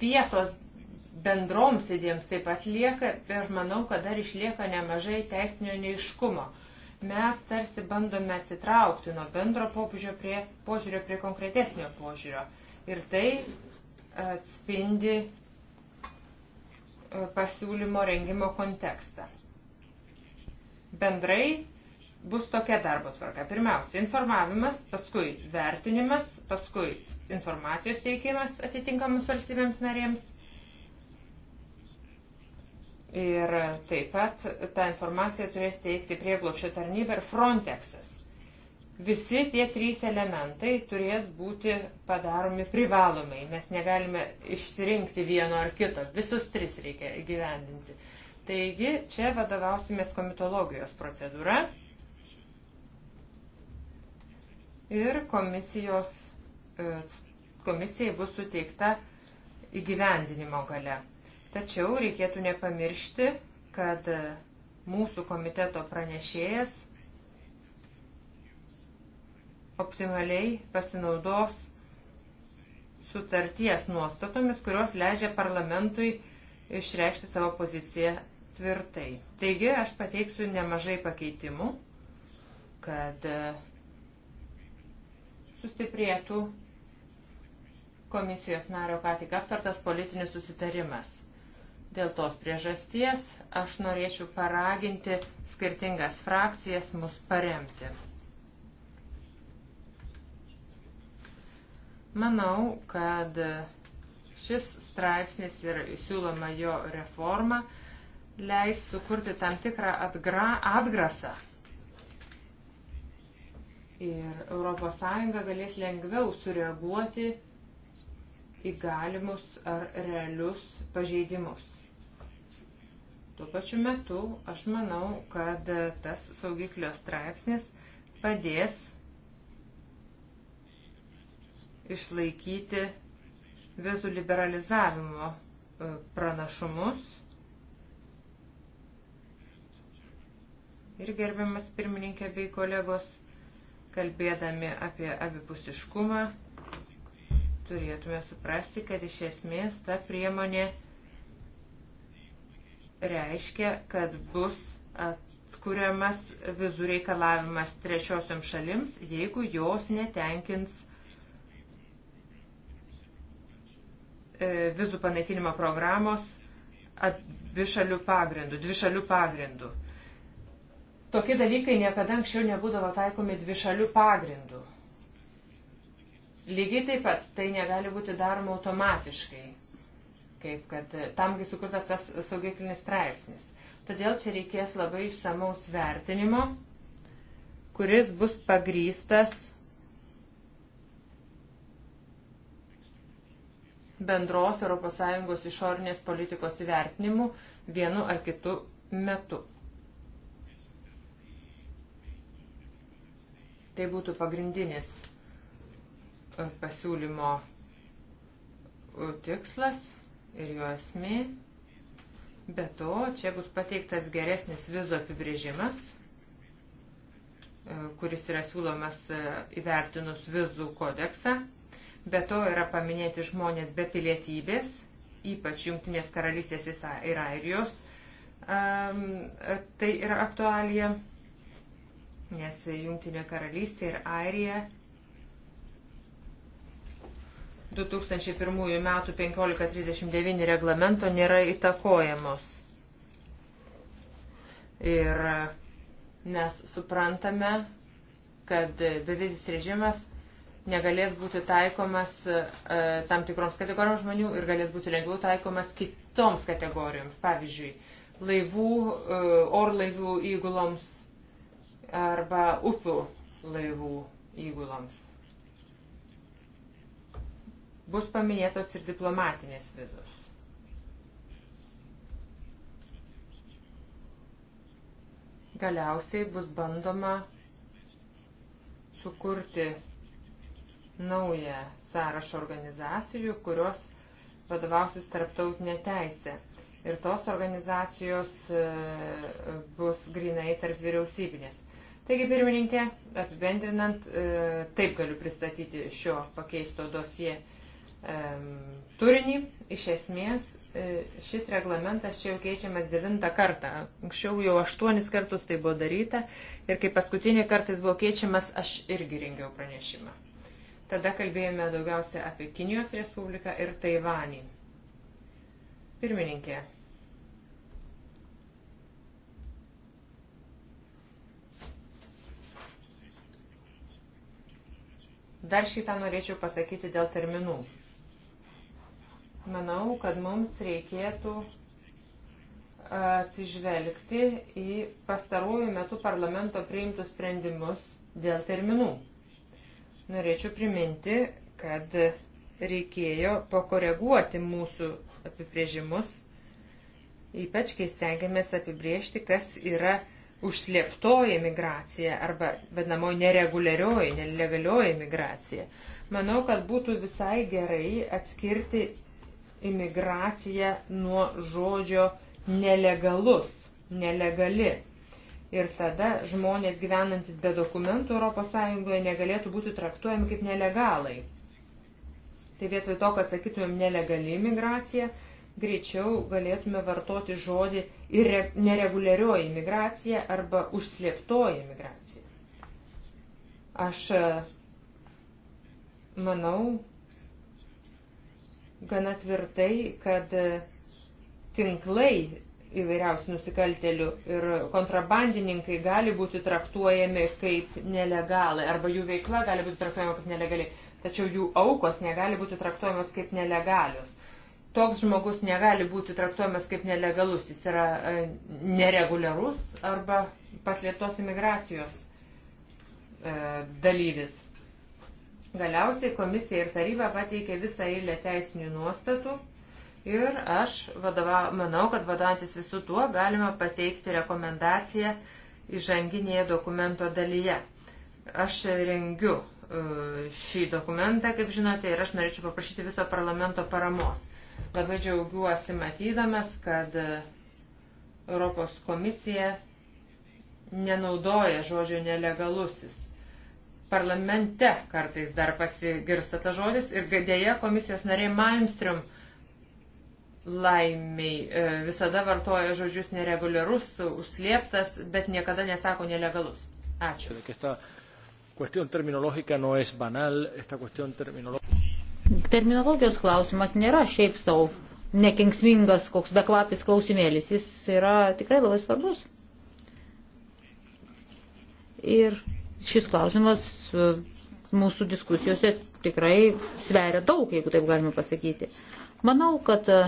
vietos bendroms idėjams taip pat lieka ir manau, kad dar išlieka nemažai teisinio neiškumo. Mes tarsi bandome atsitraukti nuo bendro pobūdžio prie požiūrio prie konkretesnio požiūrio. Ir tai atspindi e, pasiūlymo rengimo kontekstą. Bendrai bus tokia darbo tvarka. Pirmiausia, informavimas, paskui vertinimas, paskui informacijos teikimas atitinkamus valstybėms narėms Ir taip pat tą informaciją turės teikti prieglopšio tarnybė ir Frontexas. Visi tie trys elementai turės būti padaromi privalomai. Mes negalime išsirinkti vieno ar kito. Visus tris reikia gyvendinti. Taigi čia vadovausimės komitologijos procedūra ir komisijos, e, komisijai bus suteikta įgyvendinimo gale. Tačiau reikėtų nepamiršti, kad mūsų komiteto pranešėjas optimaliai pasinaudos sutarties nuostatomis, kurios leidžia parlamentui išreikšti savo poziciją tvirtai. Taigi aš pateiksiu nemažai pakeitimų, kad e, sustiprėtų komisijos nario ką tik aptartas politinis susitarimas. Dėl tos priežasties aš norėčiau paraginti skirtingas frakcijas mus paremti. Manau, kad šis straipsnis ir siūloma jo reforma leis sukurti tam tikrą atgra, atgrasą. Ir ES galės lengviau sureaguoti į galimus ar realius pažeidimus. Tuo pačiu metu aš manau, kad tas saugiklio straipsnis padės išlaikyti vizų liberalizavimo e, pranašumus. Ir gerbiamas pirmininkė bei kolegos, kalbėdami apie abipusiškumą, turėtume suprasti, kad iš esmės ta priemonė reiškia, kad bus atkuriamas vizų reikalavimas trečiosiam šalims, jeigu jos netenkins e, vizų panaikinimo programos dvišalių pagrindų, dvišalių pagrindų. Tokie dalykai niekada anksčiau nebūdavo taikomi dvišalių pagrindų. Lygiai taip pat tai negali būti daroma automatiškai kaip kad e, tamgi sukurtas tas saugiklinis straipsnis. Todėl čia reikės labai išsamaus vertinimo, kuris bus pagrystas bendros ES išorinės politikos įvertinimu vienu ar kitu metu. Tai būtų pagrindinis e, pasiūlymo e, tikslas ir jo esmė. Be to, čia bus pateiktas geresnis vizų apibrėžimas, e, kuris yra siūlomas e, įvertinus vizų kodeksą. Be to yra paminėti žmonės be pilietybės, ypač Junktinės karalystės ir Airijos. E, tai yra aktualija, nes Junktinė karalystė ir Airija 2001 metų 1539 reglamento nėra įtakojamos. Ir e, mes suprantame, kad bevizis režimas negalės būti taikomas e, tam tikroms kategorijoms žmonių ir galės būti lengviau taikomas kitoms kategorijoms. Pavyzdžiui, laivų, e, orlaivių įguloms arba upių laivų įguloms. Bus paminėtos ir diplomatinės vizos. Galiausiai bus bandoma sukurti naują sąrašą organizacijų, kurios vadovausis tarptautinė teisė. Ir tos organizacijos e, bus grinai tarp vyriausybinės. Taigi, pirmininkė, apibendrinant, e, taip galiu pristatyti šio pakeisto dosie turinį. Iš esmės, e, šis reglamentas čia jau keičiamas devintą kartą. Anksčiau jau aštuonis kartus tai buvo daryta ir kai paskutinį kartą jis buvo keičiamas, aš irgi rengiau pranešimą. Tada kalbėjome daugiausia apie Kinijos Respubliką ir Taivanį. Pirmininkė. Dar šitą norėčiau pasakyti dėl terminų manau, kad mums reikėtų atsižvelgti į pastarųjų metų parlamento priimtus sprendimus dėl terminų. Norėčiau priminti, kad reikėjo pakoreguoti mūsų apibrėžimus, ypač kai stengiamės apibrėžti, kas yra užslėptoji migracija arba vadinamoji nereguliarioji, nelegalioji migracija. Manau, kad būtų visai gerai atskirti imigracija nuo žodžio nelegalus, nelegali. Ir tada žmonės gyvenantis be dokumentų ES negalėtų būti traktuojami kaip nelegalai. Tai vietoj to, kad sakytumėm nelegali imigracija, greičiau galėtume vartoti žodį ir nereguliarioji imigracija arba užslėptoji imigracija. Aš e, manau, gana tvirtai, kad tinklai įvairiausių nusikaltelių ir kontrabandininkai gali būti traktuojami kaip nelegalai arba jų veikla gali būti traktuojama kaip nelegaliai, tačiau jų aukos negali būti traktuojamos kaip nelegalios. Toks žmogus negali būti traktuojamas kaip nelegalus, jis yra e, nereguliarus arba paslėptos imigracijos e, dalyvis. Galiausiai komisija ir taryba pateikė visą eilę teisinių nuostatų ir aš vadova, manau, kad vadovantis visų tuo galima pateikti rekomendaciją įžanginėje dokumento dalyje. Aš rengiu e, šį dokumentą, kaip žinote, ir aš norėčiau paprašyti viso parlamento paramos. Labai džiaugiuosi matydamas, kad e, Europos komisija nenaudoja žodžio nelegalusis parlamente kartais dar pasigirsta tas žodis ir dėja komisijos nariai Malmström laimiai e, visada vartoja žodžius nereguliarus, užslėptas, bet niekada nesako nelegalus. Ačiū. Terminologijos klausimas nėra šiaip savo nekenksmingas, koks bekvapis klausimėlis. Jis yra tikrai labai svarbus. Ir šis klausimas e, mūsų diskusijose tikrai sveria daug, jeigu taip galima pasakyti. Manau, kad e,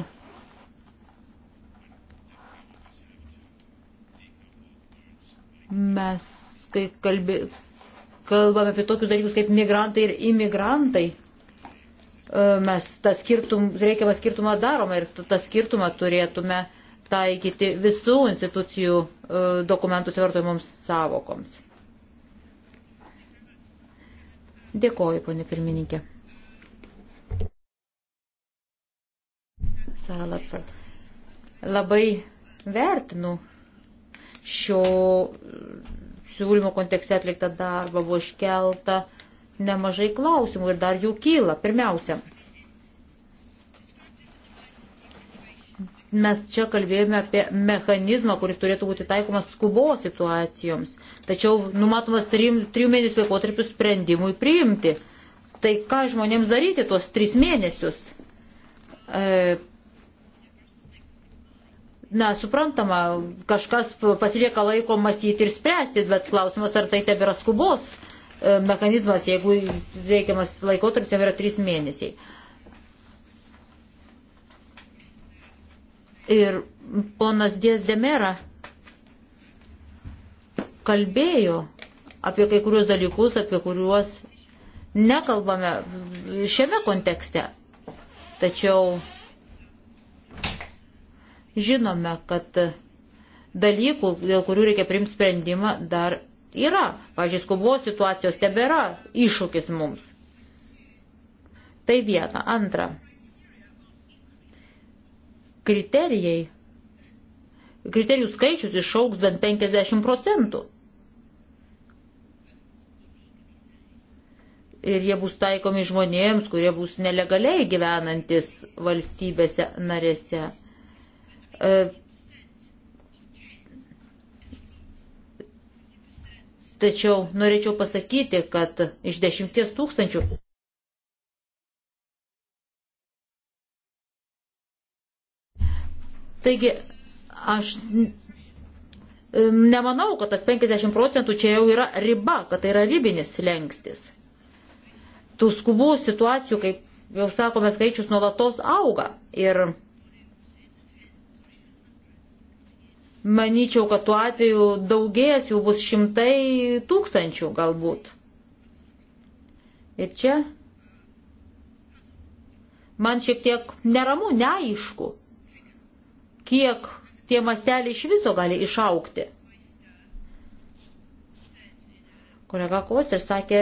mes, kai kalbė, kalbame apie tokius dalykus kaip migrantai ir imigrantai, e, mes tą skirtum, reikiamą skirtumą darome ir tą skirtumą turėtume taikyti visų institucijų dokumentų svartojamoms savokoms. Dėkoju, ponė pirmininkė. Sara Latford. Labai vertinu šio siūlymo kontekste atliktą darbą, buvo iškelta nemažai klausimų ir dar jų kyla. Pirmiausia, Mes čia kalbėjome apie mechanizmą, kuris turėtų būti taikomas skubos situacijoms. Tačiau numatomas trim, trijų mėnesių laikotarpių sprendimui priimti. Tai ką žmonėms daryti tuos tris mėnesius? E, na, suprantama, kažkas pasilieka laiko mąstyti ir spręsti, bet klausimas, ar tai tebėra skubos e, mechanizmas, jeigu reikiamas laikotarpis yra trys mėnesiai. Ir ponas Dies Demera kalbėjo apie kai kurios dalykus, apie kuriuos nekalbame šiame kontekste. Tačiau žinome, kad dalykų, dėl kurių reikia priimti sprendimą, dar yra. Pavyzdžiui, skubos situacijos tebėra iššūkis mums. Tai viena. Antra kriterijai, kriterijų skaičius išauks bent 50 procentų. Ir jie bus taikomi žmonėms, kurie bus nelegaliai gyvenantis valstybėse narėse. E, tačiau norėčiau pasakyti, kad iš dešimties tūkstančių Taigi aš nemanau, kad tas 50 procentų čia jau yra riba, kad tai yra ribinis lengstis. Tų skubų situacijų, kaip jau sakome, skaičius nuolatos auga. Ir manyčiau, kad tuo atveju daugės jų bus šimtai tūkstančių galbūt. Ir čia man šiek tiek neramu, neaišku kiek tie masteliai iš viso gali išaukti. Kolega Kos ir sakė,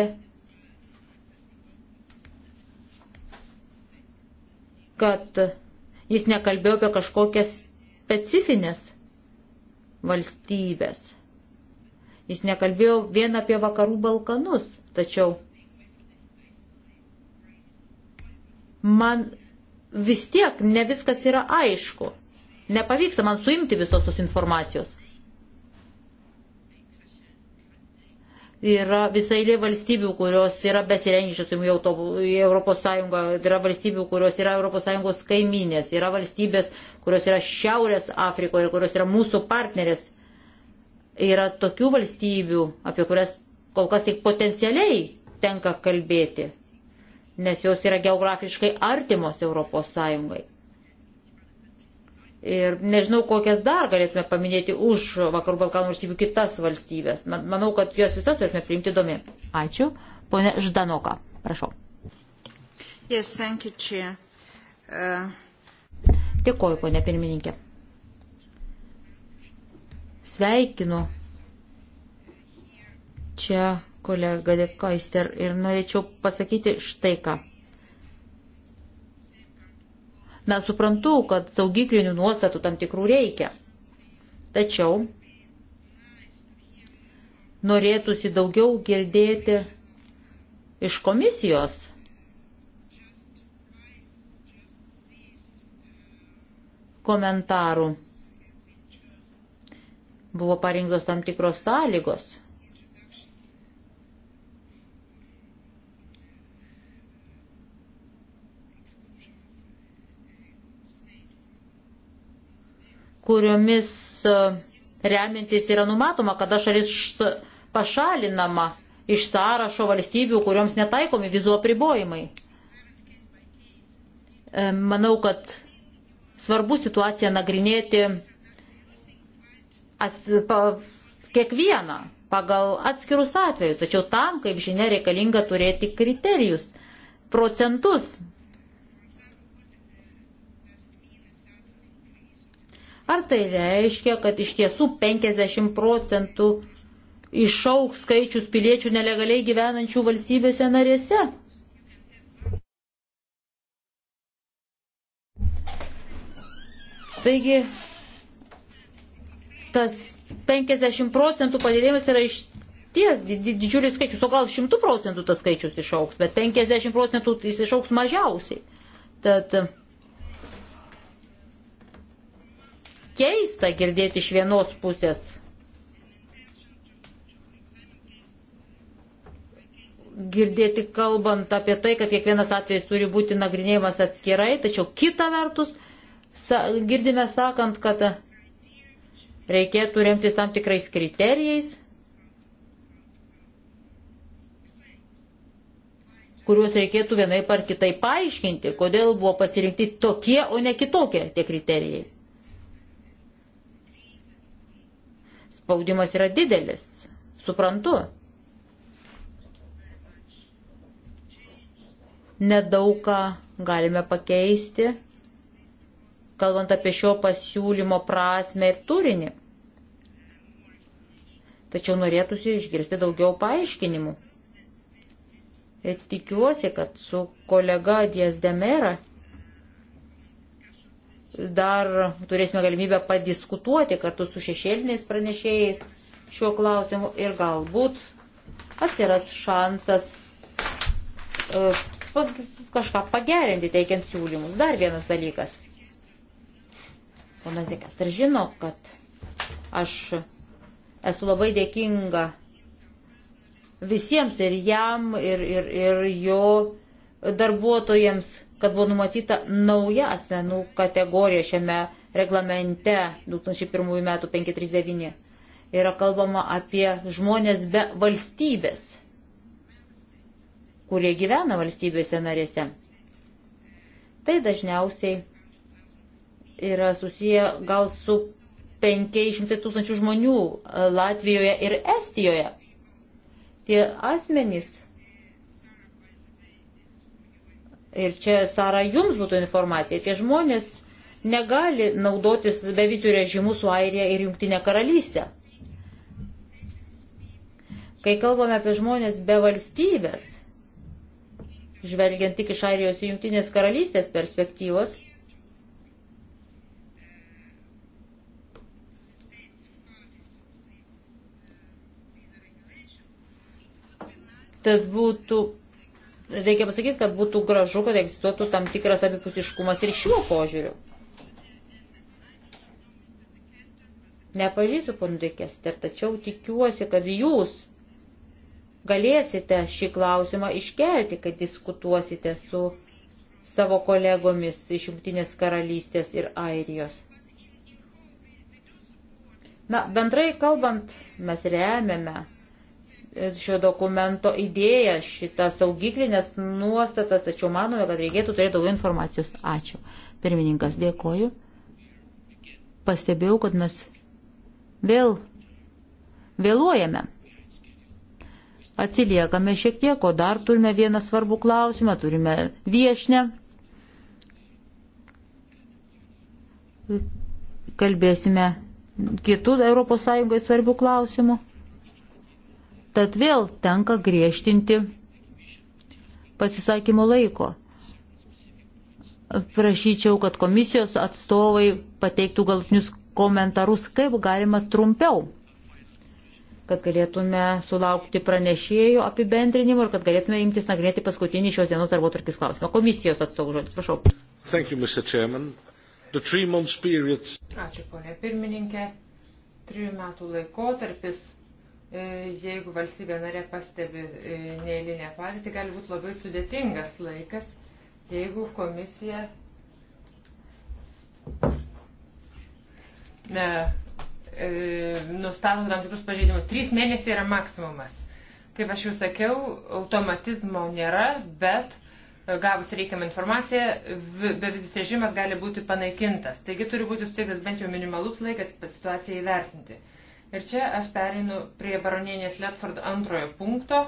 kad jis nekalbėjo apie kažkokias specifines valstybės. Jis nekalbėjo vien apie vakarų Balkanus, tačiau man vis tiek ne viskas yra aišku. Nepavyksta man suimti visos tos informacijos. Yra visai lė valstybių, kurios yra besirengiusios jau to, į Europos Sąjungą, yra valstybių, kurios yra Europos Sąjungos kaiminės, yra valstybės, kurios yra Šiaurės Afrikoje ir kurios yra mūsų partnerės. Yra tokių valstybių, apie kurias kol kas tik potencialiai tenka kalbėti, nes jos yra geografiškai artimos Europos Sąjungai. Ir nežinau, kokias dar galėtume paminėti už Vakarų Balkanų valstybių kitas valstybės. Manau, kad juos visas turėtume priimti įdomi. Ačiū. Pone Ždanoka, prašau. Yes, thank you, Chair. Uh... Dėkoju, ponė pirmininkė. Sveikinu čia kolega Dekaister ir norėčiau pasakyti štai ką. Na, suprantu, kad saugiklinių nuostatų tam tikrų reikia. Tačiau norėtųsi daugiau girdėti iš komisijos. Komentarų. Buvo parinktos tam tikros sąlygos. kuriomis e, remiantis yra numatoma, kada šalis pašalinama iš sąrašo valstybių, kurioms netaikomi vizų apribojimai. E, manau, kad svarbu situaciją nagrinėti ats, pa, kiekvieną pagal atskirus atvejus, tačiau tam, kaip žinia, reikalinga turėti kriterijus, procentus Ar tai reiškia, kad iš tiesų 50 procentų išauks skaičius piliečių nelegaliai gyvenančių valstybėse narėse? Taigi, tas 50 procentų padidėjimas yra iš ties didžiulis skaičius, o gal 100 procentų tas skaičius išauks, bet 50 procentų jis išauks mažiausiai. Tad keista girdėti iš vienos pusės. Girdėti kalbant apie tai, kad kiekvienas atvejis turi būti nagrinėjimas atskirai, tačiau kita vertus sa, girdime sakant, kad reikėtų remtis tam tikrais kriterijais, kuriuos reikėtų vienai par kitai paaiškinti, kodėl buvo pasirinkti tokie, o ne kitokie tie kriterijai. spaudimas yra didelis. Suprantu. Nedaug ką galime pakeisti, kalbant apie šio pasiūlymo prasme ir turinį. Tačiau norėtųsi išgirsti daugiau paaiškinimų. Ir tikiuosi, kad su kolega Diezdemera dar turėsime galimybę padiskutuoti kartu su šešėliniais pranešėjais šiuo klausimu ir galbūt atsiras šansas e, kažką pagerinti teikiant siūlymus. Dar vienas dalykas. Ponas Zekas ir žino, kad aš esu labai dėkinga visiems ir jam, ir, ir, ir jo darbuotojams kad buvo numatyta nauja asmenų kategorija šiame reglamente 2001 metų 539. Yra kalbama apie žmonės be valstybės, kurie gyvena valstybėse narėse. Tai dažniausiai yra susiję gal su 500 tūkstančių žmonių Latvijoje ir Estijoje. Tie asmenys Ir čia, Sara, jums būtų informacija. Tie žmonės negali naudotis bevizijų režimu su Airija ir Junktinė karalystė. Kai kalbame apie žmonės be valstybės, žvelgiant tik iš Airijos ir Junktinės karalystės perspektyvos, tad būtų reikia pasakyti, kad būtų gražu, kad egzistuotų tam tikras abipusiškumas ir šiuo požiūriu. Nepažįstu, ponu Dekester, tačiau tikiuosi, kad jūs galėsite šį klausimą iškelti, kai diskutuosite su savo kolegomis iš Junktinės karalystės ir Airijos. Na, bendrai kalbant, mes remiame šio dokumento idėją, šitą saugiklinės nuostatas, tačiau manome, kad reikėtų turėti daugiau informacijos. Ačiū. Pirmininkas, dėkoju. Pastebėjau, kad mes vėl vėluojame. Atsiliekame šiek tiek, o dar turime vieną svarbų klausimą, turime viešnę. Kalbėsime kitų ES svarbių klausimų. Tad vėl tenka griežtinti pasisakymo laiko. Prašyčiau, kad komisijos atstovai pateiktų galtinius komentarus, kaip galima trumpiau, kad galėtume sulaukti pranešėjų apibendrinimų ir kad galėtume imtis nagrinėti paskutinį šios dienos darbo tvarkys klausimą. Komisijos atstovų žodis, prašau. Thank you, period... Ačiū, ponė pirmininkė. Trijų metų laikotarpis E, jeigu valstybė narė pastebi e, neįlinę padėtį, gali būti labai sudėtingas laikas, jeigu komisija ne, e, nustato tam tikrus pažeidimus. Trys mėnesiai yra maksimumas. Kaip aš jau sakiau, automatizmo nėra, bet e, gavus reikiamą informaciją, bevizis režimas gali būti panaikintas. Taigi turi būti suteiktas bent jau minimalus laikas situaciją įvertinti. Ir čia aš perinu prie baronienės Letford antrojo punkto.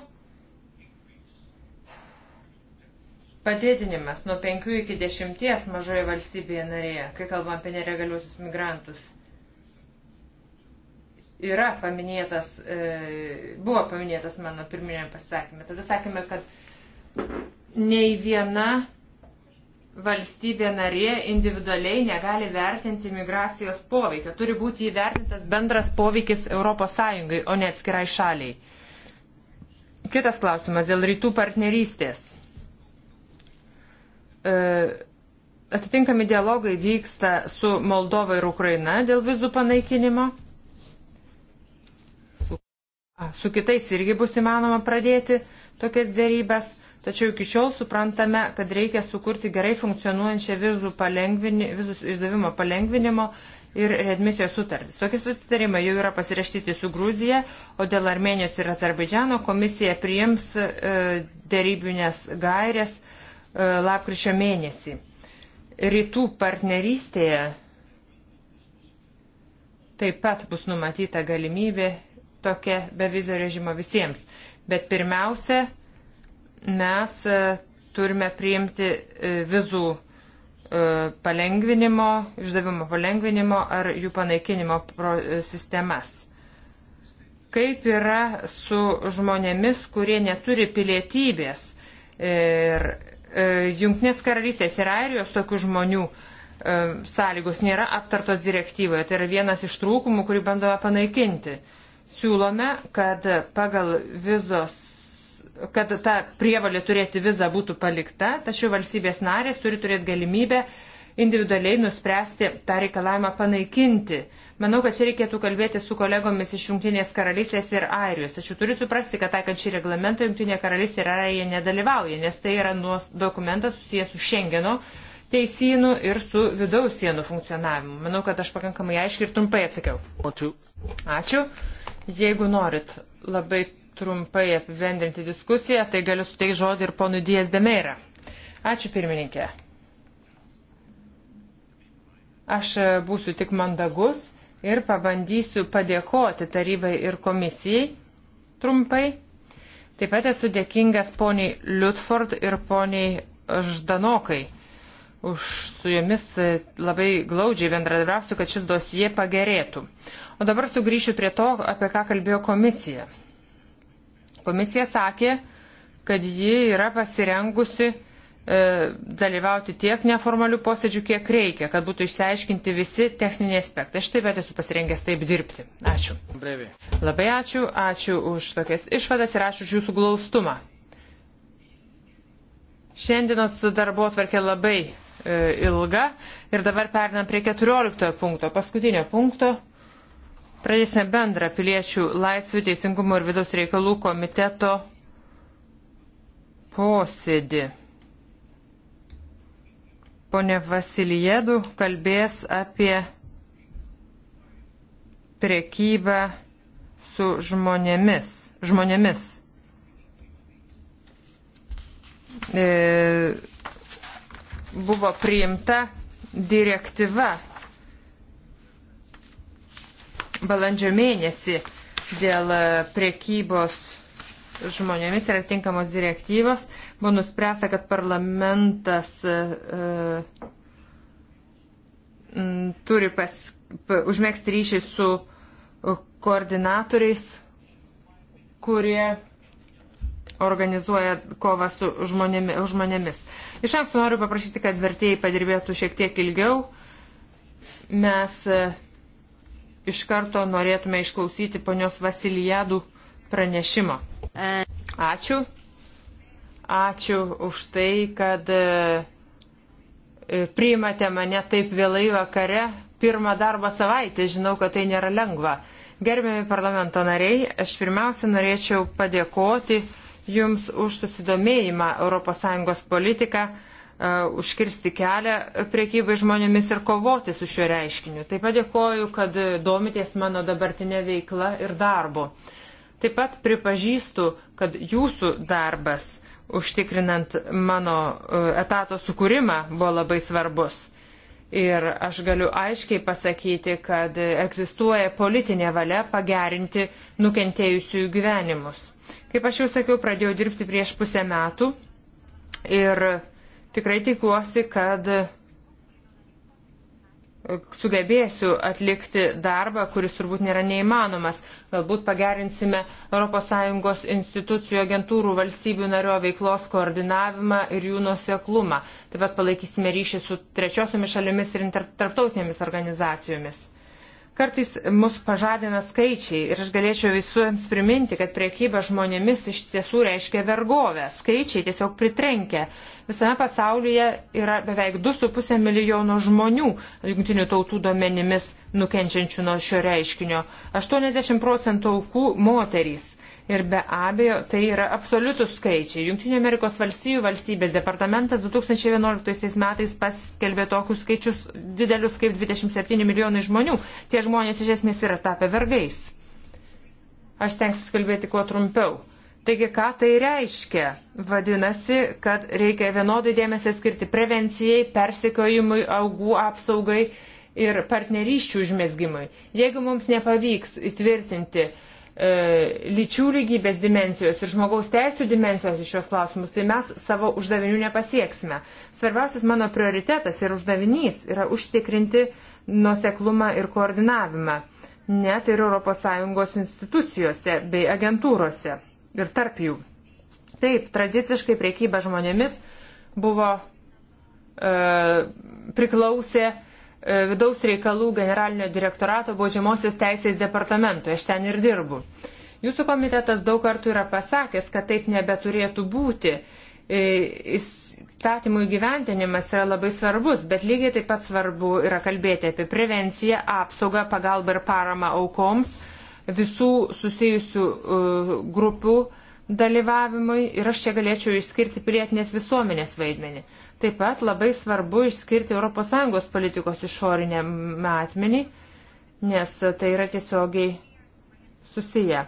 Padėdinimas nuo 5 iki 10 mažoje valstybėje narėje, kai kalbam apie neregaliuosius migrantus, yra paminėtas, e, buvo paminėtas mano pirminėme pasakymė. Tada sakėme, kad nei viena valstybė narė individualiai negali vertinti migracijos poveikio. Turi būti įvertintas bendras poveikis ES, o ne atskirai šaliai. Kitas klausimas dėl rytų partnerystės. E, atitinkami dialogai vyksta su Moldova ir Ukraina dėl vizų panaikinimo. Su, su kitais irgi bus įmanoma pradėti tokias dėrybas Tačiau iki šiol suprantame, kad reikia sukurti gerai funkcionuojančią vizų, vizų išdavimo palengvinimo ir redmisijos sutartis. Tokie susitarimai jau yra pasirašyti su Gruzija, o dėl Armenijos ir Azerbaidžiano komisija priims e, dėrybinės gairės e, lapkričio mėnesį. Rytų partnerystėje taip pat bus numatyta galimybė tokia bevizio režimo visiems. Bet pirmiausia, mes e, turime priimti e, vizų e, palengvinimo, išdavimo palengvinimo ar jų panaikinimo sistemas. Kaip yra su žmonėmis, kurie neturi pilietybės ir Junktinės karalystės ir Airijos tokių žmonių sąlygos nėra aptartos direktyvoje. Tai yra vienas iš trūkumų, kurį bandome panaikinti. Siūlome, kad pagal vizos kad ta prievalė turėti vizą būtų palikta, tačiau valstybės narės turi turėti galimybę individualiai nuspręsti tą reikalavimą panaikinti. Manau, kad čia reikėtų kalbėti su kolegomis iš Junktinės karalystės ir Airijos. Tačiau turiu suprasti, kad taikant šį reglamentą Junktinė karalystė ir Airija nedalyvauja, nes tai yra dokumentas susijęs su Schengeno teisynų ir su vidaus sienų funkcionavimu. Manau, kad aš pakankamai aiškiai ir trumpai atsakiau. Ačiū. Jeigu norit labai trumpai apibendrinti diskusiją, tai galiu suteikti žodį ir ponui Dijas Demeira. Ačiū pirmininkė. Aš būsiu tik mandagus ir pabandysiu padėkoti tarybai ir komisijai trumpai. Taip pat esu dėkingas poniai Liutford ir poniai Ždanokai. Už su jomis labai glaudžiai bendradarbiausiu, kad šis dosie pagerėtų. O dabar sugrįšiu prie to, apie ką kalbėjo komisija. Komisija sakė, kad ji yra pasirengusi e, dalyvauti tiek neformalių posėdžių, kiek reikia, kad būtų išsiaiškinti visi techniniai aspektai. Aš taip pat esu pasirengęs taip dirbti. Ačiū. Brevi. Labai ačiū, ačiū už tokias išvadas ir ačiū už jūsų glaustumą. Šiandienos darbo atvarkė labai e, ilga ir dabar perinam prie 14 punkto, paskutinio punkto. Pradėsime bendrą piliečių laisvių teisingumo ir vidaus reikalų komiteto posėdį. Pone Vasilijedų kalbės apie priekybą su žmonėmis. žmonėmis. E, buvo priimta direktyva balandžio mėnesį dėl e, priekybos žmonėmis ir atinkamos direktyvos. Buvo nuspręsta, kad parlamentas e, e turi pas, užmėgsti ryšį su koordinatoriais, kurie organizuoja kovą su žmonėmi, žmonėmis. Iš anksto noriu paprašyti, kad vertėjai padirbėtų šiek tiek ilgiau. Mes e, iš karto norėtume išklausyti ponios Vasilijadų pranešimo. Ačiū. Ačiū už tai, kad e, e, priimate mane taip vėlai vakare, pirmą darbo savaitę. Žinau, kad tai nėra lengva. Gerbiami parlamento nariai, aš pirmiausia norėčiau padėkoti Jums už susidomėjimą ES politiką užkirsti kelią priekybai žmonėmis ir kovoti su šiuo reiškiniu. Taip pat dėkoju, kad domitės mano dabartinė veikla ir darbu. Taip pat pripažįstu, kad jūsų darbas užtikrinant mano etato sukūrimą buvo labai svarbus. Ir aš galiu aiškiai pasakyti, kad egzistuoja politinė valia pagerinti nukentėjusiųjų gyvenimus. Kaip aš jau sakiau, pradėjau dirbti prieš pusę metų ir Tikrai tikiuosi, kad e, sugebėsiu atlikti darbą, kuris turbūt nėra neįmanomas. Galbūt pagerinsime ES institucijų agentūrų valstybių nario veiklos koordinavimą ir jų nuseklumą. Taip pat palaikysime ryšį su trečiosiomis šalimis ir tarptautinėmis organizacijomis. Kartais mus pažadina skaičiai ir aš galėčiau visiems priminti, kad priekyba žmonėmis iš tiesų reiškia vergovę. Skaičiai tiesiog pritrenkia. Visame pasaulyje yra beveik 2,5 milijono žmonių, jungtinių tautų duomenimis, nukenčiančių nuo šio reiškinio. 80 procentų aukų moterys. Ir be abejo, tai yra absoliutus skaičiai. Junktinio Amerikos valstybių valstybės departamentas 2011 metais paskelbė tokius skaičius didelius kaip 27 milijonai žmonių. Tie žmonės iš esmės yra tapę vergais. Aš tenksiu kalbėti kuo trumpiau. Taigi, ką tai reiškia? Vadinasi, kad reikia vienodai dėmesio skirti prevencijai, persikojimui, augų apsaugai ir partnerysčių užmėsgymui. Jeigu mums nepavyks įtvirtinti uh, E, lyčių lygybės dimensijos ir žmogaus teisų dimensijos iš šios klausimus, tai mes savo uždavinių nepasieksime. Svarbiausias mano prioritetas ir uždavinys yra užtikrinti nuseklumą ir koordinavimą, net ir ES institucijose bei agentūrose ir tarp jų. Taip, tradiciškai priekyba žmonėmis buvo e, priklausė E, vidaus reikalų generalinio direktorato baudžiamosios teisės departamentui. Aš ten ir dirbu. Jūsų komitetas daug kartų yra pasakęs, kad taip nebeturėtų būti. E, įstatymų įgyventinimas yra labai svarbus, bet lygiai taip pat svarbu yra kalbėti apie prevenciją, apsaugą, pagalbą ir paramą aukoms visų susijusių e, grupių dalyvavimui ir aš čia galėčiau išskirti pilietinės visuomenės vaidmenį. Taip pat labai svarbu išskirti ES politikos išorinę matmenį, nes tai yra tiesiogiai susiję.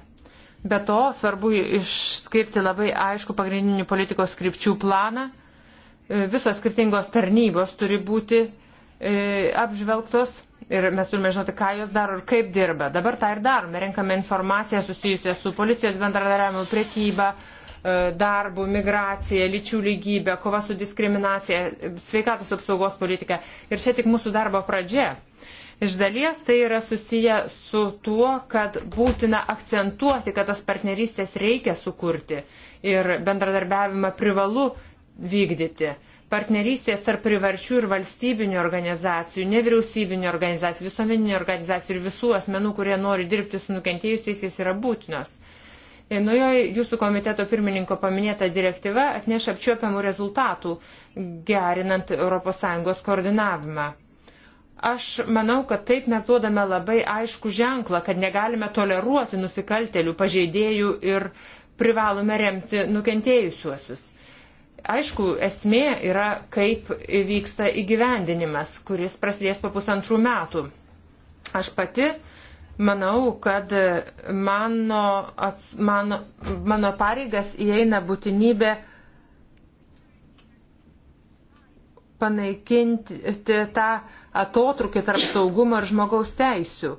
Be to, svarbu išskirti labai aišku pagrindinių politikos skripčių planą. E, visos skirtingos tarnybos turi būti e, apžvelgtos ir mes turime žinoti, ką jos daro ir kaip dirba. Dabar tą ir darome. Renkame informaciją susijusią su policijos bendradarbiavimu, priekyba, E, darbu, migracija, lyčių lygybė, kova su diskriminacija, sveikatos apsaugos politika. Ir čia tik mūsų darbo pradžia. Iš dalies tai yra susiję su tuo, kad būtina akcentuoti, kad tas partnerystės reikia sukurti ir bendradarbiavimą privalu vykdyti. Partnerystės tarp privarčių ir valstybinių organizacijų, nevyriausybinių organizacijų, visuomeninių organizacijų ir visų asmenų, kurie nori dirbti su nukentėjusiais, yra būtinos. E, naujoji jūsų komiteto pirmininko paminėta direktyva atneš apčiuopiamų rezultatų, gerinant ES koordinavimą. Aš manau, kad taip mes duodame labai aišku ženklą, kad negalime toleruoti nusikaltelių, pažeidėjų ir privalome remti nukentėjusiuosius. Aišku, esmė yra, kaip vyksta įgyvendinimas, kuris prasidės po pusantrų metų. Aš pati uh, Manau, kad mano, ats, mano, mano pareigas įeina būtinybė panaikinti tą atotrukį tarp saugumo ir žmogaus teisių.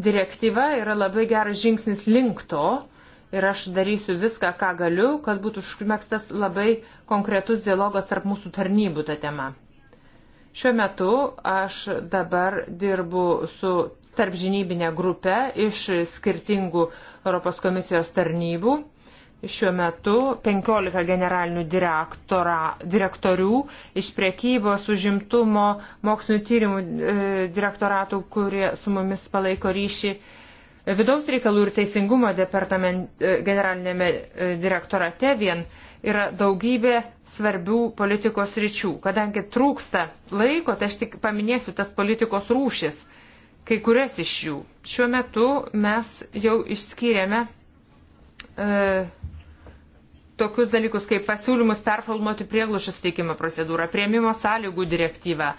Direktyva yra labai geras žingsnis link to ir aš darysiu viską, ką galiu, kad būtų užmėgstas labai konkretus dialogas tarp mūsų tarnybų tą temą. Šiuo metu aš dabar dirbu su tarp žinybinę grupę iš skirtingų Europos komisijos tarnybų. Šiuo metu 15 generalinių direktorių iš priekybos užimtumo mokslinių tyrimų e, direktoratų, kurie su mumis palaiko ryšį. Vidaus reikalų ir teisingumo e, generalinėme e, direktorate vien yra daugybė svarbių politikos ryčių. Kadangi trūksta laiko, tai aš tik paminėsiu tas politikos rūšis kai kurias iš jų. Šiuo metu mes jau išskyrėme e, tokius dalykus, kaip pasiūlymus performuoti prieglušio steikimo procedūrą, prieimimo sąlygų direktyvą,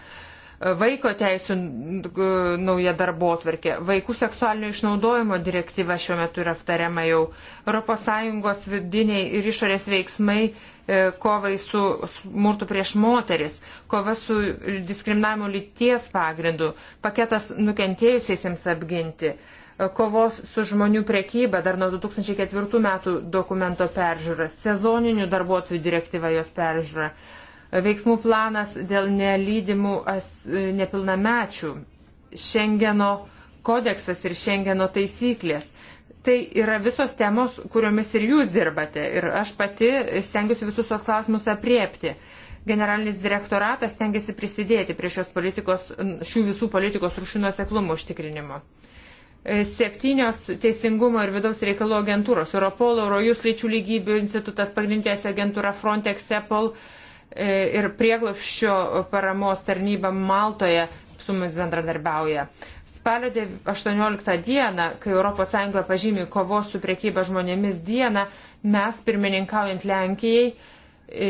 e, vaiko teisų e, nauja darbo atverkė, vaikų seksualinio išnaudojimo direktyva šiuo metu yra aptariama jau, ES vidiniai ir išorės veiksmai E, kovai su smurtu prieš moteris, kova su diskriminavimu lyties pagrindu, paketas nukentėjusiesiems apginti, e, kovos su žmonių priekyba dar nuo 2004 metų dokumento peržiūra, sezoninių darbuotojų direktyva jos peržiūra, e, veiksmų planas dėl nelydimų nepilnamečių, Šengeno kodeksas ir Šengeno taisyklės – tai yra visos temos, kuriomis ir jūs dirbate. Ir aš pati stengiuosi visus tos klausimus apriepti. Generalinis direktoratas stengiasi prisidėti prie šios politikos, šių visų politikos rušių nuoseklumo užtikrinimo e, septynios teisingumo ir vidaus reikalų agentūros - Europol, Eurojus lyčių lygybių institutas, pagrindinės agentūra Frontex, Cepol e, ir prieglapščio paramos tarnyba Maltoje su mumis bendradarbiauja. Spalio 18 dieną, kai ES pažymi kovos su priekyba žmonėmis dieną, mes pirmininkaujant Lenkijai e,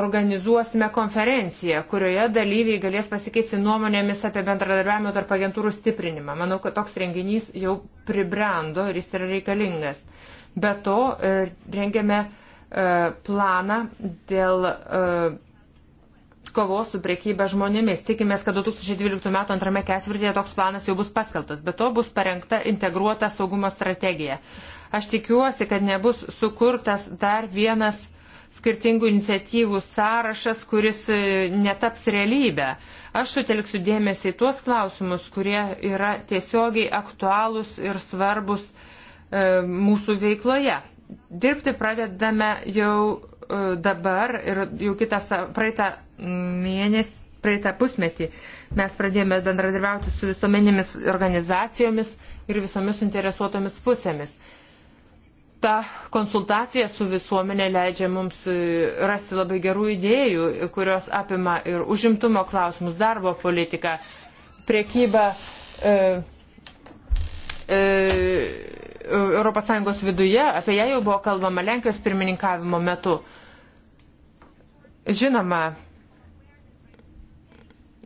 organizuosime konferenciją, kurioje dalyviai galės pasikeisti nuomonėmis apie bendradarbiavimo tarp agentūrų stiprinimą. Manau, kad toks renginys jau pribrendo ir jis yra reikalingas. Be to, e, rengiame e, planą dėl kovos su priekyba žmonėmis. Tikimės, kad 2012 m. antrame ketvirtyje toks planas jau bus paskelbtas, bet to bus parengta integruota saugumo strategija. Aš tikiuosi, kad nebus sukurtas dar vienas skirtingų iniciatyvų sąrašas, kuris e, netaps realybę. Aš sutelksiu dėmesį į tuos klausimus, kurie yra tiesiogiai aktualūs ir svarbus e, mūsų veikloje. Dirbti pradedame jau E, dabar ir jau kitą praeitą mėnesį, praeitą pusmetį mes pradėjome bendradarbiauti su visuomenėmis organizacijomis ir visomis interesuotomis pusėmis. Ta konsultacija su visuomenė leidžia mums e, rasti labai gerų idėjų, kurios apima ir užimtumo klausimus, darbo politiką, priekybą. E, e, ES viduje, apie ją jau buvo kalbama Lenkijos pirmininkavimo metu. Žinoma,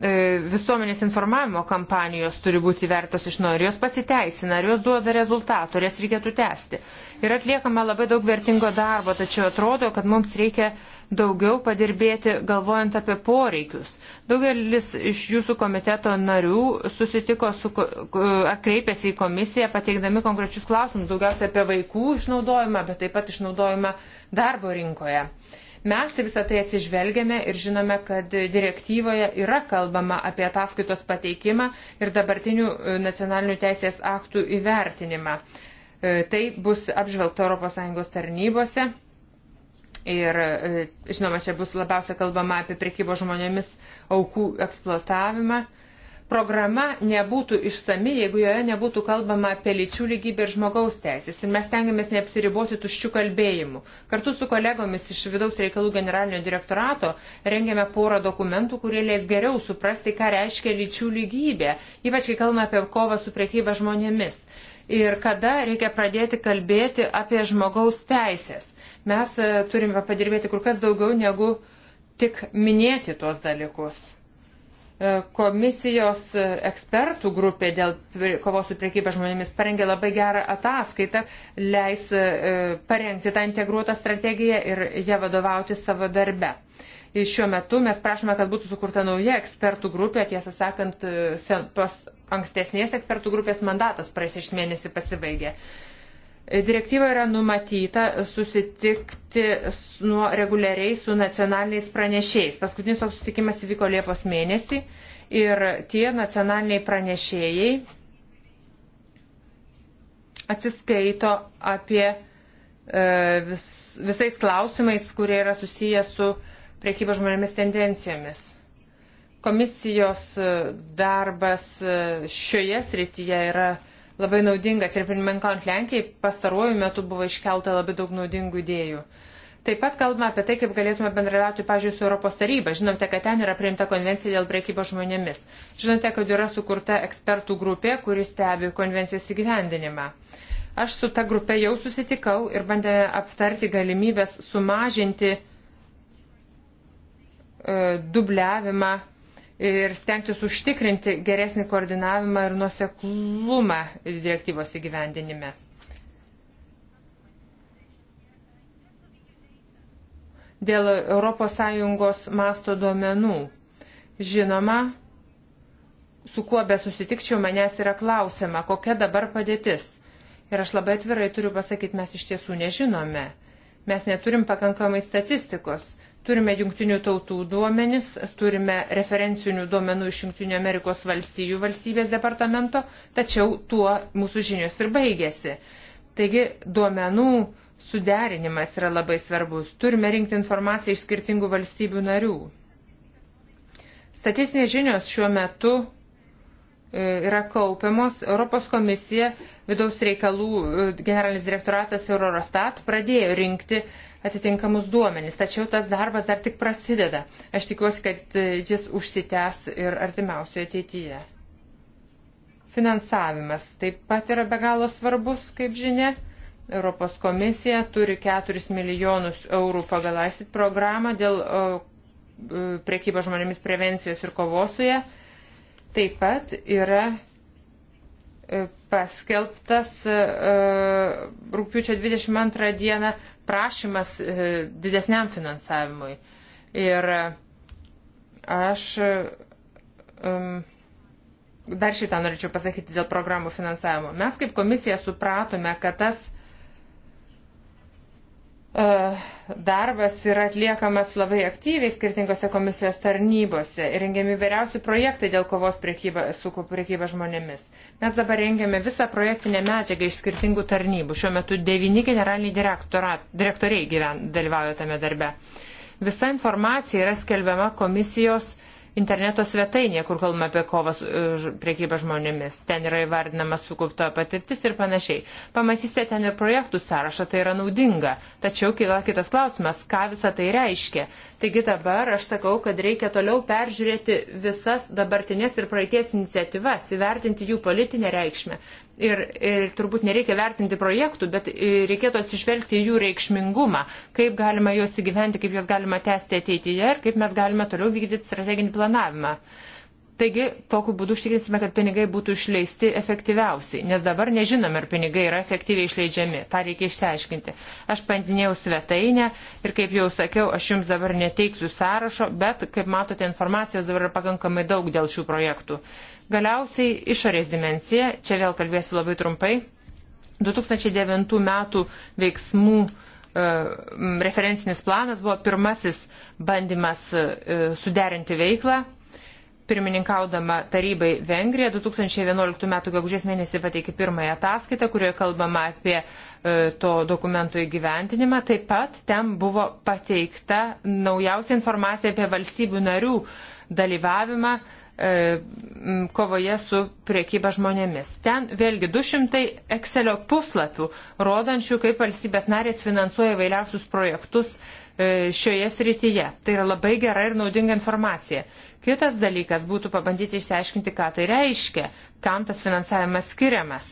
e, visuomenės informavimo kampanijos turi būti vertos iš naujo, ar jos pasiteisina, ar jos duoda rezultatų, ar jas reikėtų tęsti. Ir atliekama labai daug vertingo darbo, tačiau atrodo, kad mums reikia uh, daugiau padirbėti galvojant apie poreikius. Daugelis iš jūsų komiteto narių susitiko su, ar kreipėsi į komisiją pateikdami konkrečius klausimus, daugiausia apie vaikų išnaudojimą, bet taip pat išnaudojimą darbo rinkoje. Mes visą tai atsižvelgiame ir žinome, kad direktyvoje yra kalbama apie ataskaitos pateikimą ir dabartinių e, nacionalinių teisės aktų įvertinimą. E, tai bus apžvelgta ES tarnybose Ir, e, žinoma, čia bus labiausia kalbama apie prekybo žmonėmis aukų eksploatavimą. Programa nebūtų išsami, jeigu joje nebūtų kalbama apie lyčių lygybę ir žmogaus teisės. Ir mes tengiamės neapsiriboti tuščių kalbėjimų. Kartu su kolegomis iš vidaus reikalų generalinio direktorato rengėme porą dokumentų, kurie leis geriau suprasti, ką reiškia lyčių lygybė, ypač kai kalbame apie kovą su prekyba žmonėmis. Ir kada reikia pradėti kalbėti apie žmogaus teisės Mes e, turime padirbėti kur kas daugiau negu tik minėti tuos dalykus. E, komisijos e, ekspertų grupė dėl kovos su priekyba žmonėmis parengė labai gerą ataskaitą, leis parengti tą integruotą strategiją ir ją vadovauti savo darbe. Ir šiuo metu mes prašome, kad būtų sukurta nauja ekspertų grupė, tiesą sakant, tos ankstesnės ekspertų grupės mandatas praeis iš mėnesį pasibaigė. Direktyva yra numatyta susitikti nuo reguliariai su nacionaliniais pranešėjais. Paskutinis toks susitikimas įvyko Liepos mėnesį ir tie nacionaliniai pranešėjai atsiskaito apie e, vis, visais klausimais, kurie yra susiję su priekyba žmonėmis tendencijomis. Komisijos e, darbas e, šioje srityje yra labai naudingas ir pirmininkaujant Lenkijai pastaruoju metu buvo iškelta labai daug naudingų idėjų. Taip pat kalbame apie tai, kaip galėtume bendrauti, pažiūrėjau, su Europos taryba. Žinote, kad ten yra priimta konvencija dėl priekybos žmonėmis. Žinote, kad yra sukurta ekspertų grupė, kuri stebi konvencijos įgyvendinimą. Aš su ta grupė jau susitikau ir bandėme aptarti galimybės sumažinti e, dubliavimą ir stengtis užtikrinti geresnį koordinavimą ir nuoseklumą direktyvos įgyvendinime. Dėl ES masto duomenų. Žinoma, su kuo be susitikčiau, manęs yra klausima, kokia dabar padėtis. Ir aš labai atvirai turiu pasakyti, mes iš tiesų nežinome. Mes neturim pakankamai statistikos. Turime jungtinių tautų duomenis, turime referencinių duomenų iš Junktinių Amerikos valstijų valstybės departamento, tačiau tuo mūsų žinios ir baigėsi. Taigi duomenų suderinimas yra labai svarbus. Turime rinkti informaciją iš skirtingų valstybių narių. Statistinės žinios šiuo metu E, yra kaupiamos. Europos komisija, vidaus reikalų e, generalinis direktoratas ir Eurostat pradėjo rinkti atitinkamus duomenys. Tačiau tas darbas dar tik prasideda. Aš tikiuosi, kad e, jis užsitęs ir artimiausioje ateityje. Finansavimas taip pat yra be galo svarbus, kaip žinia. Europos komisija turi 4 milijonus eurų pagal AISIT programą dėl prekybos žmonėmis prevencijos ir kovos su ją. Ja Taip pat yra e, paskelbtas e, e, rūpiučio 22 dieną prašymas didesniam finansavimui. Ir aš dar šitą norėčiau pasakyti dėl programų finansavimo. Mes kaip komisija supratome, kad tas E, darbas yra atliekamas labai aktyviai skirtingose komisijos tarnybose ir rengiami vairiausi projektai dėl kovos priekyba, su priekyba žmonėmis. Mes dabar rengiame visą projektinę medžiagą iš skirtingų tarnybų. Šiuo metu devyni generaliniai direktoriai gyven, dalyvauja tame darbe. Visa informacija yra skelbiama komisijos interneto svetainėje, kur kalbame apie kovas e, priekybę žmonėmis. Ten yra įvardinama sukaupta patirtis ir panašiai. Pamatysite ten ir projektų sąrašą, tai yra naudinga. Tačiau kyla kitas klausimas, ką visa tai reiškia. Taigi dabar aš sakau, kad reikia toliau peržiūrėti visas dabartinės ir praeities iniciatyvas, įvertinti jų politinę reikšmę. Ir, ir e, turbūt nereikia vertinti projektų, bet e, reikėtų atsižvelgti jų reikšmingumą, kaip galima juos įgyventi, kaip juos galima tęsti ateityje ir kaip mes galime toliau vykdyti strateginį planavimą. Taigi, tokiu būdu užtikrinsime, kad pinigai būtų išleisti efektyviausiai, nes dabar nežinome, ar pinigai yra efektyviai išleidžiami. Ta reikia išsiaiškinti. Aš pandinėjau svetainę ir, kaip jau sakiau, aš jums dabar neteiksiu sąrašo, bet, kaip matote, informacijos dabar yra pakankamai daug dėl šių projektų. Galiausiai išorės dimencija, čia vėl kalbėsiu labai trumpai, 2009 metų veiksmų e, referencinis planas buvo pirmasis bandymas e, suderinti veiklą. Pirmininkaudama tarybai Vengrija 2011 m. gegužės mėnesį pateikė pirmąją ataskaitą, kurioje kalbama apie e, to dokumento įgyventinimą. Taip pat ten buvo pateikta naujausia informacija apie valstybių narių dalyvavimą uh, E, kovoje su priekyba žmonėmis. Ten vėlgi 200 Excelio puslapių, rodančių, kaip valstybės narės finansuoja vairiausius projektus e, šioje srityje. Tai yra labai gera ir naudinga informacija. Kitas dalykas būtų pabandyti išsiaiškinti, ką tai reiškia, kam tas finansavimas skiriamas.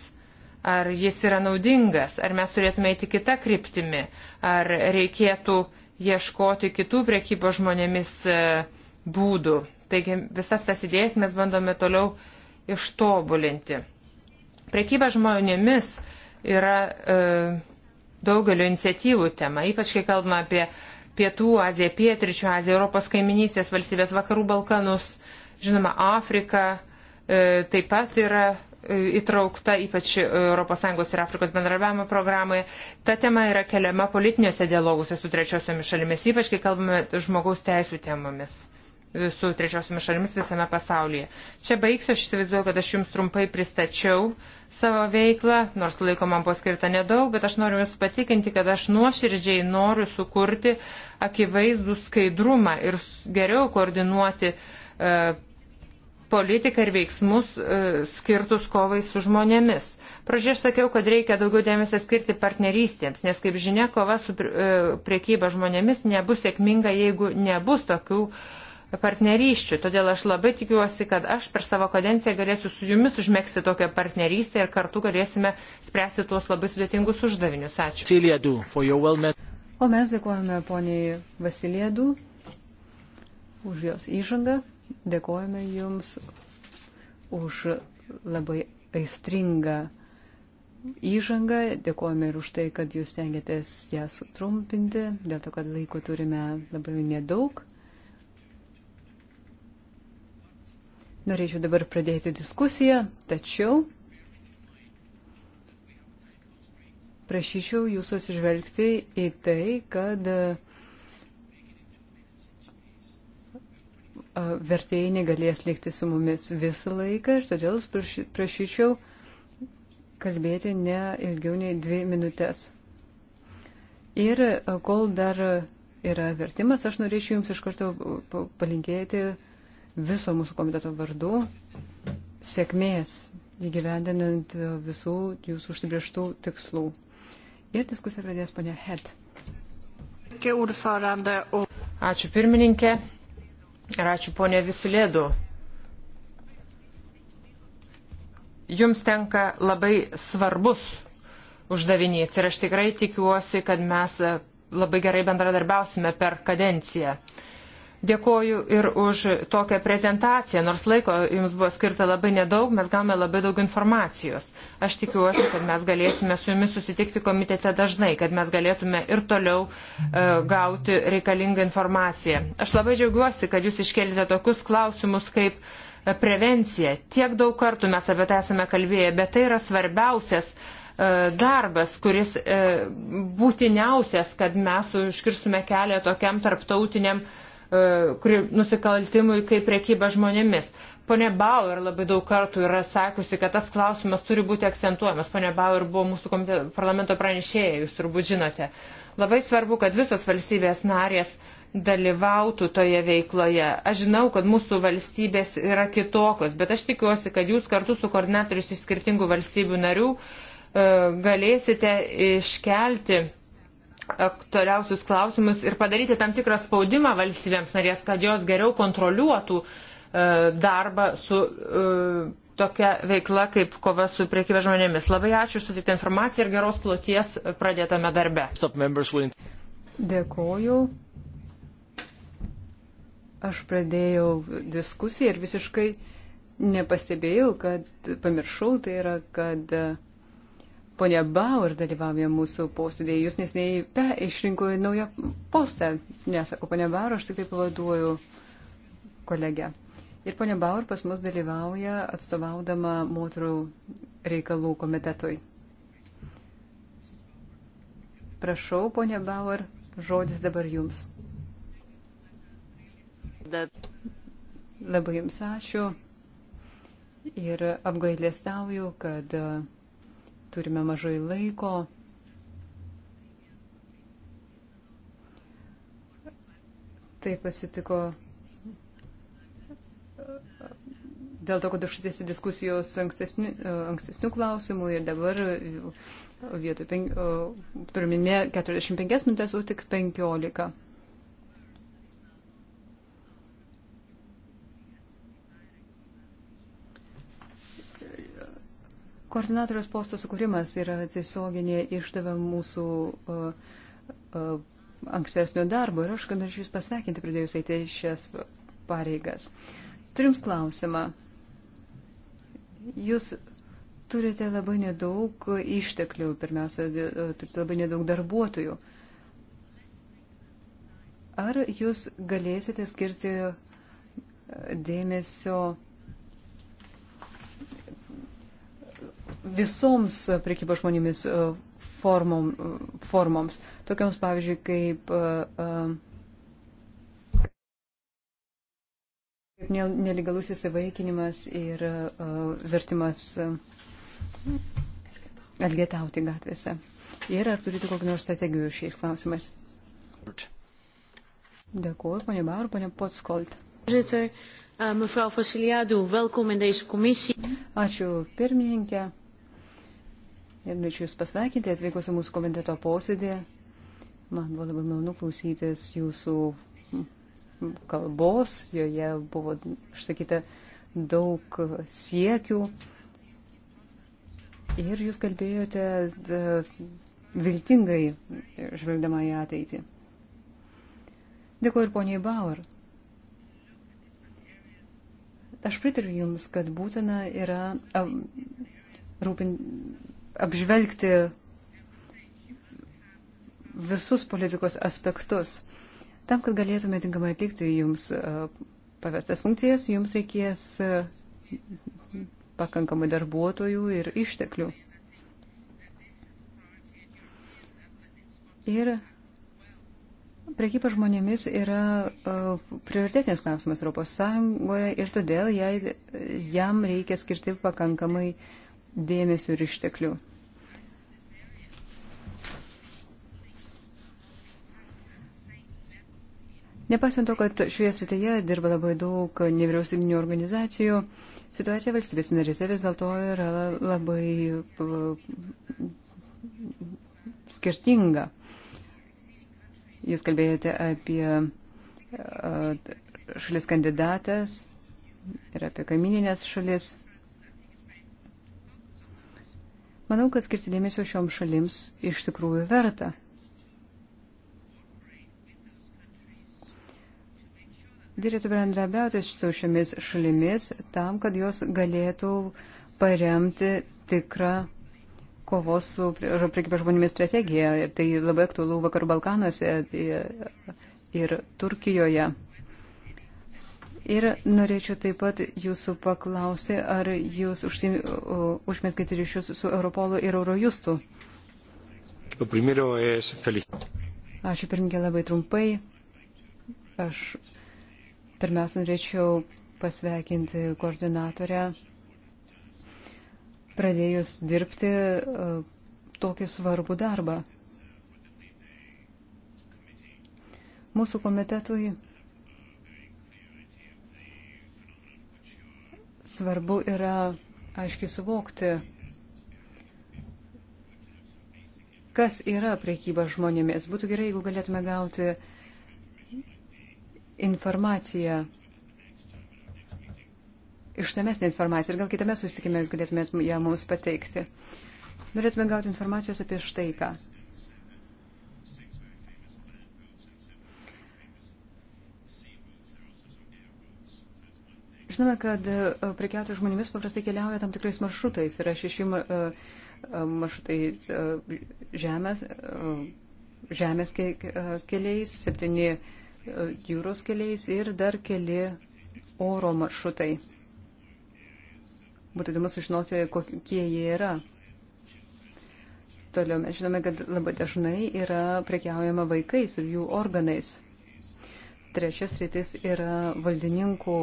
Ar jis yra naudingas, ar mes turėtume eiti kitą kryptimį, ar reikėtų ieškoti kitų priekybos žmonėmis e, būdų. Taigi visas tas idėjas mes bandome toliau ištobulinti. Prekyba žmonėmis yra e, daugelio iniciatyvų tema, ypač kai kalbame apie Pietų Aziją, Pietričių Aziją, Europos kaiminysės valstybės, Vakarų Balkanus, žinoma, Afrika e, taip pat yra e, įtraukta ypač ES ir Afrikos bendradarbiavimo programoje. Ta tema yra keliama politiniuose dialoguose su trečiosiomis šalimis, ypač kai kalbame žmogaus teisų temomis su trečiosiomis šalimis visame pasaulyje. Čia baigsiu, aš įsivaizduoju, kad aš jums trumpai pristačiau savo veiklą, nors laiko man buvo skirta nedaug, bet aš noriu jūs patikinti, kad aš nuoširdžiai noriu sukurti akivaizdų skaidrumą ir geriau koordinuoti e, politiką ir veiksmus e, skirtus kovai su žmonėmis. Pradžioje aš sakiau, kad reikia daugiau dėmesio skirti partnerystėms, nes, kaip žinia, kova su e, priekyba žmonėmis nebus sėkminga, jeigu nebus tokių e, partnerysčių. Todėl aš labai tikiuosi, kad aš per savo kadenciją galėsiu su jumis užmėgsti tokią partnerystę ir kartu galėsime spręsti tuos labai sudėtingus uždavinius. Ačiū. O mes dėkojame poniai Vasilėdų už jos įžangą. Dėkojame jums už labai aistringą įžangą. Dėkojame ir už tai, kad jūs tengiatės ją sutrumpinti, dėl to, kad laiko turime labai nedaug. Norėčiau dabar pradėti diskusiją, tačiau prašyčiau jūsų atsižvelgti į tai, kad vertėjai negalės likti su mumis visą laiką ir todėl prašyčiau kalbėti ne ilgiau nei dvi minutės. Ir kol dar yra vertimas, aš norėčiau Jums iš karto palinkėti viso mūsų komiteto vardu sėkmės įgyvendinant visų jūsų užsibrieštų tikslų. Ir diskusiją pradės ponia Het. Ačiū pirmininkė ir ačiū ponė Visilėdu. Jums tenka labai svarbus uždavinys ir aš tikrai tikiuosi, kad mes labai gerai bendradarbiausime per kadenciją. Uh, Dėkoju ir už tokią prezentaciją, nors laiko jums buvo skirta labai nedaug, mes gavome labai daug informacijos. Aš tikiuosi, kad mes galėsime su jumis susitikti komitete dažnai, kad mes galėtume ir toliau e, gauti reikalingą informaciją. Aš labai džiaugiuosi, kad jūs iškelite tokius klausimus kaip e, prevencija. Tiek daug kartų mes apie tai esame kalbėję, bet tai yra svarbiausias e, darbas, kuris e, būtiniausias, kad mes užkirstume kelią tokiam tarptautiniam uh, E, nusikaltimui kaip priekyba žmonėmis. Pone Bauer labai daug kartų yra sakusi, kad tas klausimas turi būti akcentuojamas. Pone Bauer buvo mūsų komite, parlamento pranešėja, jūs turbūt žinote. Labai svarbu, kad visos valstybės narės dalyvautų toje veikloje. Aš žinau, kad mūsų valstybės yra kitokios, bet aš tikiuosi, kad jūs kartu su koordinatorius iš skirtingų valstybių narių e, galėsite iškelti aktualiausius klausimus ir padaryti tam tikrą spaudimą valstybėms narės, kad jos geriau kontroliuotų e, darbą su e, tokia veikla kaip kova su priekyba žmonėmis. Labai ačiū už sutiktą informaciją ir geros ploties pradėtame darbe. Dėkoju. Aš pradėjau diskusiją ir visiškai nepastebėjau, kad pamiršau, tai yra, kad Pone Bauer dalyvauja mūsų posėdėje. Jūs nesiniai išrinko naują postą. Nesako, pone Bauer, aš tik tai pavaduoju kolegę. Ir ponia Bauer pas mus dalyvauja atstovaudama moterų reikalų komitetui. Prašau, ponia Bauer, žodis dabar jums. Labai jums ačiū ir apgailėstauju, kad uh, turime mažai laiko. Taip pasitiko dėl to, kad užsitėsi diskusijos ankstesnių, ankstesnių klausimų ir dabar vietoj turime ne 45 minutės, o tik 15. Koordinatorius posto sukūrimas yra tiesioginė išdava mūsų uh, uh, ankstesnio darbo ir aš galiu Jūs pasveikinti pridėjus eiti šias pareigas. Turim klausimą. Jūs turite labai nedaug išteklių, pirmiausia, e, turite labai nedaug darbuotojų. Ar Jūs galėsite skirti dėmesio visoms prekybos žmonėmis e, formom, e, formoms, tokioms pavyzdžiui kaip, e, kaip neligalus įsivaikinimas ir vertimas elgetauti gatvėse. Ir ar turite kokį nors strategijų šiais klausimais? Dėkuoju, ponia Bauer, ponia Potskolt. Mevrouw Vasiliadou, welkom in deze commissie. Ačiū pirmininkė. Ir norėčiau Jūs pasveikinti atvykus į mūsų komiteto posėdį. Man buvo labai malonu klausytis Jūsų kalbos, joje buvo išsakyta daug siekių. Ir Jūs kalbėjote da, viltingai, žvelgdama į ateitį. Dėkuoju ir poniai Bauer. Aš pritariu Jums, kad būtina yra rūpinti apžvelgti visus politikos aspektus. Tam, kad galėtume tinkamai atlikti jums e, pavestas funkcijas, jums reikės e, pakankamai darbuotojų ir išteklių. Ir prekyba žmonėmis yra e, prioritetinis klausimas Europos Sąjungoje ir todėl jai, jam reikia skirti pakankamai uh, dėmesio ir išteklių. Nepaisant to, kad šioje srityje dirba labai daug nevyriausybinių organizacijų, situacija valstybės narėse vis dėlto yra labai skirtinga. Jūs kalbėjote apie šalis kandidatas ir apie kamininės šalis. Manau, kad skirti dėmesio šioms šalims iš tikrųjų verta. Dėlėtų bendrabiauti su šiomis šalimis tam, kad jos galėtų paremti tikrą kovos su priekybė žmonėmis strategiją. Ir tai labai aktualu Vakarų Balkanuose ir Turkijoje. Ir norėčiau taip pat jūsų paklausti, ar jūs užsim... užmeskite ryšius su Europolu ir Eurojustu. Ačiū pirmininkė labai trumpai. Aš pirmiausia norėčiau pasveikinti koordinatorę, pradėjus dirbti e, tokį svarbų darbą. Mūsų komitetui svarbu yra aiškiai suvokti, kas yra priekyba žmonėmis. Būtų gerai, jeigu galėtume gauti informaciją, išsamesnę informaciją ir gal kitame susitikime jūs galėtumėt ją mums pateikti. Norėtume gauti informacijos apie štai ką. Žinome, kad e, prekiautojai žmonėmis paprastai keliauja tam tikrais maršrutais. Yra šeši e, e, maršrutai žemės, žemės keliais, septyni jūros keliais ir dar keli oro maršrutai. Būtų įdomu sužinoti, kokie jie yra. Toliau mes žinome, kad labai dažnai yra prekiaujama vaikais ir jų organais. Trečias rytis yra valdininkų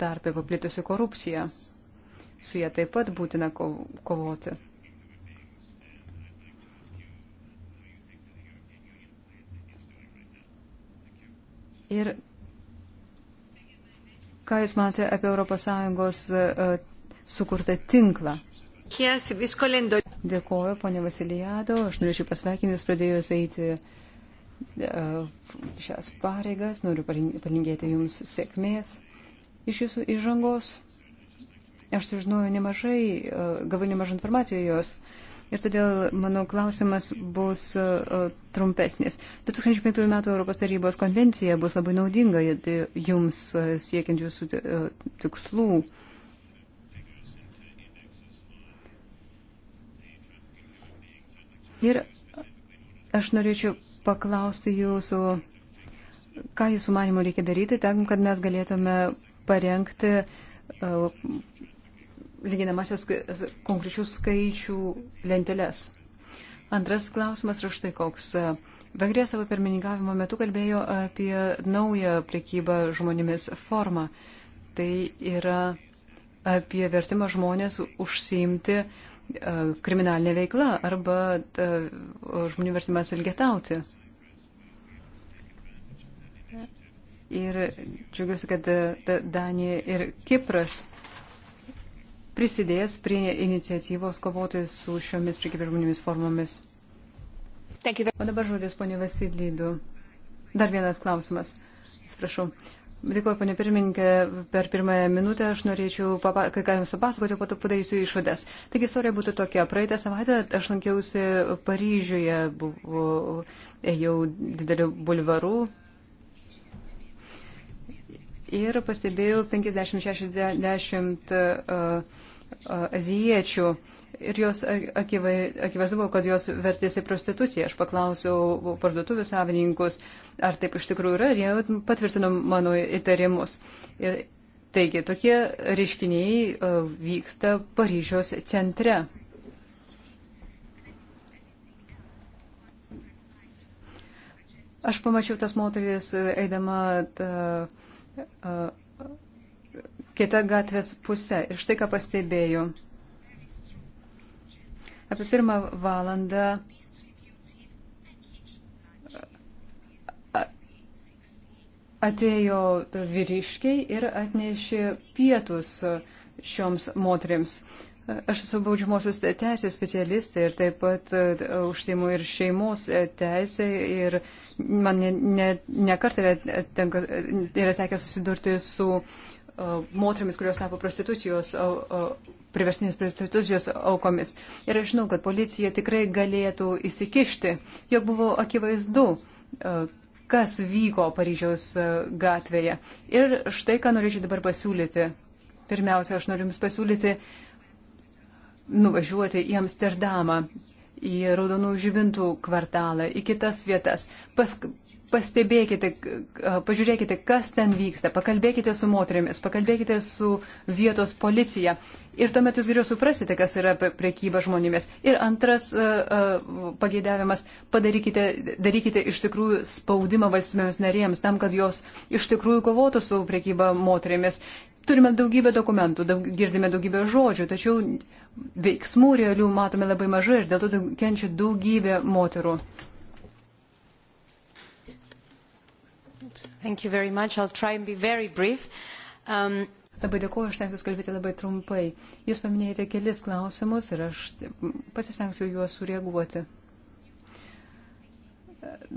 tarpė paplitusi korupcija. Su jie taip pat būtina kovoti. Ir ką Jūs matote apie ES e, sukurtą tinklą? Dėkoju, ponė Vasilijado. Aš norėčiau pasveikinti Jūs pradėjus eiti e, šias pareigas. Noriu palinkėti Jums sėkmės iš jūsų įžangos. Aš sužinojau nemažai, e, gavau nemažai informacijos. Ir todėl mano klausimas bus e, e, trumpesnis. 2005 m. Europos tarybos konvencija bus labai naudinga jums siekiant jūsų tikslų. Ir aš norėčiau paklausti jūsų, ką jūsų manimo reikia daryti tam, kad mes galėtume parengti e, lyginamasias konkrečių skaičių lenteles. Antras klausimas yra štai koks. Vengrija savo pirmininkavimo metu kalbėjo apie naują priekybą žmonėmis formą. Tai yra apie vertimą žmonės užsiimti e, kriminalinę veiklą arba e, žmonių vertimas elgetauti. Ir džiugiuosi, kad e, Danija ir Kipras prisidės prie iniciatyvos kovoti su šiomis prikibirminėmis formomis. O dabar žodis ponė Vasilydų. Dar vienas klausimas. Atsiprašau. Dėkuoju, ponė pirmininkė, per pirmąją minutę aš norėčiau papa, kai ką Jums papasakoti, po to padarysiu išvadas. Taigi istorija būtų tokia. Praeitą savaitę aš lankiausi Paryžiuje, buvau, ėjau dideliu bulvaru, ir pastebėjau 50-60 e, e, azijiečių ir jos akivaizdu, kad jos vertėsi prostituciją. Aš paklausiau parduotuvių savininkus, ar taip iš tikrųjų yra, ir jie patvirtino mano įtarimus. Ir, taigi, tokie reiškiniai e, vyksta Paryžiaus centre. Aš pamačiau tas moteris, eidama. Ta, kita gatvės pusė. Ir štai ką pastebėjau. Apie pirmą valandą atėjo vyriškiai ir atnešė pietus šioms moteriams. Aš esu baudžiamosios teisės specialistė ir taip pat e, užsimu ir šeimos e, teisė ir man nekart ne, ne, ne e, tenka, yra tekę susidurti su moteriamis, kurios tapo prostitucijos, priverstinės prostitucijos aukomis. Ir aš žinau, kad policija tikrai galėtų įsikišti, jog buvo akivaizdu, kas vyko Paryžiaus gatvėje. Ir štai ką norėčiau dabar pasiūlyti. Pirmiausia, aš noriu Jums pasiūlyti uh, nuvažiuoti į Amsterdamą, į Raudonų žyvintų kvartalą, į kitas vietas. Pas, pastebėkite, pažiūrėkite, kas ten vyksta, pakalbėkite su moterimis, pakalbėkite su vietos policija ir tuomet jūs geriau suprasite, kas yra priekyba žmonėmis. Ir antras e, e, pageidavimas - padarykite, darykite iš tikrųjų spaudimą valstybėms narėms tam, kad jos iš tikrųjų kovotų su priekyba moterimis. Turime daugybę dokumentų, daug, girdime daugybę žodžių, tačiau veiksmų realių matome labai mažai ir dėl to tai kenčia daugybė moterų. Um... Labai dėkuoju, aš tenksiu kalbėti labai trumpai. Jūs paminėjote kelis klausimus ir aš pasistengsiu juos sureaguoti.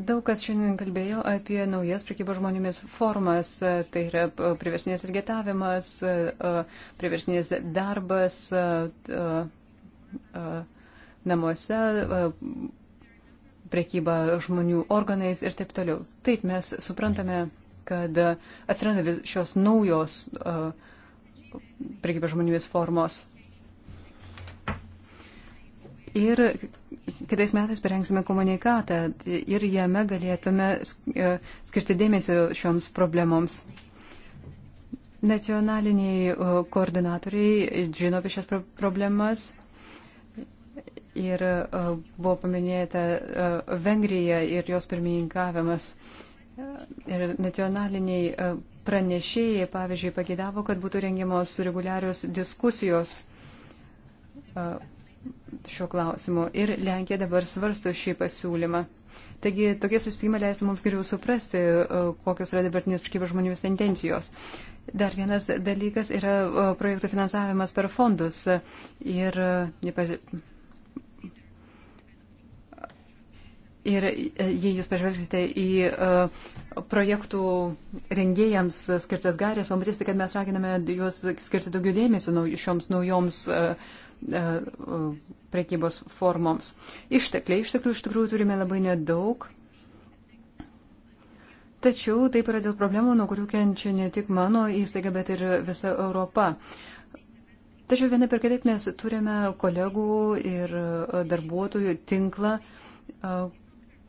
Daug kas šiandien kalbėjo apie naujas prekybos žmonėmis formas, tai yra e, priversinės elgetavimas, e, e, priversinės darbas namuose, prekyba žmonių organais ir taip toliau. Taip mes suprantame, kad atsiranda šios naujos prekybos žmonėmis formos. Ir kitais metais parengsime komunikatą ir jame galėtume e, skirti dėmesio šioms problemoms. Nacionaliniai koordinatoriai žino apie šias problemas ir buvo paminėta Vengrija ir jos pirmininkavimas. Ir nacionaliniai pranešėjai, pavyzdžiui, pagėdavo, kad būtų rengiamos reguliarios diskusijos šiuo klausimu ir Lenkija dabar svarsto šį pasiūlymą. Taigi tokie susitikimai leistų mums geriau suprasti, e, kokios yra dabartinės prekybos žmonėmis tendencijos. Dar vienas dalykas yra e, projektų finansavimas per fondus. Ir, e, ir jei jūs pažvelgsite į projektų rengėjams skirtas garės, pamatysite, kad mes raginame juos skirti daugiau dėmesio šioms naujoms uh, E, e, prekybos formoms. Ištekliai, išteklių iš tikrųjų turime labai nedaug. Tačiau taip yra dėl problemų, nuo kurių kenčia ne tik mano įstaiga, bet ir visa Europa. Tačiau viena per kitaip mes turime kolegų ir e, darbuotojų tinklą,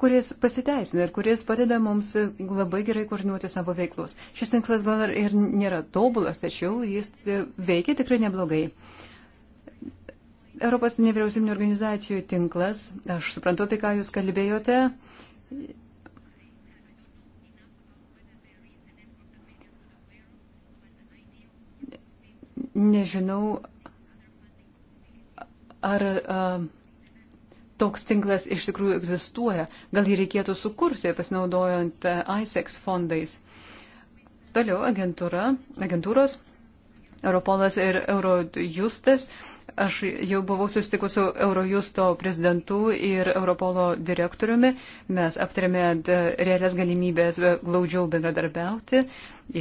kuris pasiteisina ir kuris padeda mums labai gerai koordinuoti savo veiklus. Šis tinklas gal ir nėra tobulas, tačiau jis veikia tikrai neblogai. Europos nevyriausybinio organizacijų tinklas, aš suprantu, apie ką jūs kalbėjote. Nežinau, ar a, toks tinklas iš tikrųjų egzistuoja. Gal jį reikėtų sukurti, pasinaudojant ISEX fondais. Toliau agentūra, agentūros, Europolas ir Eurojustas aš jau buvau susitikus su Eurojusto prezidentu ir Europolo direktoriumi. Mes aptarėme e, realias galimybės e, glaudžiau bendradarbiauti.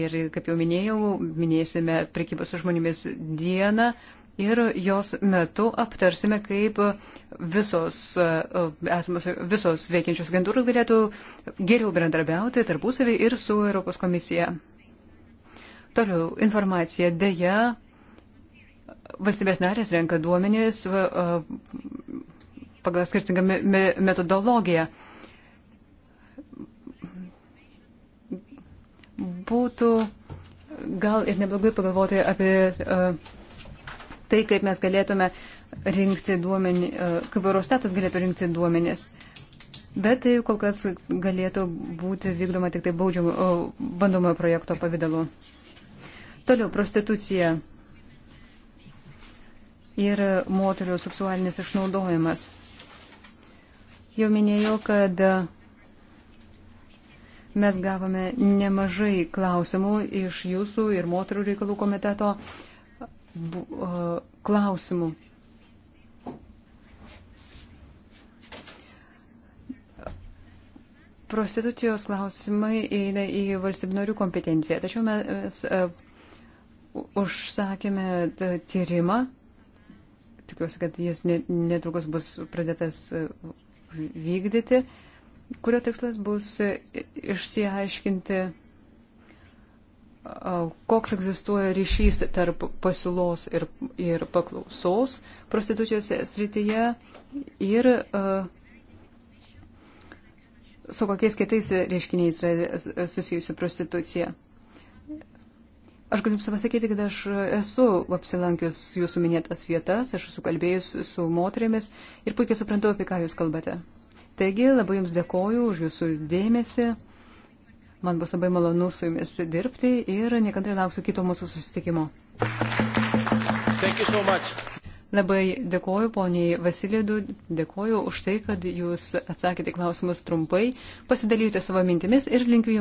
Ir, kaip jau minėjau, minėsime prekybos su žmonėmis dieną. Ir jos metu aptarsime, kaip visos, e, esamos, visos veikiančios agentūros galėtų geriau bendradarbiauti tarpusavį ir su Europos komisija. Toliau informacija. Deja, valstybės narės renka duomenys pagal skirtingą metodologiją. Būtų gal ir neblogai pagalvoti apie tai, kaip mes galėtume rinkti duomenį, kaip Eurostatas galėtų rinkti duomenis. Bet tai kol kas galėtų būti vykdoma tik tai baudžiamo, bandomojo projekto pavydalu. Toliau, prostitucija ir moterio seksualinis išnaudojimas. Jau minėjau, kad mes gavome nemažai klausimų iš jūsų ir moterų reikalų komiteto klausimų. Prostitucijos klausimai eina į valstybinorių kompetenciją, tačiau mes užsakėme tyrimą tikiuosi, kad jis netrukus bus pradėtas e, vykdyti, kurio tikslas bus e, išsiaiškinti, koks egzistuoja ryšys tarp pasiūlos ir, ir paklausos prostitucijos srityje ir su kokiais kitais reiškiniais yra susijusi prostitucija. Aš galiu pasakyti, kad aš esu apsilankius jūsų minėtas vietas, aš esu kalbėjus su moterimis ir puikiai suprantu, apie ką jūs kalbate. Taigi, labai jums dėkoju už jūsų dėmesį. Man bus labai malonu su jumis dirbti ir nekantrai lauksiu kito mūsų susitikimo. So much. labai dėkoju poniai Vasilėdu, dėkoju už tai, kad jūs atsakėte klausimus trumpai, pasidalijote savo mintimis ir linkiu jums.